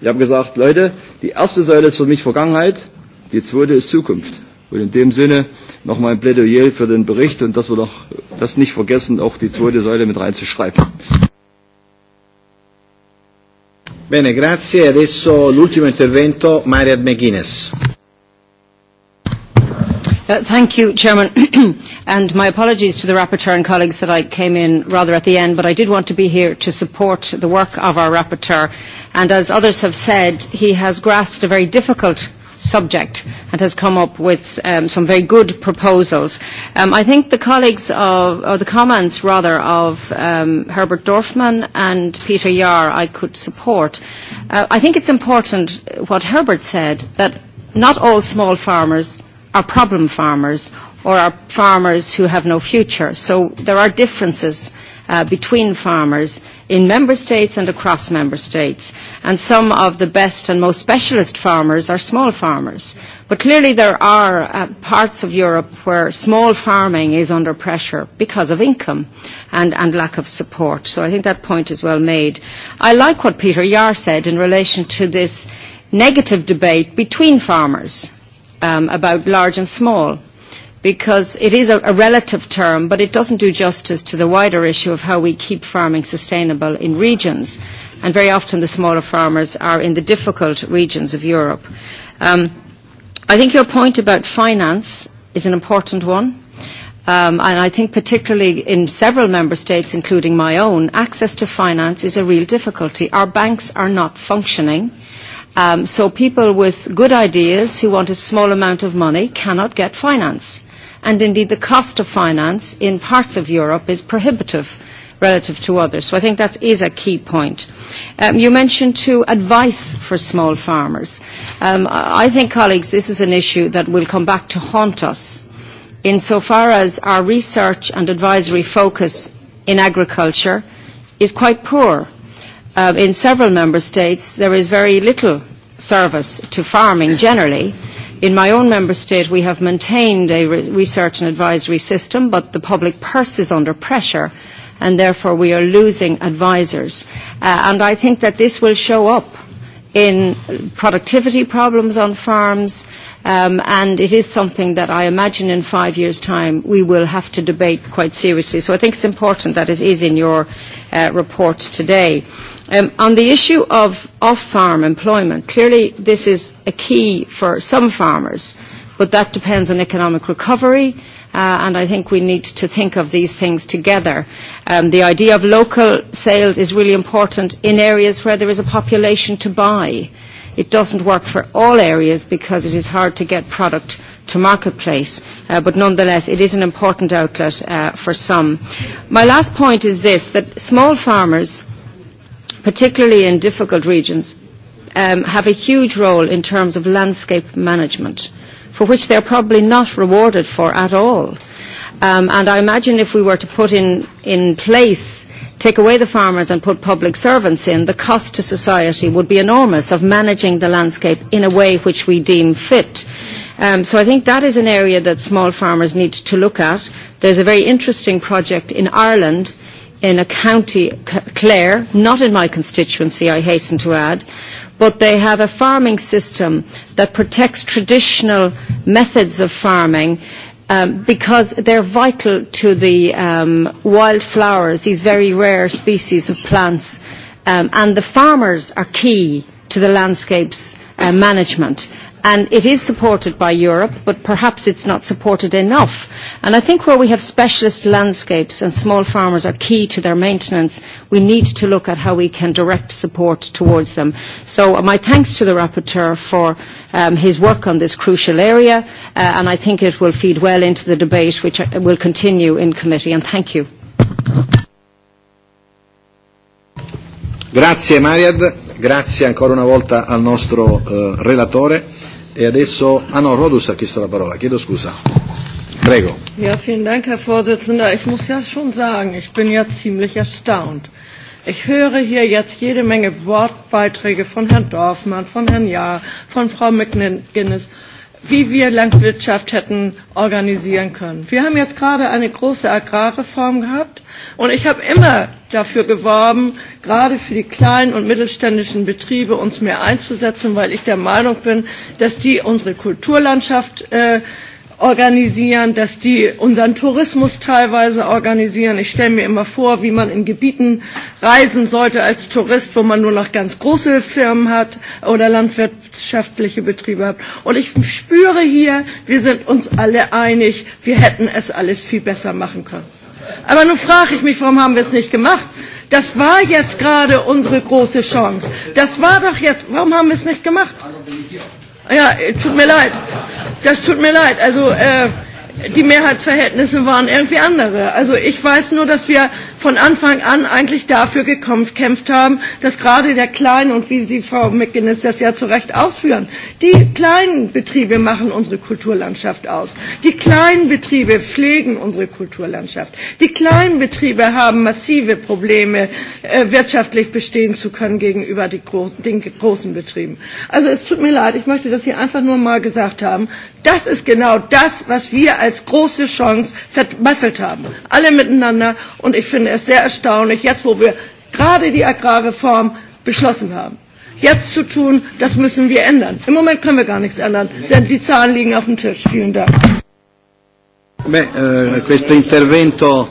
Ich habe gesagt, Leute, die erste Säule ist für mich Vergangenheit, die zweite ist Zukunft. Und in dem Sinne nochmal ein Plädoyer für den Bericht und dass wir doch
das nicht vergessen, auch die zweite Säule mit reinzuschreiben. Bene, grazie. Adesso l'ultimo intervento, Mariad McGuinness.
Uh, thank you, Chairman. and my apologies to the rapporteur and colleagues that I came in rather at the end, but I did want to be here to support the work of our rapporteur. And as others have said, he has grasped a very difficult subject and has come up with um, some very good proposals. Um, I think the colleagues of, or the comments rather of um, Herbert Dorfman and Peter Yar I could support. Uh, I think it's important what Herbert said that not all small farmers are problem farmers or are farmers who have no future. So there are differences uh, between farmers in member states and across member states. And some of the best and most specialist farmers are small farmers. But clearly there are uh, parts of Europe where small farming is under pressure because of income and, and lack of support. So I think that point is well made. I like what Peter Yar said in relation to this negative debate between farmers um, about large and small because it is a, a relative term, but it doesn't do justice to the wider issue of how we keep farming sustainable in regions. And very often the smaller farmers are in the difficult regions of Europe. Um, I think your point about finance is an important one. Um, and I think particularly in several member states, including my own, access to finance is a real difficulty. Our banks are not functioning. Um, so people with good ideas who want a small amount of money cannot get finance and indeed the cost of finance in parts of Europe is prohibitive relative to others. So I think that is a key point. Um, you mentioned too advice for small farmers. Um, I think, colleagues, this is an issue that will come back to haunt us insofar as our research and advisory focus in agriculture is quite poor. Um, in several member states, there is very little service to farming generally. Mm-hmm In my own member state, we have maintained a re- research and advisory system, but the public purse is under pressure, and therefore we are losing advisors. Uh, and I think that this will show up in productivity problems on farms, um, and it is something that I imagine in five years' time we will have to debate quite seriously. So I think it's important that it is in your uh, report today. Um, on the issue of off-farm employment, clearly this is a key for some farmers, but that depends on economic recovery, uh, and I think we need to think of these things together. Um, the idea of local sales is really important in areas where there is a population to buy. It doesn't work for all areas because it is hard to get product to marketplace, uh, but nonetheless it is an important outlet uh, for some. My last point is this, that small farmers – particularly in difficult regions, um, have a huge role in terms of landscape management, for which they're probably not rewarded for at all. Um, and I imagine if we were to put in, in place take away the farmers and put public servants in, the cost to society would be enormous of managing the landscape in a way which we deem fit. Um, so I think that is an area that small farmers need to look at. There's a very interesting project in Ireland in a county, Clare, not in my constituency, I hasten to add, but they have a farming system that protects traditional methods of farming um, because they're vital to the um, wildflowers, these very rare species of plants, um, and the farmers are key to the landscape's uh, management and it is supported by Europe, but perhaps it's not supported enough. And I think where we have specialist landscapes and small farmers are key to their maintenance, we need to look at how we can direct support towards them. So uh, my thanks to the rapporteur for um, his work on this crucial area, uh, and I think it will feed well into the debate which uh, will continue in committee, and thank you.
Grazie Mariad, grazie ancora una volta al nostro eh, relatore E adesso, ah no, Rodus ha chiesto la parola, chiedo scusa. Prego.
Ja, vielen Dank, Herr Vorsitzender. Ich muss ja schon sagen, ich bin ja ziemlich erstaunt. Ich höre hier jetzt jede Menge Wortbeiträge von Herrn Dorfmann, von Herrn Jahr, von Frau McGuinness wie wir Landwirtschaft hätten organisieren können. Wir haben jetzt gerade eine große Agrarreform gehabt und ich habe immer dafür geworben, gerade für die kleinen und mittelständischen Betriebe uns mehr einzusetzen, weil ich der Meinung bin, dass die unsere Kulturlandschaft äh, organisieren, dass die unseren Tourismus teilweise organisieren. Ich stelle mir immer vor, wie man in Gebieten reisen sollte als Tourist, wo man nur noch ganz große Firmen hat oder landwirtschaftliche Betriebe hat. Und ich spüre hier, wir sind uns alle einig, wir hätten es alles viel besser machen können. Aber nun frage ich mich, warum haben wir es nicht gemacht? Das war jetzt gerade unsere große Chance. Das war doch jetzt, warum haben wir es nicht gemacht? Ja, tut mir leid. Das tut mir leid. Also äh, die Mehrheitsverhältnisse waren irgendwie andere. Also ich weiß nur, dass wir von Anfang an eigentlich dafür gekämpft haben, dass gerade der Kleinen, und wie Sie, Frau McGuinness, das ja zu Recht ausführen, die kleinen Betriebe machen unsere Kulturlandschaft aus. Die kleinen Betriebe pflegen unsere Kulturlandschaft. Die kleinen Betriebe haben massive Probleme, äh, wirtschaftlich bestehen zu können gegenüber die Gro den großen Betrieben. Also es tut mir leid, ich möchte das hier einfach nur mal gesagt haben. Das ist genau das, was wir als große Chance vermasselt haben. Alle miteinander. Und ich finde, finde er es sehr erstaunlich, jetzt wo wir gerade die Agrarreform beschlossen haben, jetzt zu tun, das müssen wir ändern. Im Moment können wir gar nichts ändern, denn die Zahlen liegen auf dem Tisch. Vielen Dank.
Beh, eh, questo intervento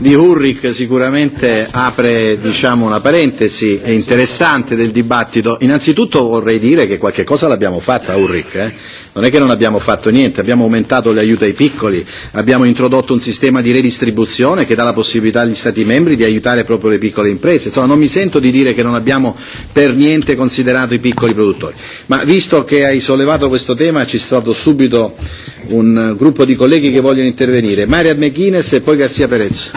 di Hurrik sicuramente apre diciamo, una parentesi interessante del dibattito. Innanzitutto vorrei dire che qualche cosa l'abbiamo fatta Hurrik. Eh? non è che non abbiamo fatto niente, abbiamo aumentato le aiute ai piccoli, abbiamo introdotto un sistema di redistribuzione che dà la possibilità agli Stati membri di aiutare proprio le piccole imprese. Insomma, non mi sento di dire che non abbiamo per niente considerato i piccoli produttori. Ma visto che hai sollevato questo tema ci trovo subito un gruppo di colleghi che vogliono intervenire. Maria McGuinness e poi Garzia Perez.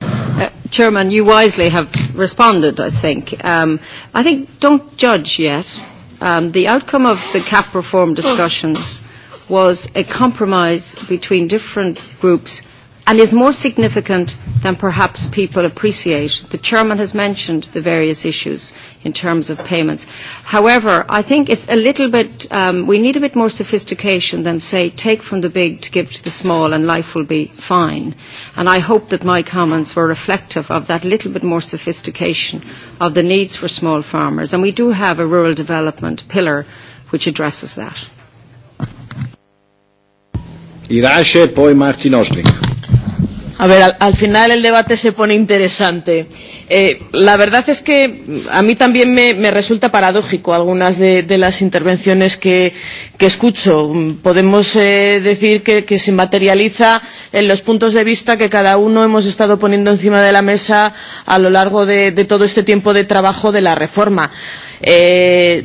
Uh, Chairman, you wisely have responded, I think. Um, I think don't judge yet Um, the outcome of the cap reform discussions was a compromise between different groups and is more significant than perhaps people appreciate. The chairman has mentioned the various issues in terms of payments. However, I think it's a little bit, um, we need a bit more sophistication than say, take from the big to give to the small and life will be fine. And I hope that my comments were reflective of that little bit more sophistication of the needs for small farmers. And we do have a rural development pillar which
addresses that.
Irache, poi Martin Osling.
A ver, al, al final el debate se pone interesante. Eh, la verdad es que a mí también me, me resulta paradójico algunas de, de las intervenciones que, que escucho. Podemos eh, decir que, que se materializa en los puntos de vista que cada uno hemos estado poniendo encima de la mesa a lo largo de, de todo este tiempo de trabajo de la reforma. Eh,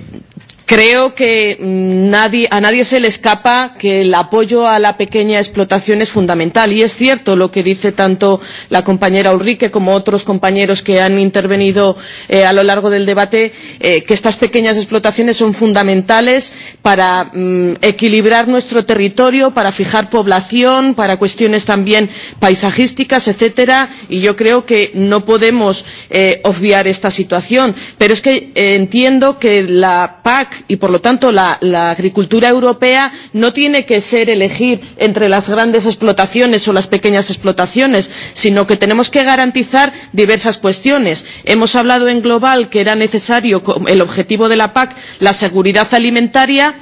Creo que mm, nadie, a nadie se le escapa que el apoyo a la pequeña explotación es fundamental. Y es cierto lo que dice tanto la compañera Ulrike como otros compañeros que han intervenido eh, a lo largo del debate, eh, que estas pequeñas explotaciones son fundamentales para mm, equilibrar nuestro territorio, para fijar población, para cuestiones también paisajísticas, etcétera. Y yo creo que no podemos eh, obviar esta situación. Pero es que eh, entiendo que la PAC y por lo tanto la, la agricultura europea no tiene que ser elegir entre las grandes explotaciones o las pequeñas explotaciones sino que tenemos que garantizar diversas cuestiones hemos hablado en global que era necesario el objetivo de la pac la seguridad alimentaria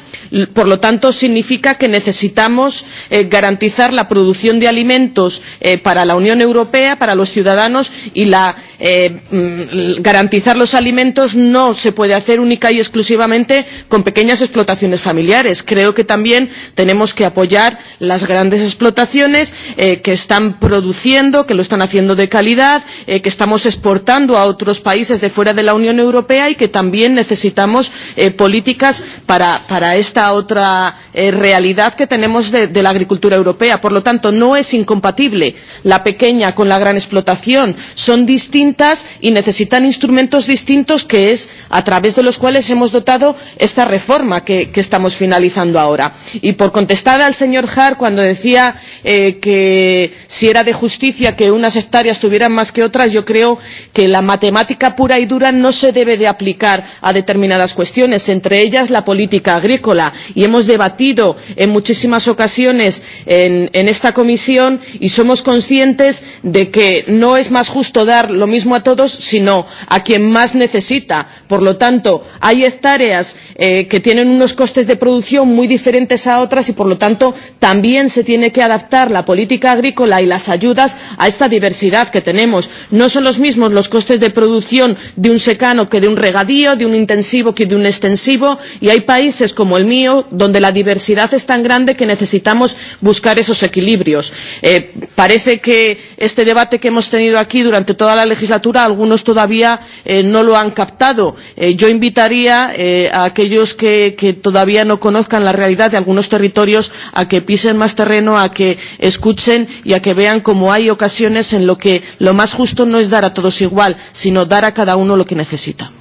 Por lo tanto, significa que necesitamos eh, garantizar la producción de alimentos eh, para la Unión Europea, para los ciudadanos, y la, eh, mm, garantizar los alimentos no se puede hacer única y exclusivamente con pequeñas explotaciones familiares. Creo que también tenemos que apoyar las grandes explotaciones eh, que están produciendo, que lo están haciendo de calidad, eh, que estamos exportando a otros países de fuera de la Unión Europea y que también necesitamos eh, políticas para, para esta otra eh, realidad que tenemos de, de la agricultura europea. Por lo tanto, no es incompatible la pequeña con la gran explotación. Son distintas y necesitan instrumentos distintos que es a través de los cuales hemos dotado esta reforma que, que estamos finalizando ahora. Y por contestar al señor Hart cuando decía eh, que si era de justicia que unas hectáreas tuvieran más que otras, yo creo que la matemática pura y dura no se debe de aplicar a determinadas cuestiones, entre ellas la política agrícola agrícola y hemos debatido en muchísimas ocasiones en, en esta comisión y somos conscientes de que no es más justo dar lo mismo a todos sino a quien más necesita. Por lo tanto, hay hectáreas eh, que tienen unos costes de producción muy diferentes a otras y por lo tanto también se tiene que adaptar la política agrícola y las ayudas a esta diversidad que tenemos. No son los mismos los costes de producción de un secano que de un regadío, de un intensivo que de un extensivo y hay países como el mío, donde la diversidad es tan grande que necesitamos buscar esos equilibrios. Eh, parece que este debate que hemos tenido aquí durante toda la legislatura, algunos todavía eh, no lo han captado. Eh, yo invitaría eh, a aquellos que, que todavía no conozcan la realidad de algunos territorios a que pisen más terreno, a que escuchen y a que vean cómo hay ocasiones en lo que lo más justo no es dar a todos igual, sino dar a cada uno lo que necesita.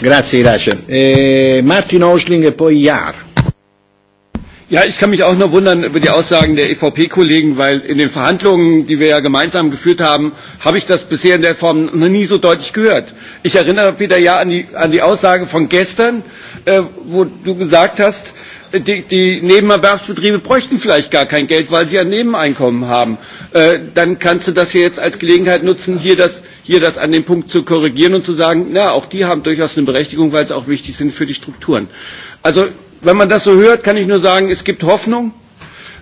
Grazie Irace. Eh, Martin Oschling e poi Jahr. Ja, ich kann mich auch nur wundern
über die Aussagen der EVP-Kollegen, weil in den Verhandlungen, die wir ja gemeinsam geführt haben, habe ich das bisher in der Form noch nie so deutlich gehört. Ich erinnere, Peter, ja an die, an die Aussage von gestern, äh, wo du gesagt hast, die, die Nebenerwerbsbetriebe bräuchten vielleicht gar kein Geld, weil sie ein Nebeneinkommen haben. Äh, dann kannst du das hier jetzt als Gelegenheit nutzen, hier das hier das an dem Punkt zu korrigieren und zu sagen, na, auch die haben durchaus eine Berechtigung, weil sie auch wichtig sind für die Strukturen. Also, wenn man das so hört, kann ich nur sagen, es gibt Hoffnung,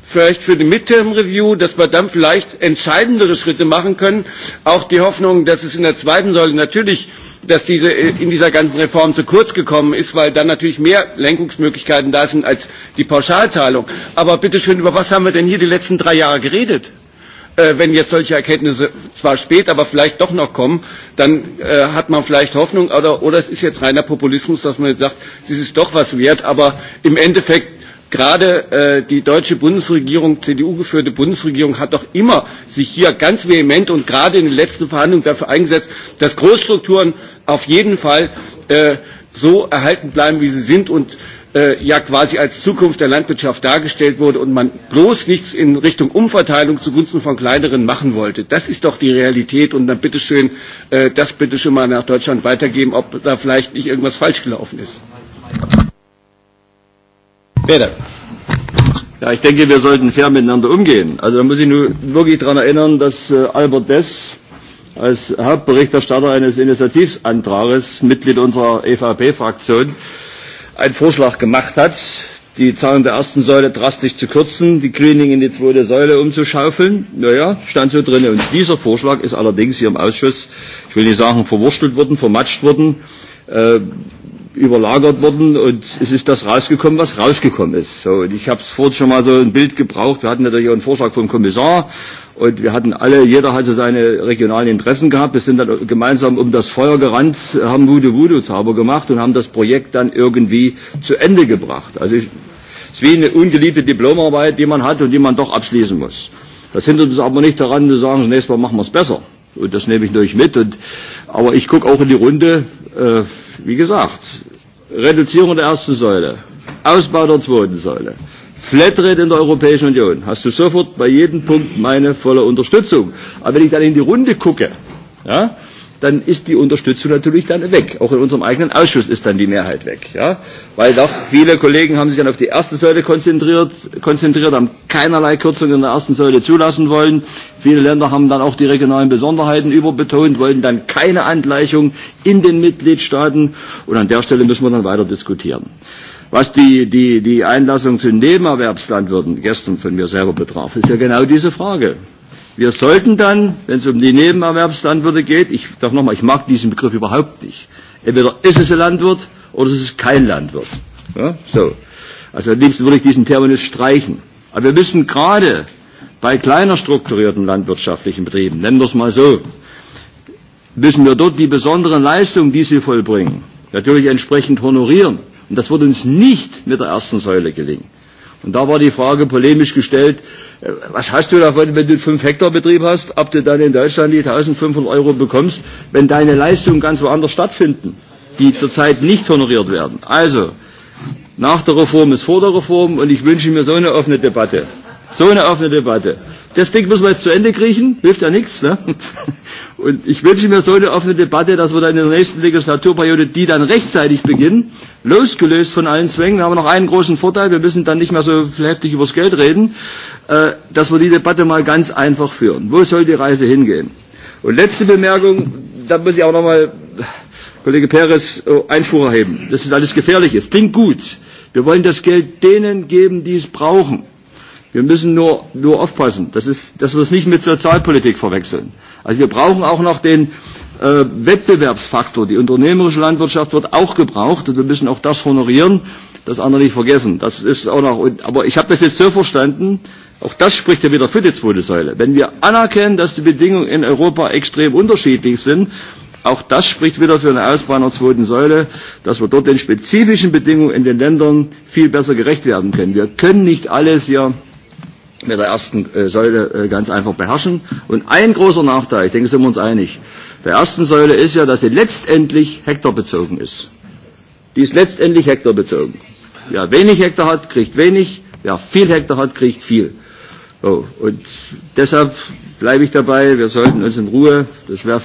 vielleicht für die Midterm Review, dass wir dann vielleicht entscheidendere Schritte machen können. Auch die Hoffnung, dass es in der zweiten Säule natürlich, dass diese äh, in dieser ganzen Reform zu kurz gekommen ist, weil dann natürlich mehr Lenkungsmöglichkeiten da sind als die Pauschalzahlung. Aber bitteschön, über was haben wir denn hier die letzten drei Jahre geredet? äh, wenn jetzt solche Erkenntnisse zwar spät, aber vielleicht doch noch kommen, dann äh, hat man vielleicht Hoffnung oder, oder es ist jetzt reiner Populismus, dass man jetzt sagt, das ist doch was wert, aber im Endeffekt gerade äh, die deutsche Bundesregierung, CDU-geführte Bundesregierung hat doch immer sich hier ganz vehement und gerade in den letzten Verhandlungen dafür eingesetzt, dass Großstrukturen auf jeden Fall äh, so erhalten bleiben, wie sie sind und äh, ja quasi als Zukunft der Landwirtschaft dargestellt wurde und man bloß nichts in Richtung Umverteilung zugunsten von kleineren machen wollte. Das ist doch die Realität und dann bitteschön, äh, das bitteschön mal nach Deutschland weitergeben, ob da vielleicht nicht irgendwas falsch gelaufen
ist. Peter. Ja, ich denke, wir sollten fair miteinander umgehen. Also da muss ich nur wirklich daran erinnern, dass äh, Albert Dess als Hauptberichterstatter eines Initiativantrages, Mitglied unserer EVP-Fraktion, einen Vorschlag gemacht hat, die Zahlen der ersten Säule drastisch zu kürzen, die Greening in die zweite Säule umzuschaufeln. Naja, stand so drin. Und dieser Vorschlag ist allerdings hier im Ausschuss, ich will nicht sagen verwurstelt worden, vermatscht worden, äh, überlagert worden und es ist das rausgekommen, was rausgekommen ist. So, und ich habe es vorhin schon mal so ein Bild gebraucht. Wir hatten natürlich auch einen Vorschlag vom Kommissar, Und wir hatten alle, jeder hatte seine regionalen Interessen gehabt. Wir sind dann gemeinsam um das Feuer gerannt, haben Voodoo Voodoo Zauber gemacht und haben das Projekt dann irgendwie zu Ende gebracht. Also ich, es ist wie eine ungeliebte Diplomarbeit, die man hat und die man doch abschließen muss. Das hindert uns aber nicht daran, zu sagen, das nächste Mal machen wir es besser. Und das nehme ich natürlich mit. Und, aber ich gucke auch in die Runde, äh, wie gesagt, Reduzierung der ersten Säule, Ausbau der zweiten Säule, Flatrate in der Europäischen Union. Hast du sofort bei jedem Punkt meine volle Unterstützung. Aber wenn ich dann in die Runde gucke, ja, dann ist die Unterstützung natürlich dann weg. Auch in unserem eigenen Ausschuss ist dann die Mehrheit weg. Ja? Weil doch viele Kollegen haben sich dann auf die erste Säule konzentriert, konzentriert, haben keinerlei Kürzungen in der ersten Säule zulassen wollen. Viele Länder haben dann auch die regionalen Besonderheiten überbetont, wollten dann keine Angleichung in den Mitgliedstaaten. Und an der Stelle müssen wir dann weiter diskutieren. Äh, Was die, die, die Einlassung zu Nebenerwerbslandwirten gestern von mir selber betraf, ist ja genau diese Frage. Wir sollten dann, wenn es um die Nebenerwerbslandwirte geht, ich sage nochmal, ich mag diesen Begriff überhaupt nicht. Entweder ist es ein Landwirt oder es ist kein Landwirt. Ja, so. Also am liebsten würde ich diesen Terminus streichen. Aber wir müssen gerade bei kleiner strukturierten landwirtschaftlichen Betrieben, nennen wir es mal so, müssen wir dort die besonderen Leistungen, die sie vollbringen, natürlich entsprechend honorieren. Und das wird uns nicht mit der ersten Säule gelingen. Und da war die Frage polemisch gestellt, äh, was hast du davon, wenn du einen 5-Hektar-Betrieb hast, ob du dann in Deutschland die 1500 Euro bekommst, wenn deine Leistungen ganz woanders stattfinden, die zurzeit nicht honoriert werden. Also, nach der Reform ist vor der Reform und ich wünsche mir so eine offene Debatte. So eine offene Debatte das Ding müssen wir jetzt zu Ende kriechen, hilft ja nichts. Ne? Und ich wünsche mir so eine offene Debatte, dass wir dann in der nächsten Legislaturperiode, die dann rechtzeitig beginnen, losgelöst von allen Zwängen, da haben wir noch einen großen Vorteil, wir müssen dann nicht mehr so heftig übers Geld reden, äh, dass wir die Debatte mal ganz einfach führen. Wo soll die Reise hingehen? Und letzte Bemerkung, da muss ich auch nochmal Kollege Perez äh, Einspruch erheben, dass das alles gefährlich ist. Klingt gut. Wir wollen das Geld denen geben, die es brauchen. Wir müssen nur, nur aufpassen, dass, es, dass wir es nicht mit Sozialpolitik verwechseln. Also wir brauchen auch noch den äh, Wettbewerbsfaktor. Die unternehmerische Landwirtschaft wird auch gebraucht und wir müssen auch das honorieren. Das andere nicht vergessen. Das ist auch noch, und, aber ich habe das jetzt so verstanden, auch das spricht ja wieder für die zweite Säule. Wenn wir anerkennen, dass die Bedingungen in Europa extrem unterschiedlich sind, auch das spricht wieder für eine Ausbau einer zweiten Säule, dass wir dort den spezifischen Bedingungen in den Ländern viel besser gerecht werden können. Wir können nicht alles hier mit der ersten äh, Säule äh, ganz einfach beherrschen. Und ein großer Nachteil, ich denke, sind wir uns einig, der ersten Säule ist ja, dass sie letztendlich hektarbezogen ist. Die ist letztendlich hektarbezogen. Wer wenig Hektar hat, kriegt wenig. Wer viel Hektar hat, kriegt viel. So, und deshalb bleibe ich dabei, wir sollten uns in Ruhe, das wäre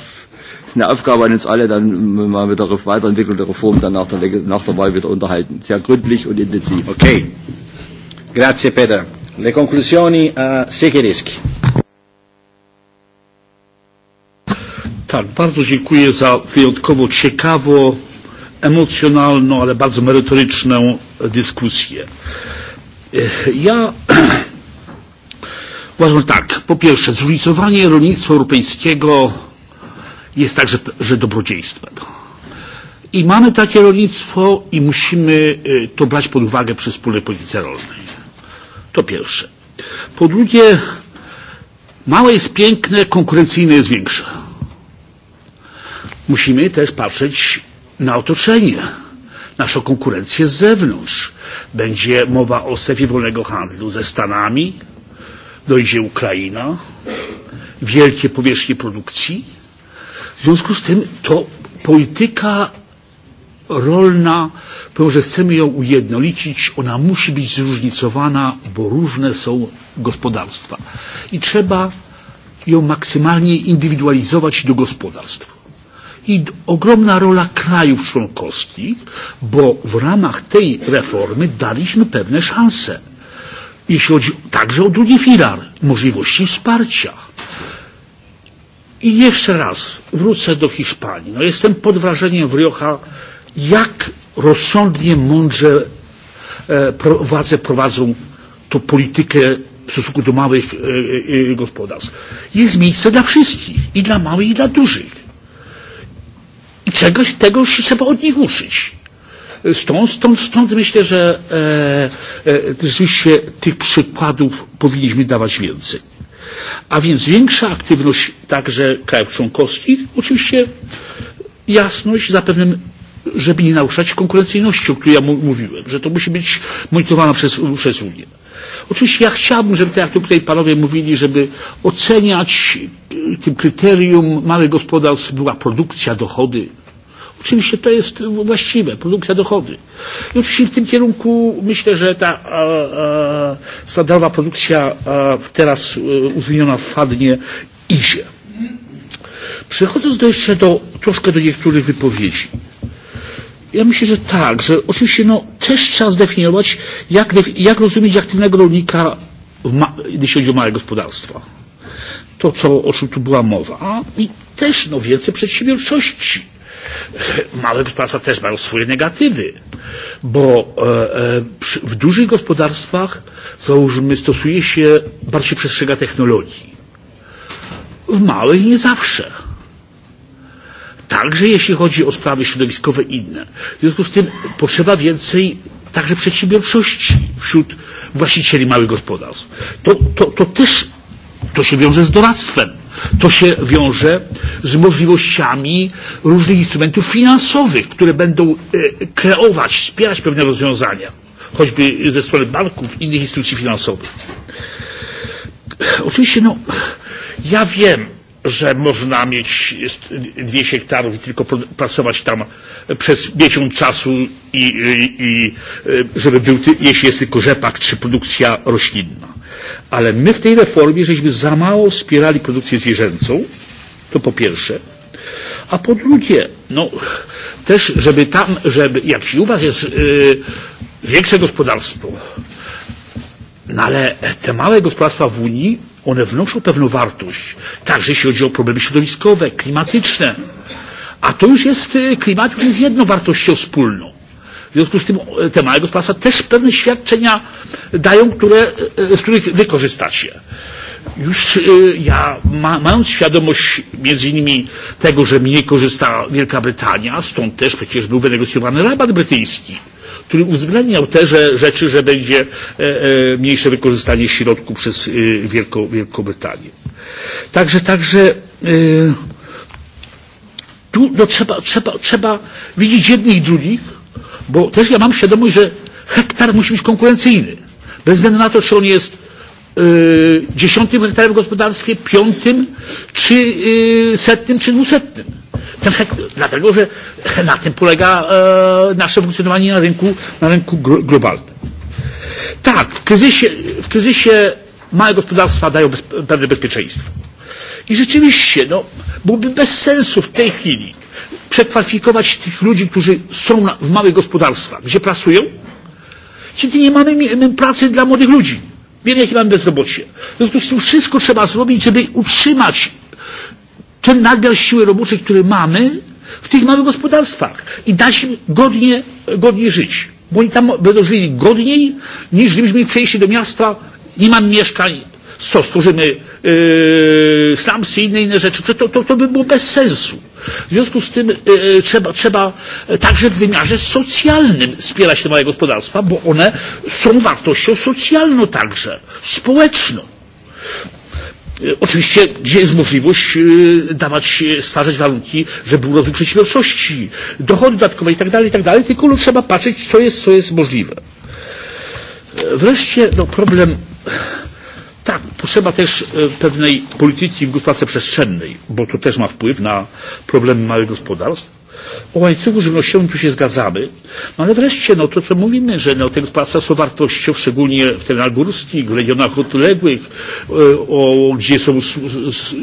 eine Aufgabe an uns alle, dann mal mit der Weiterentwicklung der Reform dann nach der, nach der
Wahl wieder unterhalten. Sehr gründlich und intensiv. Okay. Grazie, Peter. Le conclusioni a eh, Siekierski.
Tak, bardzo dziękuję za wyjątkowo ciekawą, emocjonalną, ale bardzo merytoryczną dyskusję. E, ja uważam tak, po pierwsze, zróżnicowanie rolnictwa europejskiego jest także że dobrodziejstwem. I mamy takie rolnictwo i musimy e, to brać pod uwagę przy wspólnej polityce rolnej. To pierwsze. Po drugie, małe jest piękne, konkurencyjne jest większe. Musimy też patrzeć na otoczenie, naszą konkurencję z zewnątrz. Będzie mowa o strefie wolnego handlu ze Stanami, dojdzie Ukraina, wielkie powierzchnie produkcji. W związku z tym to polityka rolna Pomimo, że chcemy ją ujednolicić, ona musi być zróżnicowana, bo różne są gospodarstwa. I trzeba ją maksymalnie indywidualizować do gospodarstw. I ogromna rola krajów członkowskich, bo w ramach tej reformy daliśmy pewne szanse. Jeśli chodzi także o drugi filar, możliwości wsparcia. I jeszcze raz wrócę do Hiszpanii. No, jestem pod wrażeniem Wriocha, jak rozsądnie, mądrze e, władze prowadzą tą politykę w stosunku do małych e, e, gospodarstw. Jest miejsce dla wszystkich, i dla małych, i dla dużych. I czegoś tego trzeba od nich uczyć. Stąd, stąd, stąd myślę, że e, e, rzeczywiście tych przykładów powinniśmy dawać więcej. A więc większa aktywność także krajów członkowskich, oczywiście jasność, zapewne żeby nie naruszać konkurencyjności, o której ja mówiłem, że to musi być monitorowane przez, przez Unię. Oczywiście ja chciałbym, żeby tak jak tutaj panowie mówili, żeby oceniać e, tym kryterium małych gospodarstw była produkcja, dochody. Oczywiście to jest właściwe, produkcja, dochody. I oczywiście w tym kierunku myślę, że ta e, e, standardowa produkcja e, teraz e, uwzględniona wpadnie idzie. Przechodząc do jeszcze do, troszkę do niektórych wypowiedzi. E, Ja myślę, że tak, że oczywiście no, też trzeba zdefiniować, jak, jak rozumieć aktywnego rolnika, w ma, jeśli chodzi o małe gospodarstwa. To, co, o czym tu była mowa. I też no, więcej przedsiębiorczości. Małe gospodarstwa też mają swoje negatywy, bo e, e w dużych gospodarstwach, załóżmy, stosuje się, bardziej przestrzega technologii. W małych nie zawsze Także jeśli chodzi o sprawy środowiskowe i inne. W związku z tym potrzeba więcej także przedsiębiorczości wśród właścicieli małych gospodarstw. To, to, to też to się wiąże z doradztwem. To się wiąże z możliwościami różnych instrumentów finansowych, które będą e, kreować, wspierać pewne rozwiązania, choćby ze strony banków, innych instytucji finansowych. Oczywiście, no, ja wiem, że można mieć 200 hektarów i tylko pracować tam przez miesiąc czasu i, i, i e, żeby był, jeśli jest tylko rzepak czy produkcja roślinna. Ale my w tej reformie żeśmy za mało wspierali produkcję zwierzęcą, to po pierwsze. A po drugie, no też, żeby tam, żeby, jak u Was jest yy, e, większe gospodarstwo, no ale te małe gospodarstwa w Unii One wnoszą pewną wartość, także jeśli chodzi o problemy środowiskowe, klimatyczne. A to już jest, e, klimat już jest jedną wartością wspólną. W związku z tym e, te małe gospodarstwa też pewne świadczenia dają, które, e, z których wy korzystacie. Już ja, ma, mając świadomość między innymi tego, że mniej korzysta Wielka Brytania, stąd też przecież był wynegocjowany rabat brytyjski który uwzględniał te że, rzeczy, że będzie e, e, mniejsze wykorzystanie środków przez e, Wielką, Wielką Brytanię. Także, także e, tu no, trzeba, trzeba, trzeba widzieć jednych i drugich, bo też ja mam świadomość, że hektar musi być konkurencyjny. Bez względu na to, czy on jest y, e, dziesiątym hektarem gospodarstwem, piątym, czy y, e, setnym, czy dwusetnym Ten hek, dlatego, że na tym polega e, nasze funkcjonowanie na rynku, na rynku globalnym. Tak, w kryzysie, w kryzysie małe gospodarstwa dają bez, pewne bezpieczeństwo. I rzeczywiście, no, byłoby bez sensu w tej chwili przekwalifikować tych ludzi, którzy są na, w małych gospodarstwach, gdzie pracują, kiedy nie mamy pracy dla młodych ludzi. Wiemy, jakie mamy bezrobocie. W związku z tym wszystko trzeba zrobić, żeby utrzymać ten nadmiar siły roboczej, który mamy w tych małych gospodarstwach i da się godnie, godnie żyć. Bo oni tam będą żyli godniej niż gdybyśmy przejście do miasta, nie mam mieszkań, co stworzymy yy, slumsy i inne, inne rzeczy. To, to, to by było bez sensu. W związku z tym yy, trzeba, trzeba także w wymiarze socjalnym wspierać te małe gospodarstwa, bo one są wartością socjalną także, społeczną. E, oczywiście, gdzie jest możliwość e, dawać, e, stwarzać warunki, żeby był rozwój przedsiębiorczości, dochody dodatkowe itd., itd., tylko no, trzeba patrzeć, co jest, co jest możliwe. Wreszcie no, problem, tak, potrzeba też pewnej polityki w gospodarce przestrzennej, bo to też ma wpływ na problemy małych gospodarstw o łańcuchu żywnościowym tu się zgadzamy. No ale wreszcie no, to, co mówimy, że no, te gospodarstwa są wartością, szczególnie w terenach górskich, w regionach odległych, e, o, gdzie są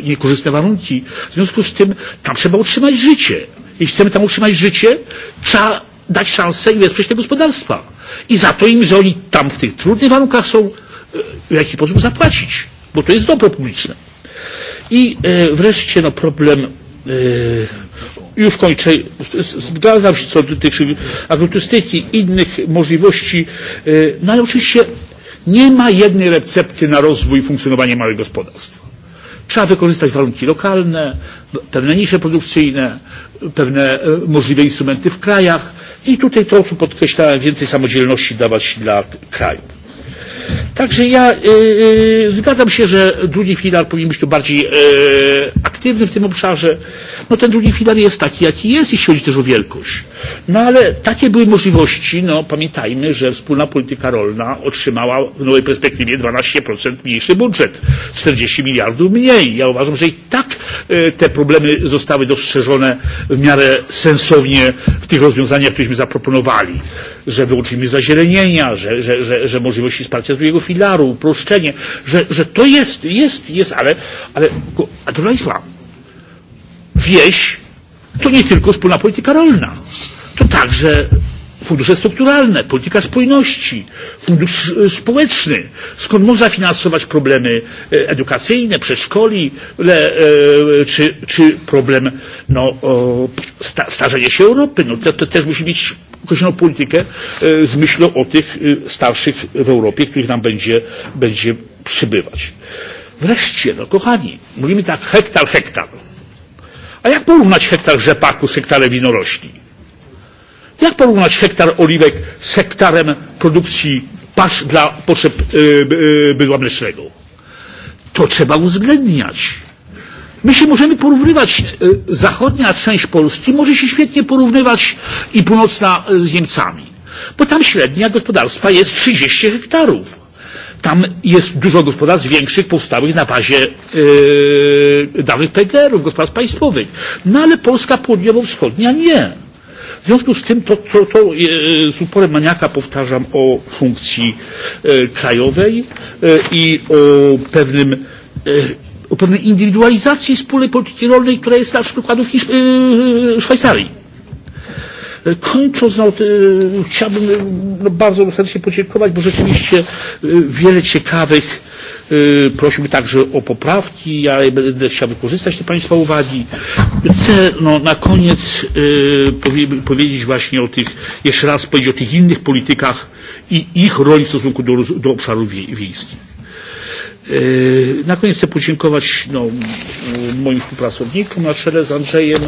niekorzystne warunki. W związku z tym tam trzeba utrzymać życie. Jeśli chcemy tam utrzymać życie, trzeba dać szansę i wesprzeć te gospodarstwa. I za to im, że oni tam w tych trudnych warunkach są, e, w jaki sposób zapłacić, bo to jest dobro publiczne. I e, wreszcie no, problem e, już kończę. Zgadzam się co dotyczy agroturystyki, innych możliwości. E, no ale oczywiście nie ma jednej recepty na rozwój i funkcjonowanie małych gospodarstw. Trzeba wykorzystać warunki lokalne, pewne nisze produkcyjne, pewne e, możliwe instrumenty w krajach i tutaj to, co podkreślałem, więcej samodzielności dawać dla krajów. Także ja yy, e, e, zgadzam się, że drugi filar powinien być tu bardziej yy, e, aktywny w tym obszarze. No ten drugi filar jest taki, jaki jest, jeśli chodzi też o wielkość. No ale takie były możliwości. No pamiętajmy, że wspólna polityka rolna otrzymała w nowej perspektywie 12% mniejszy budżet, 40 miliardów mniej. Ja uważam, że i tak yy, te problemy zostały dostrzeżone w miarę sensownie w tych rozwiązaniach, któreśmy zaproponowali że wyłączymy zazielenienia, że, że, że, że możliwości wsparcia drugiego filaru, uproszczenie, że, że to jest, jest, jest, ale, ale a proszę Państwa, wieś to nie tylko wspólna polityka rolna, to także fundusze strukturalne, polityka spójności, fundusz e, społeczny, skąd można finansować problemy e, edukacyjne, przedszkoli le, e, czy, czy problem no, sta, starzenia się Europy. No, to, to też musi mieć określoną politykę z myślą o tych starszych w Europie, których nam będzie, będzie przybywać. Wreszcie, no kochani, mówimy tak hektar, hektar. A jak porównać hektar rzepaku z hektarem winorośli? Jak porównać hektar oliwek z hektarem produkcji pasz dla potrzeb e, e, bydła mlecznego? To trzeba uwzględniać. My się możemy porównywać, e, zachodnia część Polski może się świetnie porównywać i północna z Niemcami, bo tam średnia gospodarstwa jest 30 hektarów. Tam jest dużo gospodarstw większych powstałych na bazie yy, dawnych PGR-ów, gospodarstw państwowych. No ale Polska południowo-wschodnia nie W związku z tym to, to, to e, z uporem maniaka powtarzam o funkcji e, krajowej e, i o pewnym o pewnej indywidualizacji wspólnej polityki rolnej, która jest na przykład w Szwajcarii E, kończąc, no, e, chciałbym e, no, bardzo serdecznie podziękować, bo rzeczywiście wiele ciekawych prosimy także o poprawki. Ja będę chciał wykorzystać te Państwa uwagi. Chcę no, na koniec powiedzieć właśnie o tych, jeszcze raz powiedzieć o tych innych politykach i ich roli w stosunku do, do obszarów wie, wiejskich. Na koniec chcę podziękować no, moim współpracownikom na czele z Andrzejem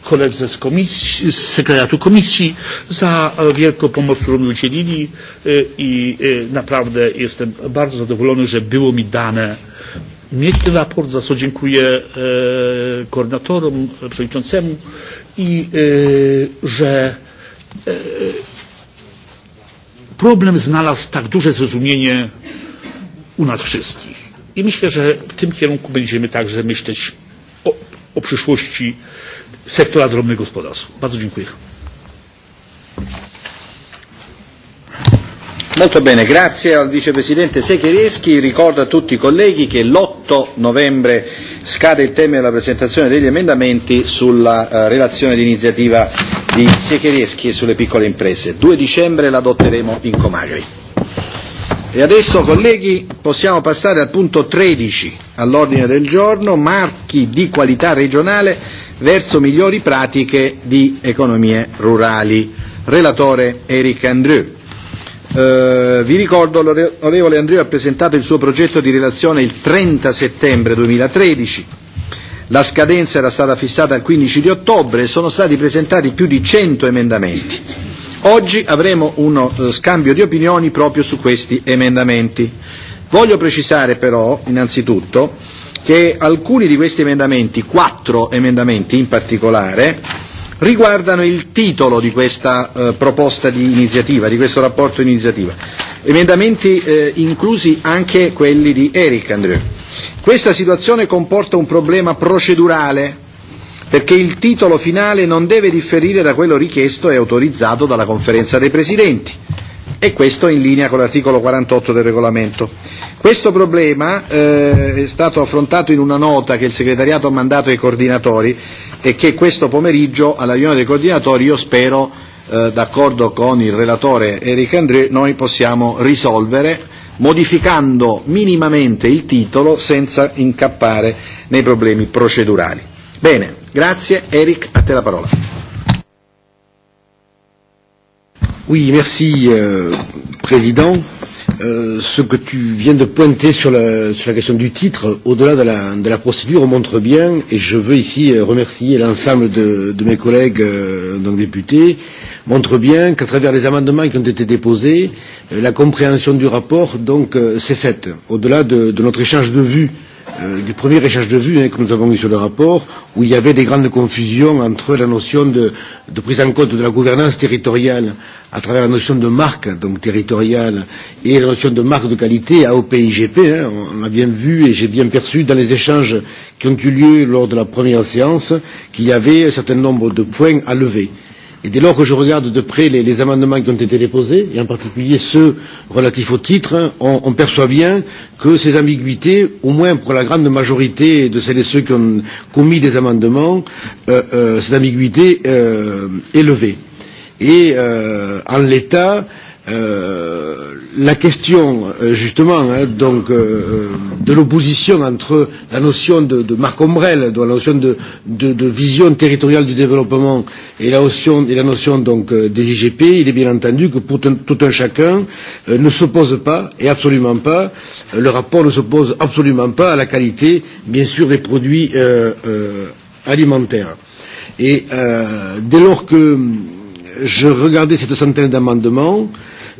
koledze z, komisji, z sekretariatu komisji za e, wielką pomoc, którą mi udzielili e, i e, naprawdę jestem bardzo zadowolony, że było mi dane mieć ten raport, za co dziękuję koordynatorom, przewodniczącemu i że problem znalazł tak duże zrozumienie u nas wszystkich. I myślę, że w tym kierunku będziemy także myśleć o, o przyszłości
sektora drobnych gospodarstw. Bardzo dziękuję. Molto bene, grazie al vicepresidente Secherieschi. Ricordo a tutti i colleghi che l'8 novembre scade il termine della presentazione degli emendamenti sulla eh, relazione d'iniziativa di Secherieschi e sulle piccole imprese. 2 dicembre l'adotteremo in Comagri. E adesso, colleghi, possiamo passare al punto 13 all'ordine del giorno, marchi di qualità regionale verso migliori pratiche di economie rurali. Relatore Eric Andrew. Eh, vi ricordo l'onorevole Andrew ha presentato il suo progetto di relazione il 30 settembre 2013. La scadenza era stata fissata al 15 di ottobre e sono stati presentati più di 100 emendamenti. Oggi avremo uno eh, scambio di opinioni proprio su questi emendamenti. Voglio precisare però, innanzitutto, che alcuni di questi emendamenti, quattro emendamenti in particolare, riguardano il titolo di questa eh, proposta di iniziativa, di questo rapporto di iniziativa. Emendamenti eh, inclusi anche quelli di Eric Andrew. Questa situazione comporta un problema procedurale perché il titolo finale non deve differire da quello richiesto e autorizzato dalla conferenza dei presidenti e questo in linea con l'articolo 48 del regolamento. Questo problema eh, è stato affrontato in una nota che il segretariato ha mandato ai coordinatori e che questo pomeriggio alla riunione dei coordinatori io spero, eh, d'accordo con il relatore Eric André, noi possiamo risolvere modificando minimamente il titolo senza incappare nei problemi procedurali. Bene, grazie Eric, a te la parola. Oui,
merci, euh, Président. Euh, ce que tu viens de pointer sur la, sur la question du titre, au-delà de la, de la procédure, montre bien, et je veux ici euh, remercier l'ensemble de, de mes collègues euh, donc députés, montre bien qu'à travers les amendements qui ont été déposés, euh, la compréhension du rapport donc euh, s'est faite, au-delà de, de notre échange de vues euh, euh, du premier échange de vues hein, que nous avons eu sur le rapport, où il y avait des grandes confusions entre la notion de, de prise en compte de la gouvernance territoriale à travers la notion de marque donc territoriale et la notion de marque de qualité AOP-IGP. Hein, on a bien vu et j'ai bien perçu dans les échanges qui ont eu lieu lors de la première séance qu'il y avait un certain nombre de points à lever. Euh, Et dès lors que je regarde de près les, les amendements qui ont été déposés, et en particulier ceux relatifs au titre, on, on perçoit bien que ces ambiguïtés, au moins pour la grande majorité de celles et ceux qui ont commis des amendements, euh, euh, cette ambiguïté euh, est levée. Et euh, en l'état, euh, Euh, la question euh, justement hein, donc euh, euh, de l'opposition entre la notion de, de Marc Ombrel, de la notion de, de, de vision territoriale du développement et la notion, et la notion donc euh, des IGP, il est bien entendu que pour tout, tout un chacun euh, ne s'oppose pas et absolument pas euh, le rapport ne s'oppose absolument pas à la qualité bien sûr des produits euh, euh, alimentaires. Et euh, dès lors que je regardais cette centaine d'amendements, euh,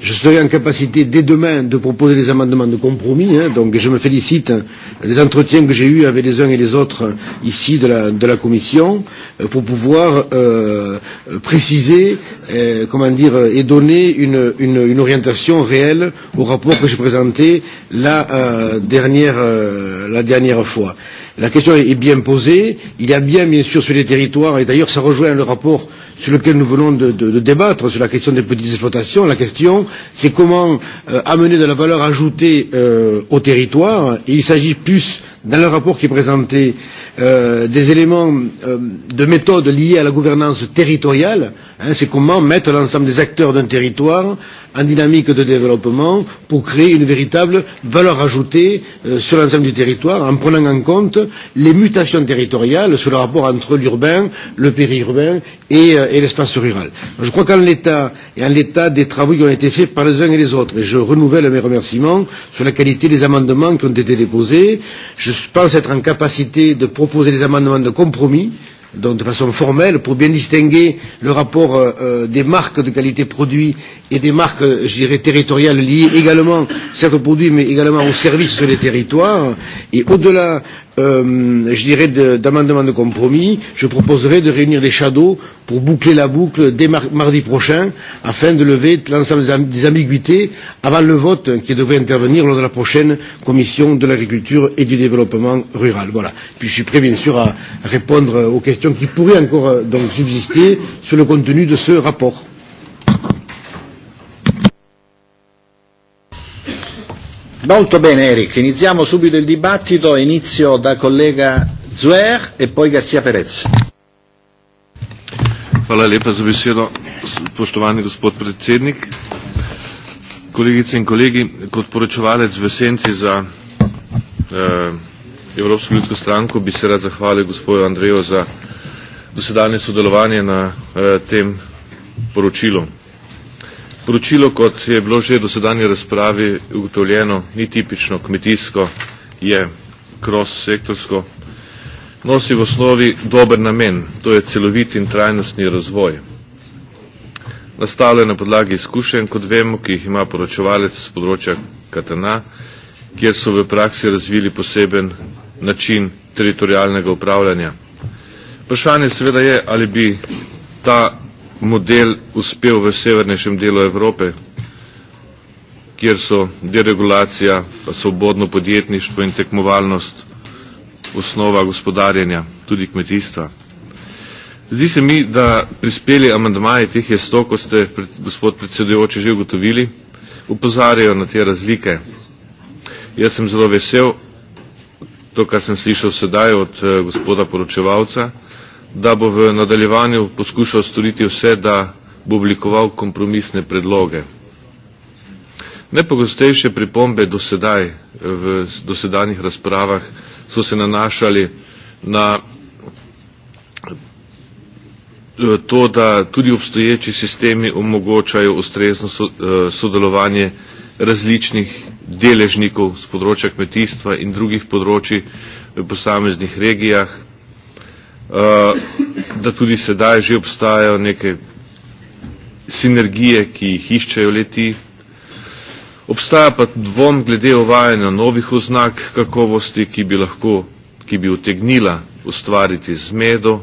je serai en capacité dès demain de proposer des amendements de compromis. Hein, donc je me félicite des entretiens que j'ai eus avec les uns et les autres ici de la, de la Commission euh, pour pouvoir euh, préciser, euh, comment dire, euh, et donner une, une, une orientation réelle au rapport que j'ai présenté la, euh, dernière, euh, la dernière fois. La question est bien posée. Il y a bien, bien sûr, sur les territoires, et d'ailleurs ça rejoint le rapport euh, sur lequel nous venons de, de, de débattre, sur la question des petites exploitations, la question c'est comment euh, amener de la valeur ajoutée euh, au territoire. Et il s'agit plus, dans le rapport qui est présenté, euh, des éléments euh, de méthode liés à la gouvernance territoriale, hein, c'est comment mettre l'ensemble des acteurs d'un territoire en dynamique de développement pour créer une véritable valeur ajoutée euh, sur l'ensemble du territoire en prenant en compte les mutations territoriales sur le rapport entre l'urbain, le périurbain et, euh, et l'espace rural. Je crois qu'en l'état et en l'état des travaux qui ont été faits par les uns et les autres, et je renouvelle mes remerciements sur la qualité des amendements qui ont été déposés, je pense être en capacité de proposer des amendements de compromis donc de façon formelle, pour bien distinguer le rapport euh, euh des marques de qualité produit et des marques, euh, je dirais, territoriales liées également, certes aux produits, mais également aux services sur les territoires. Et au-delà euh, je dirais, d'amendements de, de compromis, je proposerai de réunir les shadows pour boucler la boucle dès mar mardi prochain, afin de lever l'ensemble des, amb des ambiguïtés avant le vote qui devrait intervenir lors de la prochaine commission de l'agriculture et du développement rural. Voilà. Puis je suis prêt, bien sûr, à répondre aux questions qui pourraient encore euh, donc subsister sur le contenu de ce rapport.
Molto bene Eric, iniziamo subito il dibattito, inizio da collega Zuer e poi Garzia Perez.
Hvala lepa za besedo, spoštovani gospod predsednik. Kolegice in kolegi, kot poročevalec v senci za eh, Evropsko ljudsko stranko bi se rad zahvalil gospodu Andreju za dosedanje sodelovanje na eh, tem poročilu. Poročilo, kot je bilo že do sedanje razpravi ugotovljeno, ni tipično kmetijsko, je cross-sektorsko, nosi v osnovi dober namen, to je celovit in trajnostni razvoj. Nastalo je na podlagi izkušenj, kot vemo, ki jih ima poročevalec z področja Katana, kjer so v praksi razvili poseben način teritorijalnega upravljanja. Vprašanje seveda je, ali bi ta model uspel v severnejšem delu Evrope, kjer so deregulacija, pa svobodno podjetništvo in tekmovalnost osnova gospodarjenja, tudi kmetijstva. Zdi se mi, da prispeli amandmaji, teh je sto, kot ste, gospod predsedujoči, že ugotovili, upozarjajo na te razlike. Jaz sem zelo vesel, to, kar sem slišal sedaj od eh, gospoda poročevalca, da bo v nadaljevanju poskušal storiti vse, da bo oblikoval kompromisne predloge. Najpogostejše pripombe do sedaj v dosedanjih razpravah so se nanašali na eh, to, da tudi obstoječi sistemi omogočajo ustrezno eh, sodelovanje različnih deležnikov z področja kmetijstva in drugih področji v posameznih regijah, Eh, da tudi sedaj že obstajajo neke sinergije, ki jih iščejo leti. Obstaja pa dvom glede uvajanja novih oznak kakovosti, ki bi lahko, ki bi utegnila ustvariti zmedo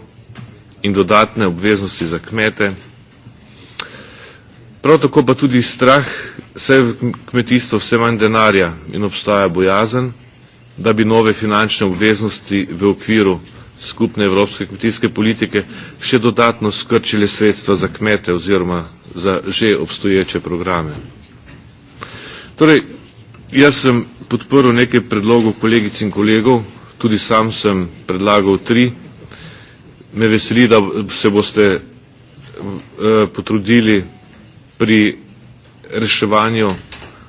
in dodatne obveznosti za kmete. Prav tako pa tudi strah, saj v kmetijstvu vse manj denarja in obstaja bojazen, da bi nove finančne obveznosti v okviru skupne evropske kmetijske politike še dodatno skrčili sredstva za kmete oziroma za že obstoječe programe. Torej, jaz sem podprl nekaj predlogov kolegic in kolegov, tudi sam sem predlagal tri. Me veseli, da se boste eh, potrudili pri reševanju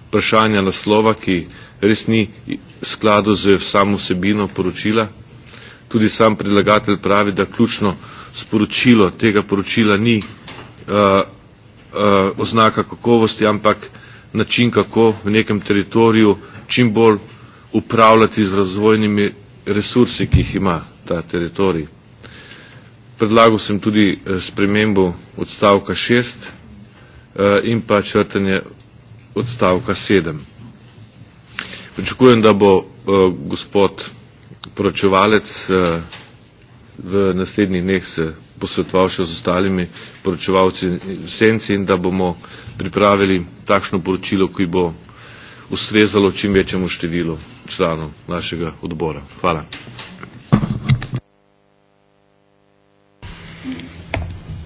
vprašanja naslova, ki res ni skladu z samo vsebino poročila Tudi sam predlagatelj pravi, da ključno sporočilo tega poročila ni uh, uh, oznaka kakovosti, ampak način, kako v nekem teritoriju čim bolj upravljati z razvojnimi resursi, ki jih ima ta teritorij. Predlagal sem tudi eh, spremembo odstavka 6 in pa črtanje odstavka 7. Pričakujem, da bo gospod poročevalec eh, v naslednjih dneh se posvetoval še z ostalimi poročevalci v senci in da bomo pripravili takšno poročilo, ki bo ustrezalo čim večjemu številu članov našega odbora. Hvala.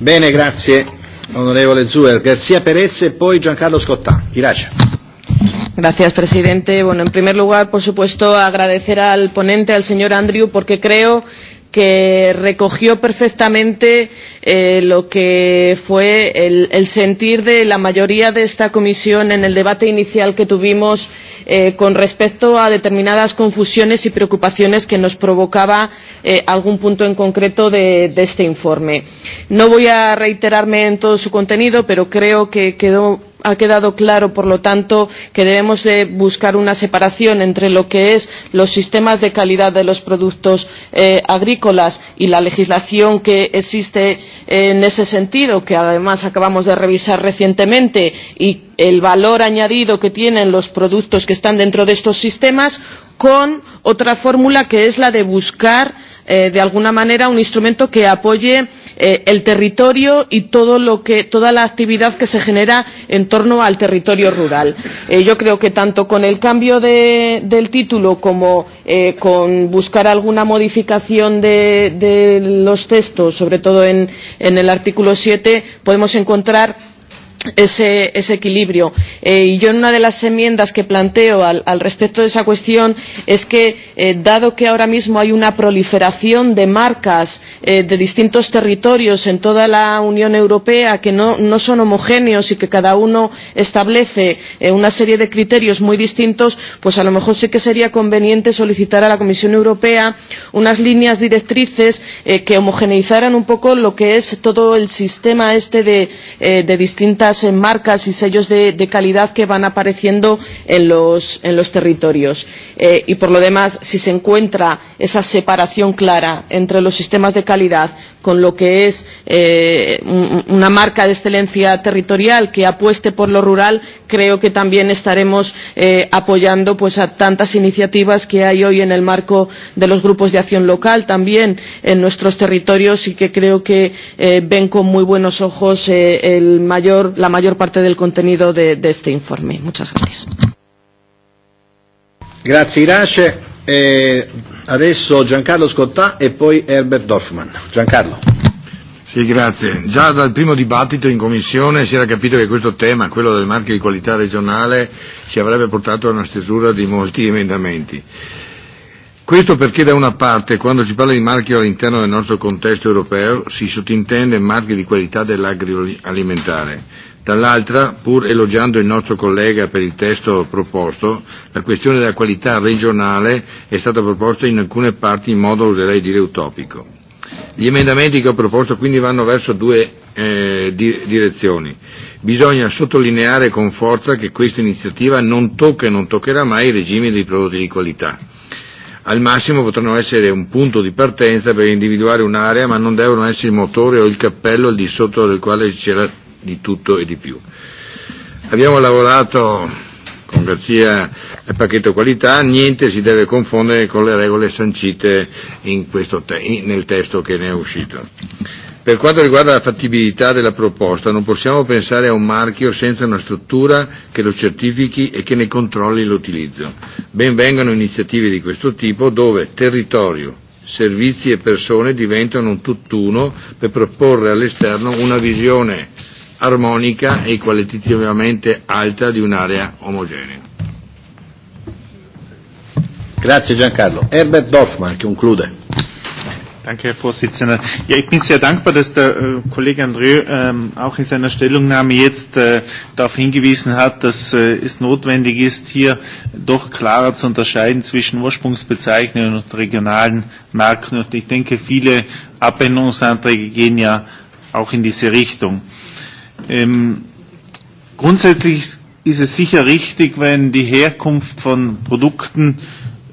Bene, grazie onorevole Zuer. Garzia Perez e poi Giancarlo Scottà. Grazie.
Gracias, presidente. Bueno, en primer lugar, por supuesto, agradecer al ponente, al señor Andrew, porque creo que recogió perfectamente eh, lo que fue el, el sentir de la mayoría de esta comisión en el debate inicial que tuvimos eh, con respecto a determinadas confusiones y preocupaciones que nos provocaba eh, algún punto en concreto de, de este informe. No voy a reiterarme en todo su contenido, pero creo que quedó ha quedado claro por lo tanto que debemos de buscar una separación entre lo que son los sistemas de calidad de los productos eh, agrícolas y la legislación que existe eh, en ese sentido que además acabamos de revisar recientemente y el valor añadido que tienen los productos que están dentro de estos sistemas con otra fórmula que es la de buscar eh, eh, de alguna manera un instrumento que apoye eh, el territorio y todo lo que, toda la actividad que se genera en torno al territorio rural. Eh, yo creo que tanto con el cambio de, del título como eh, con buscar alguna modificación de, de los textos, sobre todo en, en el artículo 7, podemos encontrar ese, ese equilibrio. Eh, yo en una de las enmiendas que planteo al, al respecto de esa cuestión es que, eh, dado que ahora mismo hay una proliferación de marcas eh, de distintos territorios en toda la Unión Europea que no, no son homogéneos y que cada uno establece eh, una serie de criterios muy distintos, pues a lo mejor sí que sería conveniente solicitar a la Comisión Europea unas líneas directrices eh, que homogeneizaran un poco lo que es todo el sistema este de, eh, de distintas las marcas y sellos de, de calidad que van apareciendo en los, en los territorios. Eh, y por lo demás, si se encuentra esa separación clara entre los sistemas de calidad, con lo que es eh, una marca de excelencia territorial que apueste por lo rural, creo que también estaremos eh, apoyando pues, a tantas iniciativas que hay hoy en el marco de los grupos de acción local también en nuestros territorios y que creo que eh, ven con muy buenos ojos eh, el mayor, la mayor parte del contenido de, de este informe. Muchas gracias.
Grazie Irace. Eh, adesso Giancarlo Scottà e poi Herbert Dorfman. Giancarlo.
Sì, grazie. Già dal primo dibattito in Commissione si era capito che questo tema, quello del marchio di qualità regionale, ci avrebbe portato a una stesura di molti emendamenti. Questo perché da una parte, quando si parla di marchio all'interno del nostro contesto europeo, si sottintende marchio di qualità dell'agroalimentare Dall'altra, pur elogiando il nostro collega per il testo proposto, la questione della qualità regionale è stata proposta in alcune parti in modo, oserei dire, utopico. Gli emendamenti che ho proposto quindi vanno verso due eh, di, direzioni. Bisogna sottolineare con forza che questa iniziativa non tocca e non toccherà mai i regimi dei prodotti di qualità. Al massimo potranno essere un punto di partenza per individuare un'area, ma non devono essere il motore o il cappello al di sotto del quale c'era di tutto e di più. Abbiamo lavorato con Garzia al pacchetto qualità, niente si deve confondere con le regole sancite in questo te- in, nel testo che ne è uscito. Per quanto riguarda la fattibilità della proposta, non possiamo pensare a un marchio senza una struttura che lo certifichi e che ne controlli l'utilizzo. Ben vengano iniziative di questo tipo dove territorio, servizi e persone diventano un tutt'uno per proporre all'esterno una visione armonica e qualitativamente alta di un'area omogenea.
Grazie Giancarlo. Herbert Dorfmann conclude.
Danke, Herr Vorsitzender. Ja, ich bin sehr
dankbar, dass der äh, Kollege Andreu ähm, auch in seiner Stellungnahme jetzt äh, darauf hingewiesen hat, dass äh, es notwendig ist, hier doch klarer zu unterscheiden zwischen Ursprungsbezeichnungen und regionalen Marken. Und ich denke, viele Abänderungsanträge gehen ja auch in diese Richtung. Äh, Ähm, grundsätzlich ist es sicher richtig, wenn die Herkunft von Produkten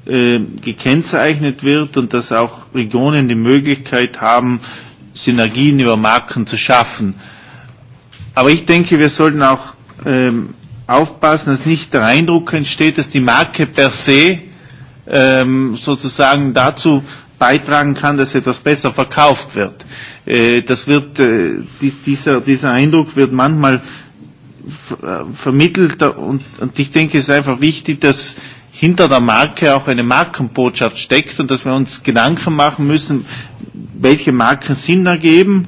äh, gekennzeichnet wird und dass auch Regionen die Möglichkeit haben, Synergien über Marken zu schaffen. Aber ich denke, wir sollten auch ähm, aufpassen, dass nicht der Eindruck entsteht, dass die Marke per se ähm, sozusagen dazu beitragen kann, dass etwas besser verkauft wird. Äh, Äh, das wird, äh, dies, dieser, dieser Eindruck wird manchmal äh, vermittelt und, und ich denke, es ist einfach wichtig, dass hinter der Marke auch eine Markenbotschaft steckt und dass wir uns Gedanken machen müssen, welche Marken Sinn ergeben,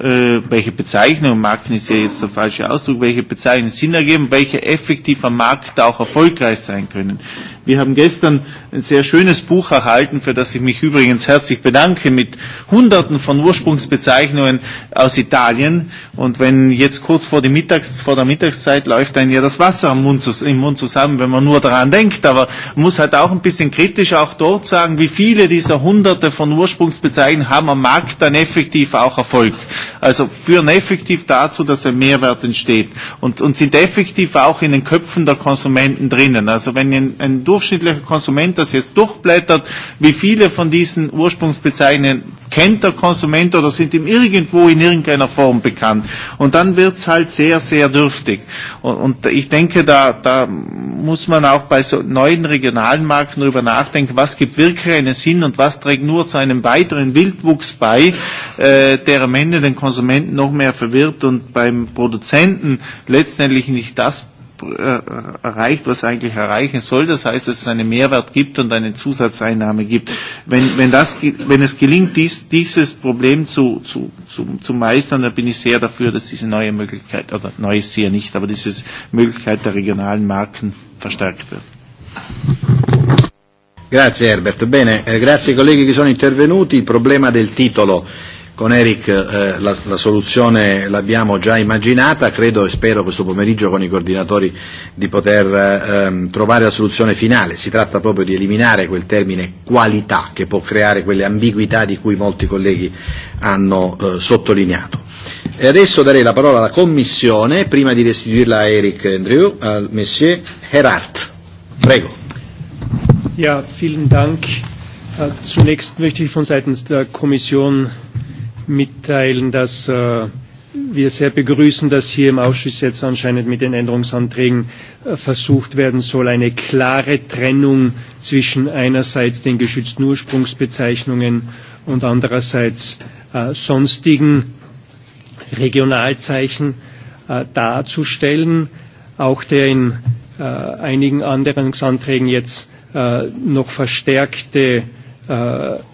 äh, welche Bezeichnung, Marken ist ja jetzt der falsche Ausdruck, welche Bezeichnungen Sinn ergeben, welche effektiv am Markt auch erfolgreich sein können. Wir haben gestern ein sehr schönes Buch erhalten, für das ich mich übrigens herzlich bedanke, mit Hunderten von Ursprungsbezeichnungen aus Italien. Und wenn jetzt kurz vor, die Mittags-, vor der Mittagszeit läuft einem ja das Wasser im Mund, im Mund zusammen, wenn man nur daran denkt. Aber man muss halt auch ein bisschen kritisch auch dort sagen, wie viele dieser Hunderte von Ursprungsbezeichnungen haben am Markt dann effektiv auch Erfolg. Also führen effektiv dazu, dass ein Mehrwert entsteht und, und sind effektiv auch in den Köpfen der Konsumenten drinnen. Also wenn ein, ein durchschnittlicher Konsument das jetzt durchblättert, wie viele von diesen Ursprungsbezeichnungen kennt der Konsument oder sind ihm irgendwo in irgendeiner Form bekannt. Und dann wird es halt sehr, sehr dürftig. Und, und ich denke, da, da muss man auch bei so neuen regionalen Marken darüber nachdenken, was gibt wirklich einen Sinn und was trägt nur zu einem weiteren Wildwuchs bei, äh, der am Ende den Konsumenten noch mehr verwirrt und beim Produzenten letztendlich nicht das Äh, erreicht, was er eigentlich erreichen soll. Das heißt, dass es einen Mehrwert gibt und eine Zusatzeinnahme gibt. Wenn, wenn, das, wenn es gelingt, dies, dieses Problem zu, zu, zu, zu meistern, dann bin ich sehr dafür, dass diese neue Möglichkeit, oder neu ist sie ja nicht, aber diese Möglichkeit der regionalen Marken
verstärkt wird. Grazie Herbert. Bene, eh, grazie ai colleghi che sono intervenuti. Il problema del titolo con Eric eh, la, la soluzione l'abbiamo già immaginata, credo e spero questo pomeriggio con i coordinatori di poter ehm, trovare la soluzione finale. Si tratta proprio di eliminare quel termine qualità che può creare quelle ambiguità di cui molti colleghi hanno eh, sottolineato. E adesso darei la parola alla Commissione, prima di restituirla a Eric Andrew, al Monsieur Herart. Prego.
Ja, vielen Dank. Äh, zunächst möchte ich von seitens der Kommission mitteilen, dass äh, wir sehr begrüßen, dass hier im Ausschuss jetzt anscheinend mit den Änderungsanträgen äh, versucht werden soll, eine klare Trennung zwischen einerseits den geschützten Ursprungsbezeichnungen und andererseits äh, sonstigen Regionalzeichen äh, darzustellen. Auch der in äh, einigen Änderungsanträgen jetzt äh, noch verstärkte äh,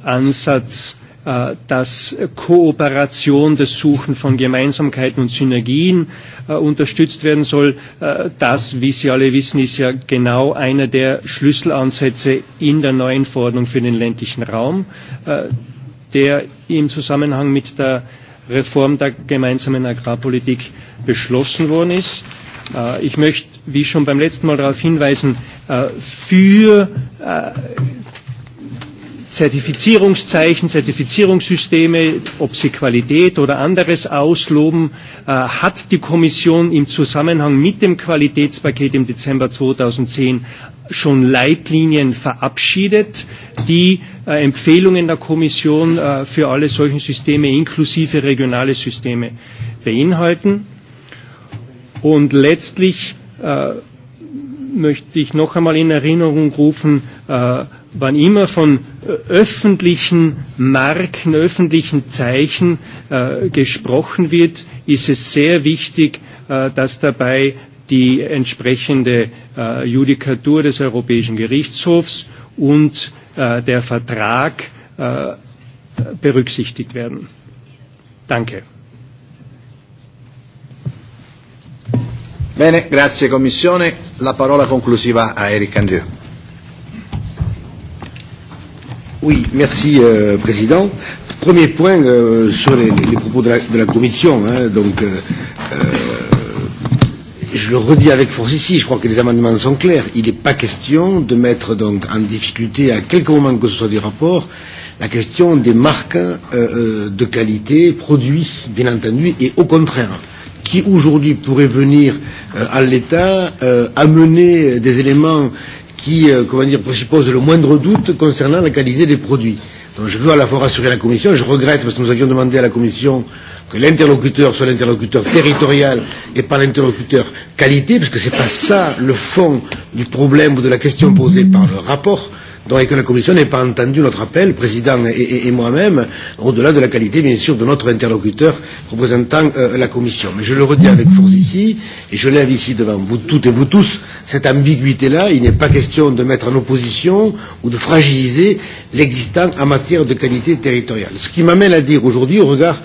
Ansatz Äh, dass Kooperation, das Suchen von Gemeinsamkeiten und Synergien äh, unterstützt werden soll. Äh, das, wie Sie alle wissen, ist ja genau einer der Schlüsselansätze in der neuen Verordnung für den ländlichen Raum, der im Zusammenhang mit der Reform der gemeinsamen Agrarpolitik beschlossen worden ist. Ich möchte, wie schon beim letzten Mal darauf hinweisen, für Zertifizierungszeichen, Zertifizierungssysteme, ob sie Qualität oder anderes ausloben, äh, hat die Kommission im Zusammenhang mit dem Qualitätspaket im Dezember 2010 schon Leitlinien verabschiedet, die äh, Empfehlungen der Kommission äh, für alle solchen Systeme inklusive regionale Systeme beinhalten. Und letztlich äh, möchte ich noch einmal in Erinnerung rufen, äh, wann immer von äh, öffentlichen Marken, öffentlichen Zeichen äh, gesprochen wird, ist es sehr wichtig, äh, dass dabei die entsprechende äh, Judikatur des Europäischen Gerichtshofs und äh, der Vertrag äh, berücksichtigt werden.
Danke. Bene, grazie Commissione. La parola conclusiva a Eric Andrieu.
Oui, merci euh, Président. Premier point euh, sur les, les propos de la, de la Commission. Hein, donc, euh, euh, je le redis avec force ici, je crois que les amendements sont clairs. Il n'est pas question de mettre donc en difficulté à quelque moment que ce soit du rapport la question des marques euh, euh, de qualité, produits bien entendu, et au contraire, qui aujourd'hui pourrait venir euh, en l'état euh, amener des éléments euh, qui euh, comment dire, présuppose le moindre doute concernant la qualité des produits. Donc je veux à la fois rassurer la Commission, je regrette parce que nous avions demandé à la Commission que l'interlocuteur soit l'interlocuteur territorial et pas l'interlocuteur qualité, parce que ce n'est pas ça le fond du problème ou de la question posée par le rapport. Donc, que la Commission n'ait pas entendu notre appel, président et, et, et moi-même, au-delà de la qualité, bien sûr, de notre interlocuteur représentant euh, la Commission. Mais je le redis avec force ici, et je lève ici devant vous toutes et vous tous cette ambiguïté-là. Il n'est pas question de mettre en opposition ou de fragiliser l'existant en matière de qualité territoriale. Ce qui m'amène à dire aujourd'hui, au regard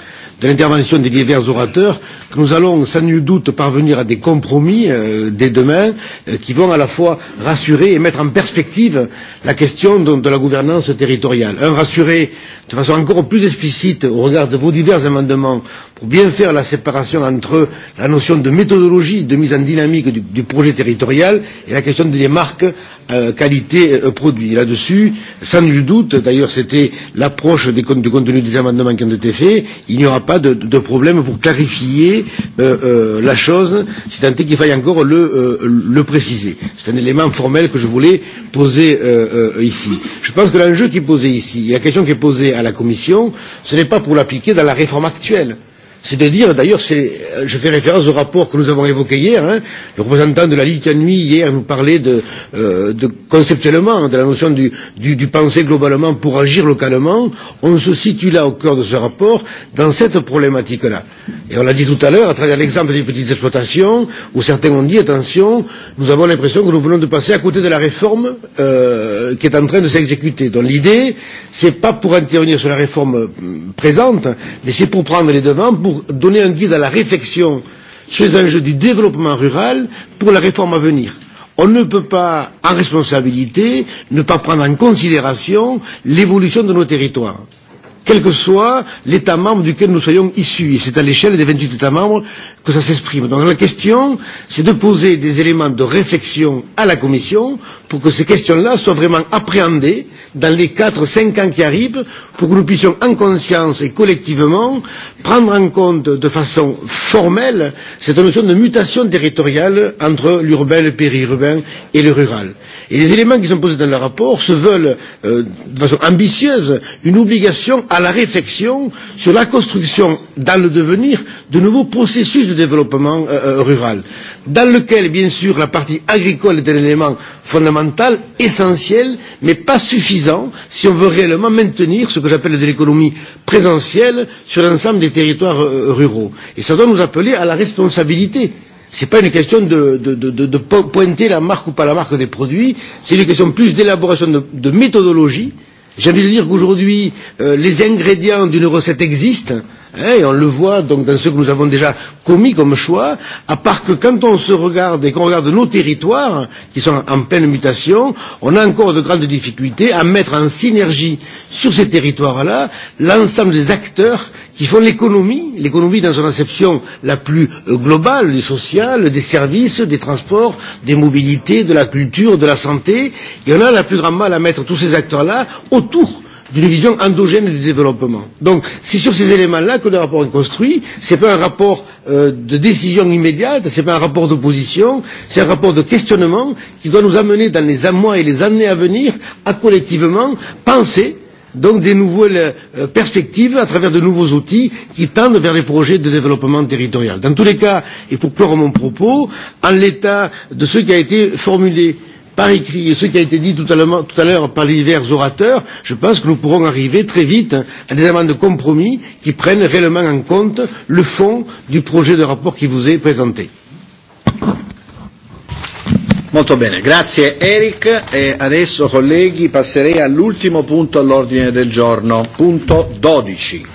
de l'intervention des divers orateurs que nous allons sans nul doute parvenir à des compromis euh, dès demain euh, qui vont à la fois rassurer et mettre en perspective la question de, de la gouvernance territoriale. Un, rassurer de façon encore plus explicite au regard de vos divers amendements pour bien faire la séparation entre la notion de méthodologie de mise en dynamique du, du projet territorial et la question des marques euh, qualité-produit. Euh, Là-dessus, sans nul doute, d'ailleurs c'était l'approche du contenu des amendements qui ont été faits, il n'y aura pas pas de, de problème pour clarifier euh, euh, la chose, si tant est qu'il faille encore le, euh, le préciser. C'est un élément formel que je voulais poser euh, euh, ici. Je pense que l'enjeu qui est posé ici, et la question qui est posée à la Commission, ce n'est pas pour l'appliquer dans la réforme actuelle. Euh, C'est-à-dire, d'ailleurs, euh, je fais référence au rapport que nous avons évoqué hier. Hein, le représentant de la Lituanie hier nous parlait de, euh, de conceptuellement de la notion du, du, du penser globalement pour agir localement. On se situe là au cœur de ce rapport dans cette problématique-là. Et on l'a dit tout à l'heure à travers l'exemple des petites exploitations où certains ont dit attention, nous avons l'impression que nous venons de passer à côté de la réforme euh, qui est en train de s'exécuter. Donc l'idée, c'est pas pour intervenir sur la réforme euh, présente, mais c'est pour prendre les devants pour pour donner un guide à la réflexion sur les enjeux du développement rural pour la réforme à venir. On ne peut pas, en responsabilité, ne pas prendre en considération l'évolution de nos territoires quel que soit l'État membre duquel nous soyons issus. Et c'est à l'échelle des 28 États membres que ça s'exprime. Donc la question, c'est de poser des éléments de réflexion à la Commission pour que ces questions-là soient vraiment appréhendées dans les 4-5 ans qui arrivent, pour que nous puissions en conscience et collectivement prendre en compte de façon formelle cette notion de mutation territoriale entre l'urbain, le périurbain et le rural. Et les éléments qui sont posés dans le rapport se veulent, euh, de façon ambitieuse, une obligation à la réflexion sur la construction, dans le devenir, de nouveaux processus de développement euh, euh, rural, dans lequel, bien sûr, la partie agricole est un élément fondamental, essentiel, mais pas suffisant si on veut réellement maintenir ce que j'appelle de l'économie présentielle sur l'ensemble des territoires euh, euh ruraux. Et ça doit nous appeler à la responsabilité n'est pas une question de, de, de, de, de pointer la marque ou pas la marque des produits, c'est une question plus d'élaboration de, de méthodologie euh, J'ai envie de dire qu'aujourd'hui, euh, les ingrédients d'une recette existent, hein, et on le voit donc dans ce que nous avons déjà commis comme choix, à part que quand on se regarde et qu'on regarde nos territoires, qui sont en pleine mutation, on a encore de grandes difficultés à mettre en synergie sur ces territoires-là l'ensemble des acteurs qui font l'économie, l'économie dans son acception la plus euh, globale, du social, des services, des transports, des mobilités, de la culture, de la santé, et on a la plus grande mal à mettre tous ces acteurs-là autour d'une vision endogène du développement. Donc c'est sur ces éléments-là que le rapport est construit, ce n'est pas un rapport euh, de décision immédiate, ce n'est pas un rapport d'opposition, c'est un rapport de questionnement qui doit nous amener dans les mois et les années à venir à collectivement penser donc des nouvelles euh, perspectives à travers de nouveaux outils qui tendent vers les projets de développement territorial. Dans tous les cas, et pour clore mon propos, en l'état de ce qui a été formulé par écrit et ce qui a été dit tout à l'heure par les divers orateurs, je pense que nous pourrons arriver très vite à des amendements de compromis qui prennent réellement en compte le fond du projet de rapport qui vous est présenté.
Molto bene, grazie Eric e adesso colleghi passerei all'ultimo punto all'ordine del giorno, punto 12.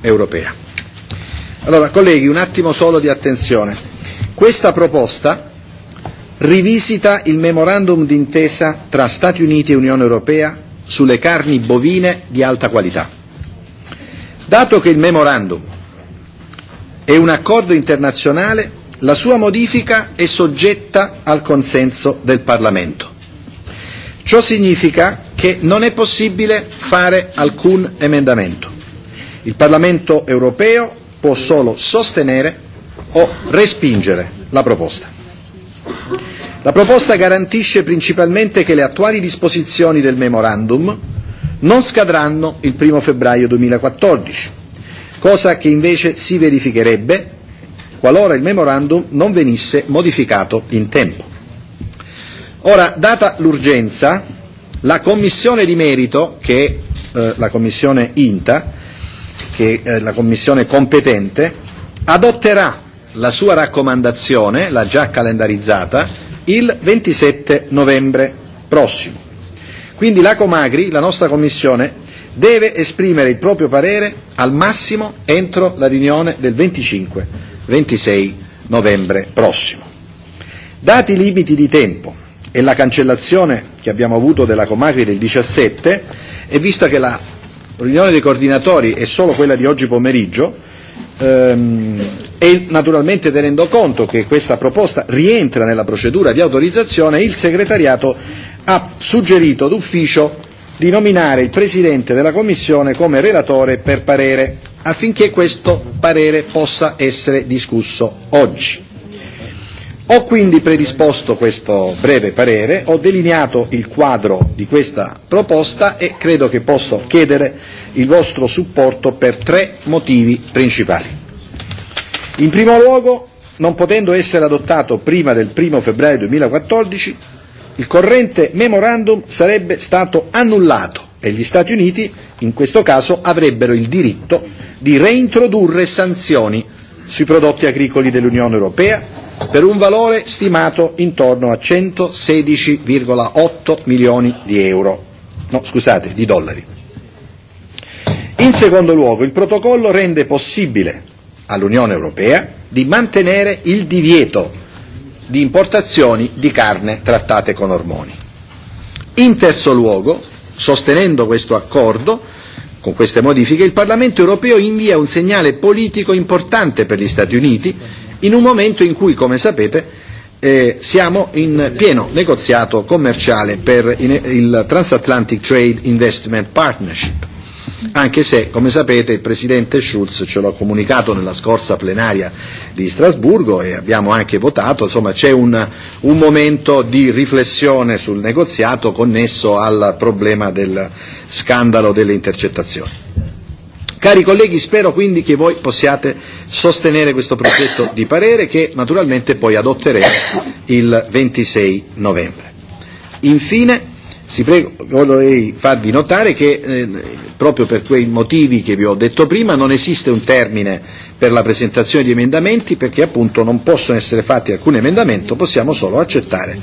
europea. Allora, colleghi, un attimo solo di attenzione. Questa proposta rivisita il memorandum d'intesa tra Stati Uniti e Unione Europea sulle carni bovine di alta qualità. Dato che il memorandum è un accordo internazionale, la sua modifica è soggetta al consenso del Parlamento. Ciò significa che non è possibile fare alcun emendamento. Il Parlamento europeo può solo sostenere o respingere la proposta. La proposta garantisce principalmente che le attuali disposizioni del memorandum non scadranno il 1 febbraio 2014, cosa che invece si verificherebbe qualora il memorandum non venisse modificato in tempo. Ora, data l'urgenza, la Commissione di merito, che è eh, la Commissione INTA, che eh, la Commissione competente adotterà la sua raccomandazione, l'ha già calendarizzata, il 27 novembre prossimo. Quindi la Comagri, la nostra Commissione, deve esprimere il proprio parere al massimo entro la riunione del 25-26 novembre prossimo. Dati i limiti di tempo e la cancellazione che abbiamo avuto della Comagri del 17, e vista che la riunione dei coordinatori è e solo quella di oggi pomeriggio ehm, e naturalmente tenendo conto che questa proposta rientra nella procedura di autorizzazione, il segretariato ha suggerito d'ufficio di nominare il Presidente della Commissione come relatore per parere affinché questo parere possa essere discusso oggi. Ho quindi predisposto questo breve parere, ho delineato il quadro di questa proposta e credo che posso chiedere il vostro supporto per tre motivi principali. In primo luogo, non potendo essere adottato prima del 1 febbraio 2014, il corrente memorandum sarebbe stato annullato e gli Stati Uniti, in questo caso, avrebbero il diritto di reintrodurre sanzioni sui prodotti agricoli dell'Unione Europea per un valore stimato intorno a 116,8 milioni di euro, no scusate, di dollari. In secondo luogo, il protocollo rende possibile all'Unione Europea di mantenere il divieto di importazioni di carne trattate con ormoni. In terzo luogo, sostenendo questo accordo, Con queste modifiche il Parlamento europeo invia un segnale politico importante per gli Stati Uniti in un momento in cui, come sapete, eh, siamo in pieno negoziato commerciale per in, il Transatlantic Trade Investment Partnership, anche se, come sapete, il Presidente Schulz ce l'ha comunicato nella scorsa plenaria di Strasburgo e abbiamo anche votato, insomma c'è un, un momento di riflessione sul negoziato connesso al problema del scandalo delle intercettazioni. Cari colleghi, spero quindi che voi possiate sostenere questo progetto di parere che naturalmente poi adotteremo il 26 novembre. Infine, si prego, vorrei farvi notare che eh, proprio per quei motivi che vi ho detto prima non esiste un termine per la presentazione di emendamenti perché appunto non possono essere fatti alcun emendamento, possiamo solo accettare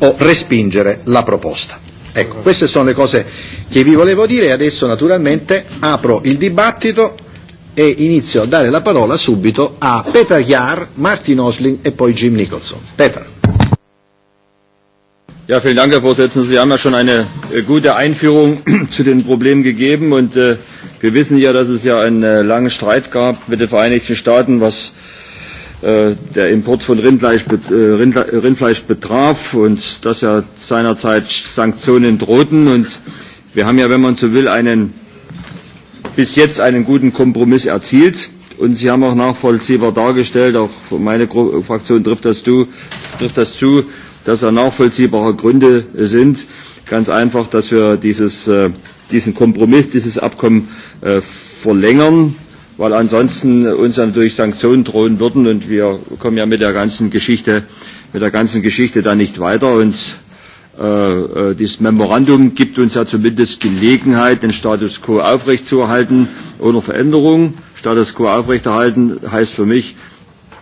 o respingere la proposta. Ecco, queste sono le cose che vi volevo dire e adesso naturalmente apro il dibattito e inizio a dare la parola subito a Peter Jahr, Martin Osling e poi Jim Nicholson. Peter.
Ja, vielen Dank, Herr Vorsitzender. Sie haben ja schon eine äh, gute Einführung zu den Problemen gegeben und äh, wir wissen ja, dass es ja einen äh, langen Streit gab mit den Vereinigten Staaten, was äh, Äh, der Import von Rindfleisch, äh, Rindla, äh, Rindfleisch betraf und dass ja seinerzeit Sanktionen drohten. Und wir haben ja, wenn man so will, einen, bis jetzt einen guten Kompromiss erzielt. Und Sie haben auch nachvollziehbar dargestellt, auch meine Gru Fraktion trifft das, zu, trifft das zu, dass da nachvollziehbare Gründe sind. Ganz einfach, dass wir dieses, äh, diesen Kompromiss, dieses Abkommen äh, verlängern weil ansonsten uns ja natürlich Sanktionen drohen würden und wir kommen ja mit der ganzen Geschichte, mit der ganzen Geschichte da nicht weiter und äh, äh, dieses Memorandum gibt uns ja zumindest Gelegenheit, den Status quo aufrechtzuerhalten ohne Veränderung. Status quo aufrechterhalten heißt für mich,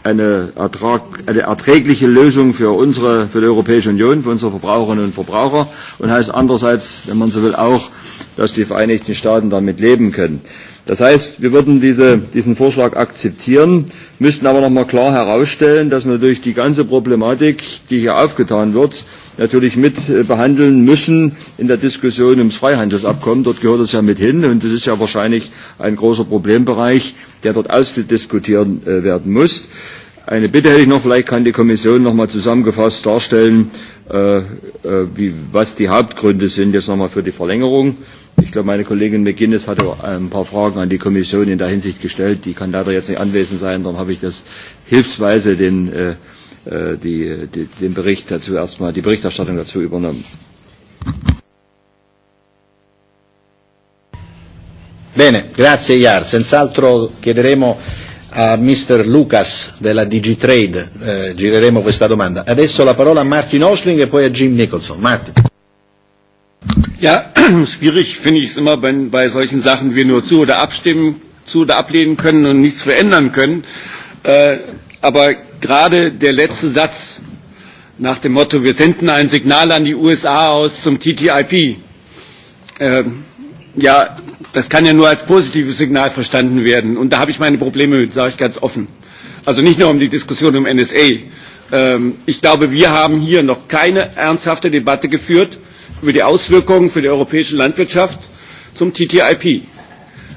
eine, Ertrag, eine erträgliche Lösung für unsere, für die Europäische Union, für unsere Verbraucherinnen und Verbraucher und heißt andererseits, wenn man so will, auch, dass die Vereinigten Staaten damit leben können. Das heißt, wir würden diese, diesen Vorschlag akzeptieren, müssten aber nochmal klar herausstellen, dass wir durch die ganze Problematik, die hier aufgetan wird, natürlich mit äh, behandeln müssen in der Diskussion ums Freihandelsabkommen. Dort gehört es ja mit hin und es ist ja wahrscheinlich ein großer Problembereich, der dort ausdiskutiert äh, werden muss. Eine Bitte hätte ich noch, vielleicht kann die Kommission nochmal zusammengefasst darstellen, äh, äh, wie, was die Hauptgründe sind jetzt nochmal für die Verlängerung Ich glaube, meine Kollegin McGuinness hatte ein paar Fragen an die Kommission in der Hinsicht gestellt. Die kann leider jetzt nicht anwesend sein. Darum habe ich das hilfsweise den, äh, äh, die, die, den Bericht dazu erstmal, die Berichterstattung dazu übernommen.
Bene, grazie Iar. Senz'altro chiederemo a Mr. Lucas della Digitrade, eh, gireremo questa domanda. Adesso la parola a Martin Osling e poi a Jim Nicholson. Martin.
Ja, schwierig finde ich es immer, wenn bei solchen Sachen wir nur zu oder abstimmen, zu oder ablehnen können und nichts verändern können. Äh, aber gerade der letzte Satz nach dem Motto, wir senden ein Signal an die USA aus zum TTIP. Äh, ja, das kann ja nur als positives Signal verstanden werden. Und da habe ich meine Probleme mit, sage ich ganz offen. Also nicht nur um die Diskussion um NSA. Ähm, ich glaube, wir haben hier noch keine ernsthafte Debatte geführt über die Auswirkungen für die europäische Landwirtschaft zum TTIP.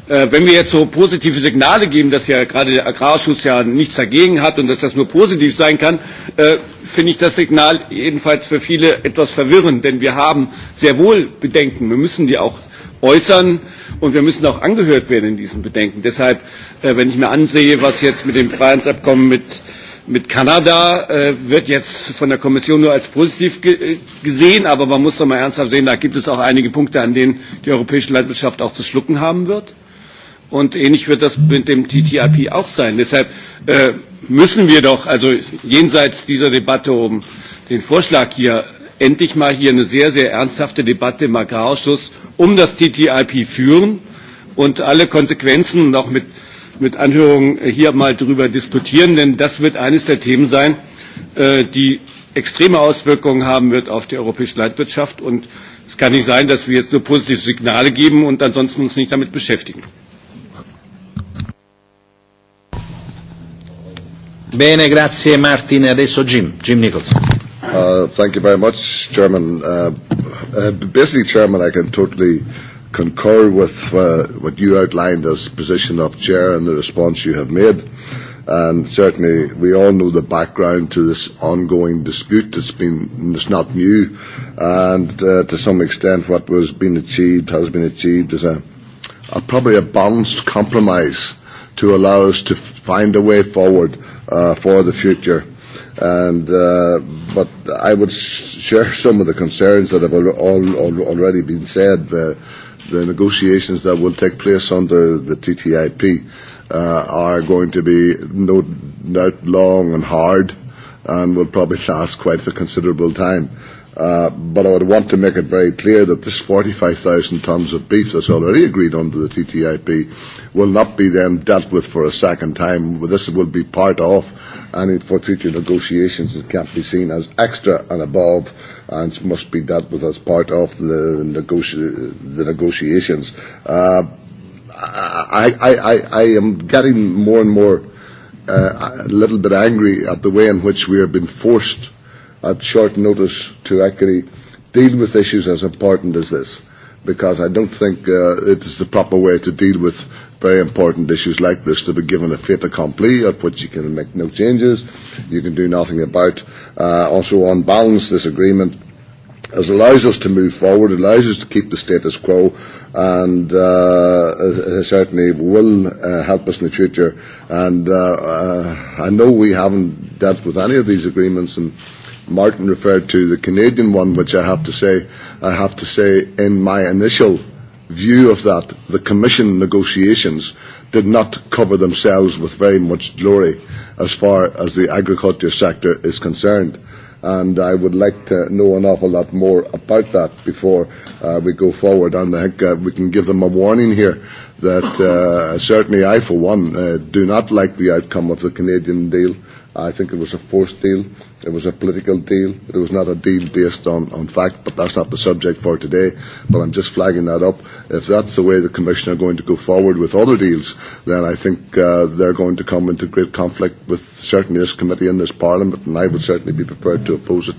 Äh, wenn wir jetzt so positive Signale geben, dass ja gerade der Agrarschutz ja nichts dagegen hat und dass das nur positiv sein kann, äh, finde ich das Signal jedenfalls für viele etwas verwirrend, denn wir haben sehr wohl Bedenken. Wir müssen die auch äußern und wir müssen auch angehört werden in diesen Bedenken. Deshalb, äh, wenn ich mir ansehe, was jetzt mit dem Freihandelsabkommen mit äh, mit Kanada äh, wird jetzt von der Kommission nur als positiv ge äh, gesehen, aber man muss doch mal ernsthaft sehen, da gibt es auch einige Punkte, an denen die europäische Landwirtschaft auch zu schlucken haben wird. Und ähnlich wird das mit dem TTIP auch sein. Deshalb äh, müssen wir doch, also jenseits dieser Debatte um den Vorschlag hier, endlich mal hier eine sehr, sehr ernsthafte Debatte im Agrarausschuss um das TTIP führen und alle Konsequenzen noch mit mit Anhörungen hier mal darüber diskutieren, denn das wird eines der Themen sein, äh, die extreme Auswirkungen haben wird auf die europäische Landwirtschaft. Und es kann nicht sein, dass wir jetzt nur positive Signale geben und ansonsten uns nicht damit beschäftigen.
Bene, grazie Martin. Adesso Jim, Jim Nicholson.
Uh, thank you very much, Chairman. Uh, uh, basically, Chairman, I can totally uh, concur with uh, what you outlined as position of chair and the response you have made. And certainly, we all know the background to this ongoing dispute. It's been it's not new, and uh, to some extent, what was being achieved has been achieved as a, a probably a balanced compromise to allow us to find a way forward uh, for the future. And uh, but I would share some of the concerns that have al- al- al- already been said. Uh, the negotiations that will take place under the TTIP uh, are going to be no doubt long and hard and will probably last quite a considerable time. Uh, but I would want to make it very clear that this 45,000 tonnes of beef that's already agreed under the TTIP will not be then dealt with for a second time. This will be part of, and for future negotiations it can't be seen as extra and above and must be dealt with as part of the, negoti- the negotiations. Uh, I, I, I, I am getting more and more uh, a little bit angry at the way in which we are being forced at short notice to actually deal with issues as important as this because I don't think uh, it is the proper way to deal with very important issues like this to be given a fait accompli at which you can make no changes, you can do nothing about. Uh, also, on balance, this agreement as allows us to move forward, allows us to keep the status quo, and uh, certainly will uh, help us in the future. And uh, uh, I know we haven't dealt with any of these agreements, and Martin referred to the Canadian one, which I have to say, I have to say, in my initial view of that, the Commission negotiations did not cover themselves with very much glory as far as the agriculture sector is concerned. And I would like to know an awful lot more about that before uh, we go forward. And I think uh, we can give them a warning here that uh, certainly I, for one, uh, do not like the outcome of the Canadian deal. Uh, I think it was a forced deal. It was a political deal. It was not a deal based on, on fact, but that's not the subject for today. But I'm just flagging that up. If that's the way the Commission are going to go forward with other deals, then I think uh, they're going to come into great conflict with certainly this committee and this Parliament, and I would certainly be prepared to oppose it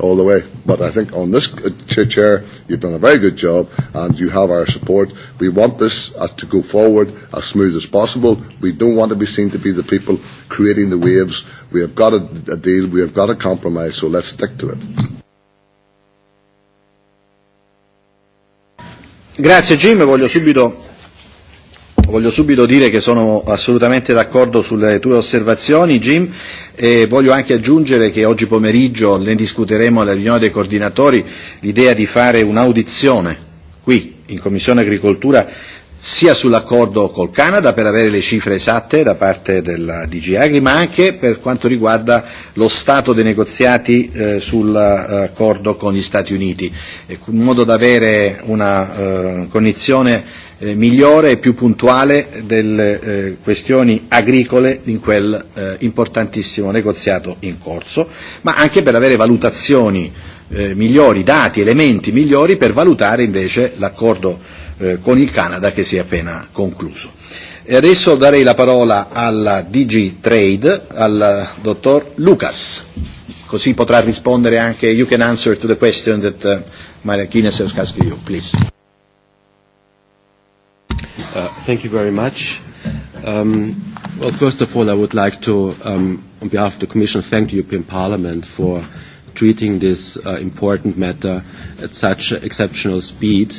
all the way. But I think on this uh, chair, you've done a very good job, and you have our support. We want this uh, to go forward as smooth as possible. We don't want to be seen to be the people creating the waves. We have got a, a deal. We have got a compromise. So let's stick to it.
Grazie Jim, voglio subito voglio subito dire che sono assolutamente d'accordo sulle tue osservazioni, Jim, e voglio anche aggiungere che oggi pomeriggio ne discuteremo alla riunione dei coordinatori l'idea di fare un'audizione qui in Commissione Agricoltura sia sull'accordo col Canada per avere le cifre esatte da parte della DG Agri, ma anche per quanto riguarda lo stato dei negoziati eh, sull'accordo con gli Stati Uniti, e in modo da avere una eh, cognizione eh, migliore e più puntuale delle eh, questioni agricole in quel eh, importantissimo negoziato in corso, ma anche per avere valutazioni eh, migliori, dati, elementi migliori per valutare invece l'accordo eh, con il Canada che si è appena concluso. E adesso darei la parola alla DG Trade, al dottor Lucas, così potrà rispondere anche, you can answer to the question that uh, Maria Kines has asked you, please. Uh,
thank you very much. Um, well, first of all, I would like to, um, on behalf of the Commission, thank the European Parliament for treating this uh, important matter at such exceptional speed.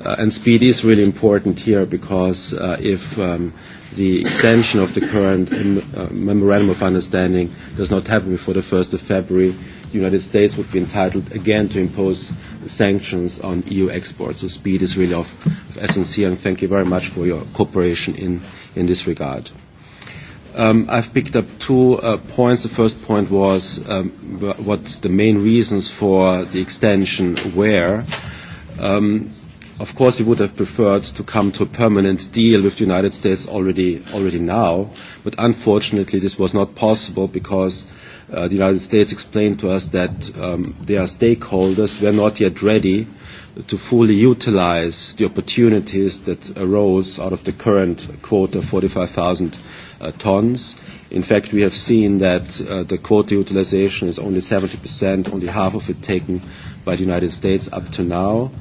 Uh, and speed is really important here because uh, if um, the extension of the current um, uh, memorandum of understanding does not happen before the 1st of February, the United States would be entitled again to impose sanctions on EU exports. So speed is really of, of essence here, and thank you very much for your cooperation in, in this regard. Um, I've picked up two uh, points. The first point was um, what the main reasons for the extension were. Um, of course, we would have preferred to come to a permanent deal with the United States already, already now, but unfortunately this was not possible because uh, uh, the United States explained to us that um, their stakeholders were not yet ready to fully utilize the opportunities that arose out of the current quota, 45,000 uh, tons. In fact, we have seen that uh, the quota utilization is only 70%, only half of it taken by the United States up to now. Uh,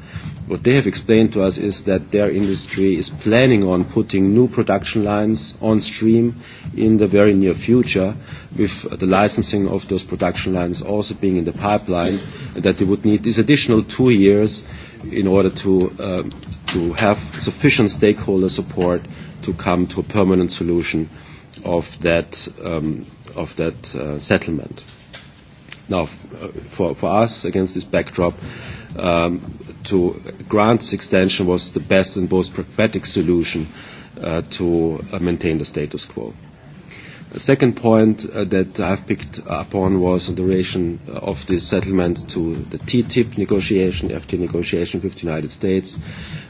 what they have explained to us is that their industry is planning on putting new production lines on stream in the very near future, with the licensing of those production lines also being in the pipeline, and that they would need these additional two years in order to, uh, to have sufficient stakeholder support to come to a permanent solution of that, um, of that uh, settlement. Now, uh, for, for us, against this backdrop, um, to grant extension was the best and most pragmatic solution uh, to uh, maintain the status quo. The second point uh, that I've picked upon was on the relation uh, of this settlement to the TTIP negotiation, FT negotiation with the United States.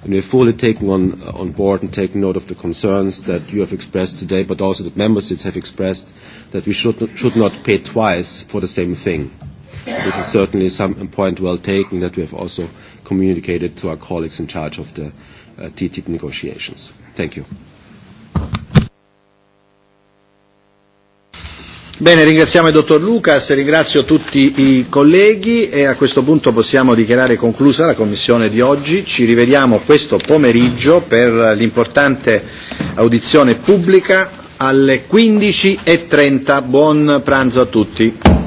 And we're fully taking on, uh, on board and taking note of the concerns that you have expressed today, but also that member states have expressed that we should not, should not pay twice for the same thing. This is certainly some point well taken that we have also communicated to our colleagues in charge of the uh, TTIP negotiations. Thank you.
Bene, ringraziamo il dottor Lucas, ringrazio tutti i colleghi e a questo punto possiamo dichiarare conclusa la commissione di oggi. Ci rivediamo questo pomeriggio per l'importante audizione pubblica alle 15.30. E Buon pranzo a tutti.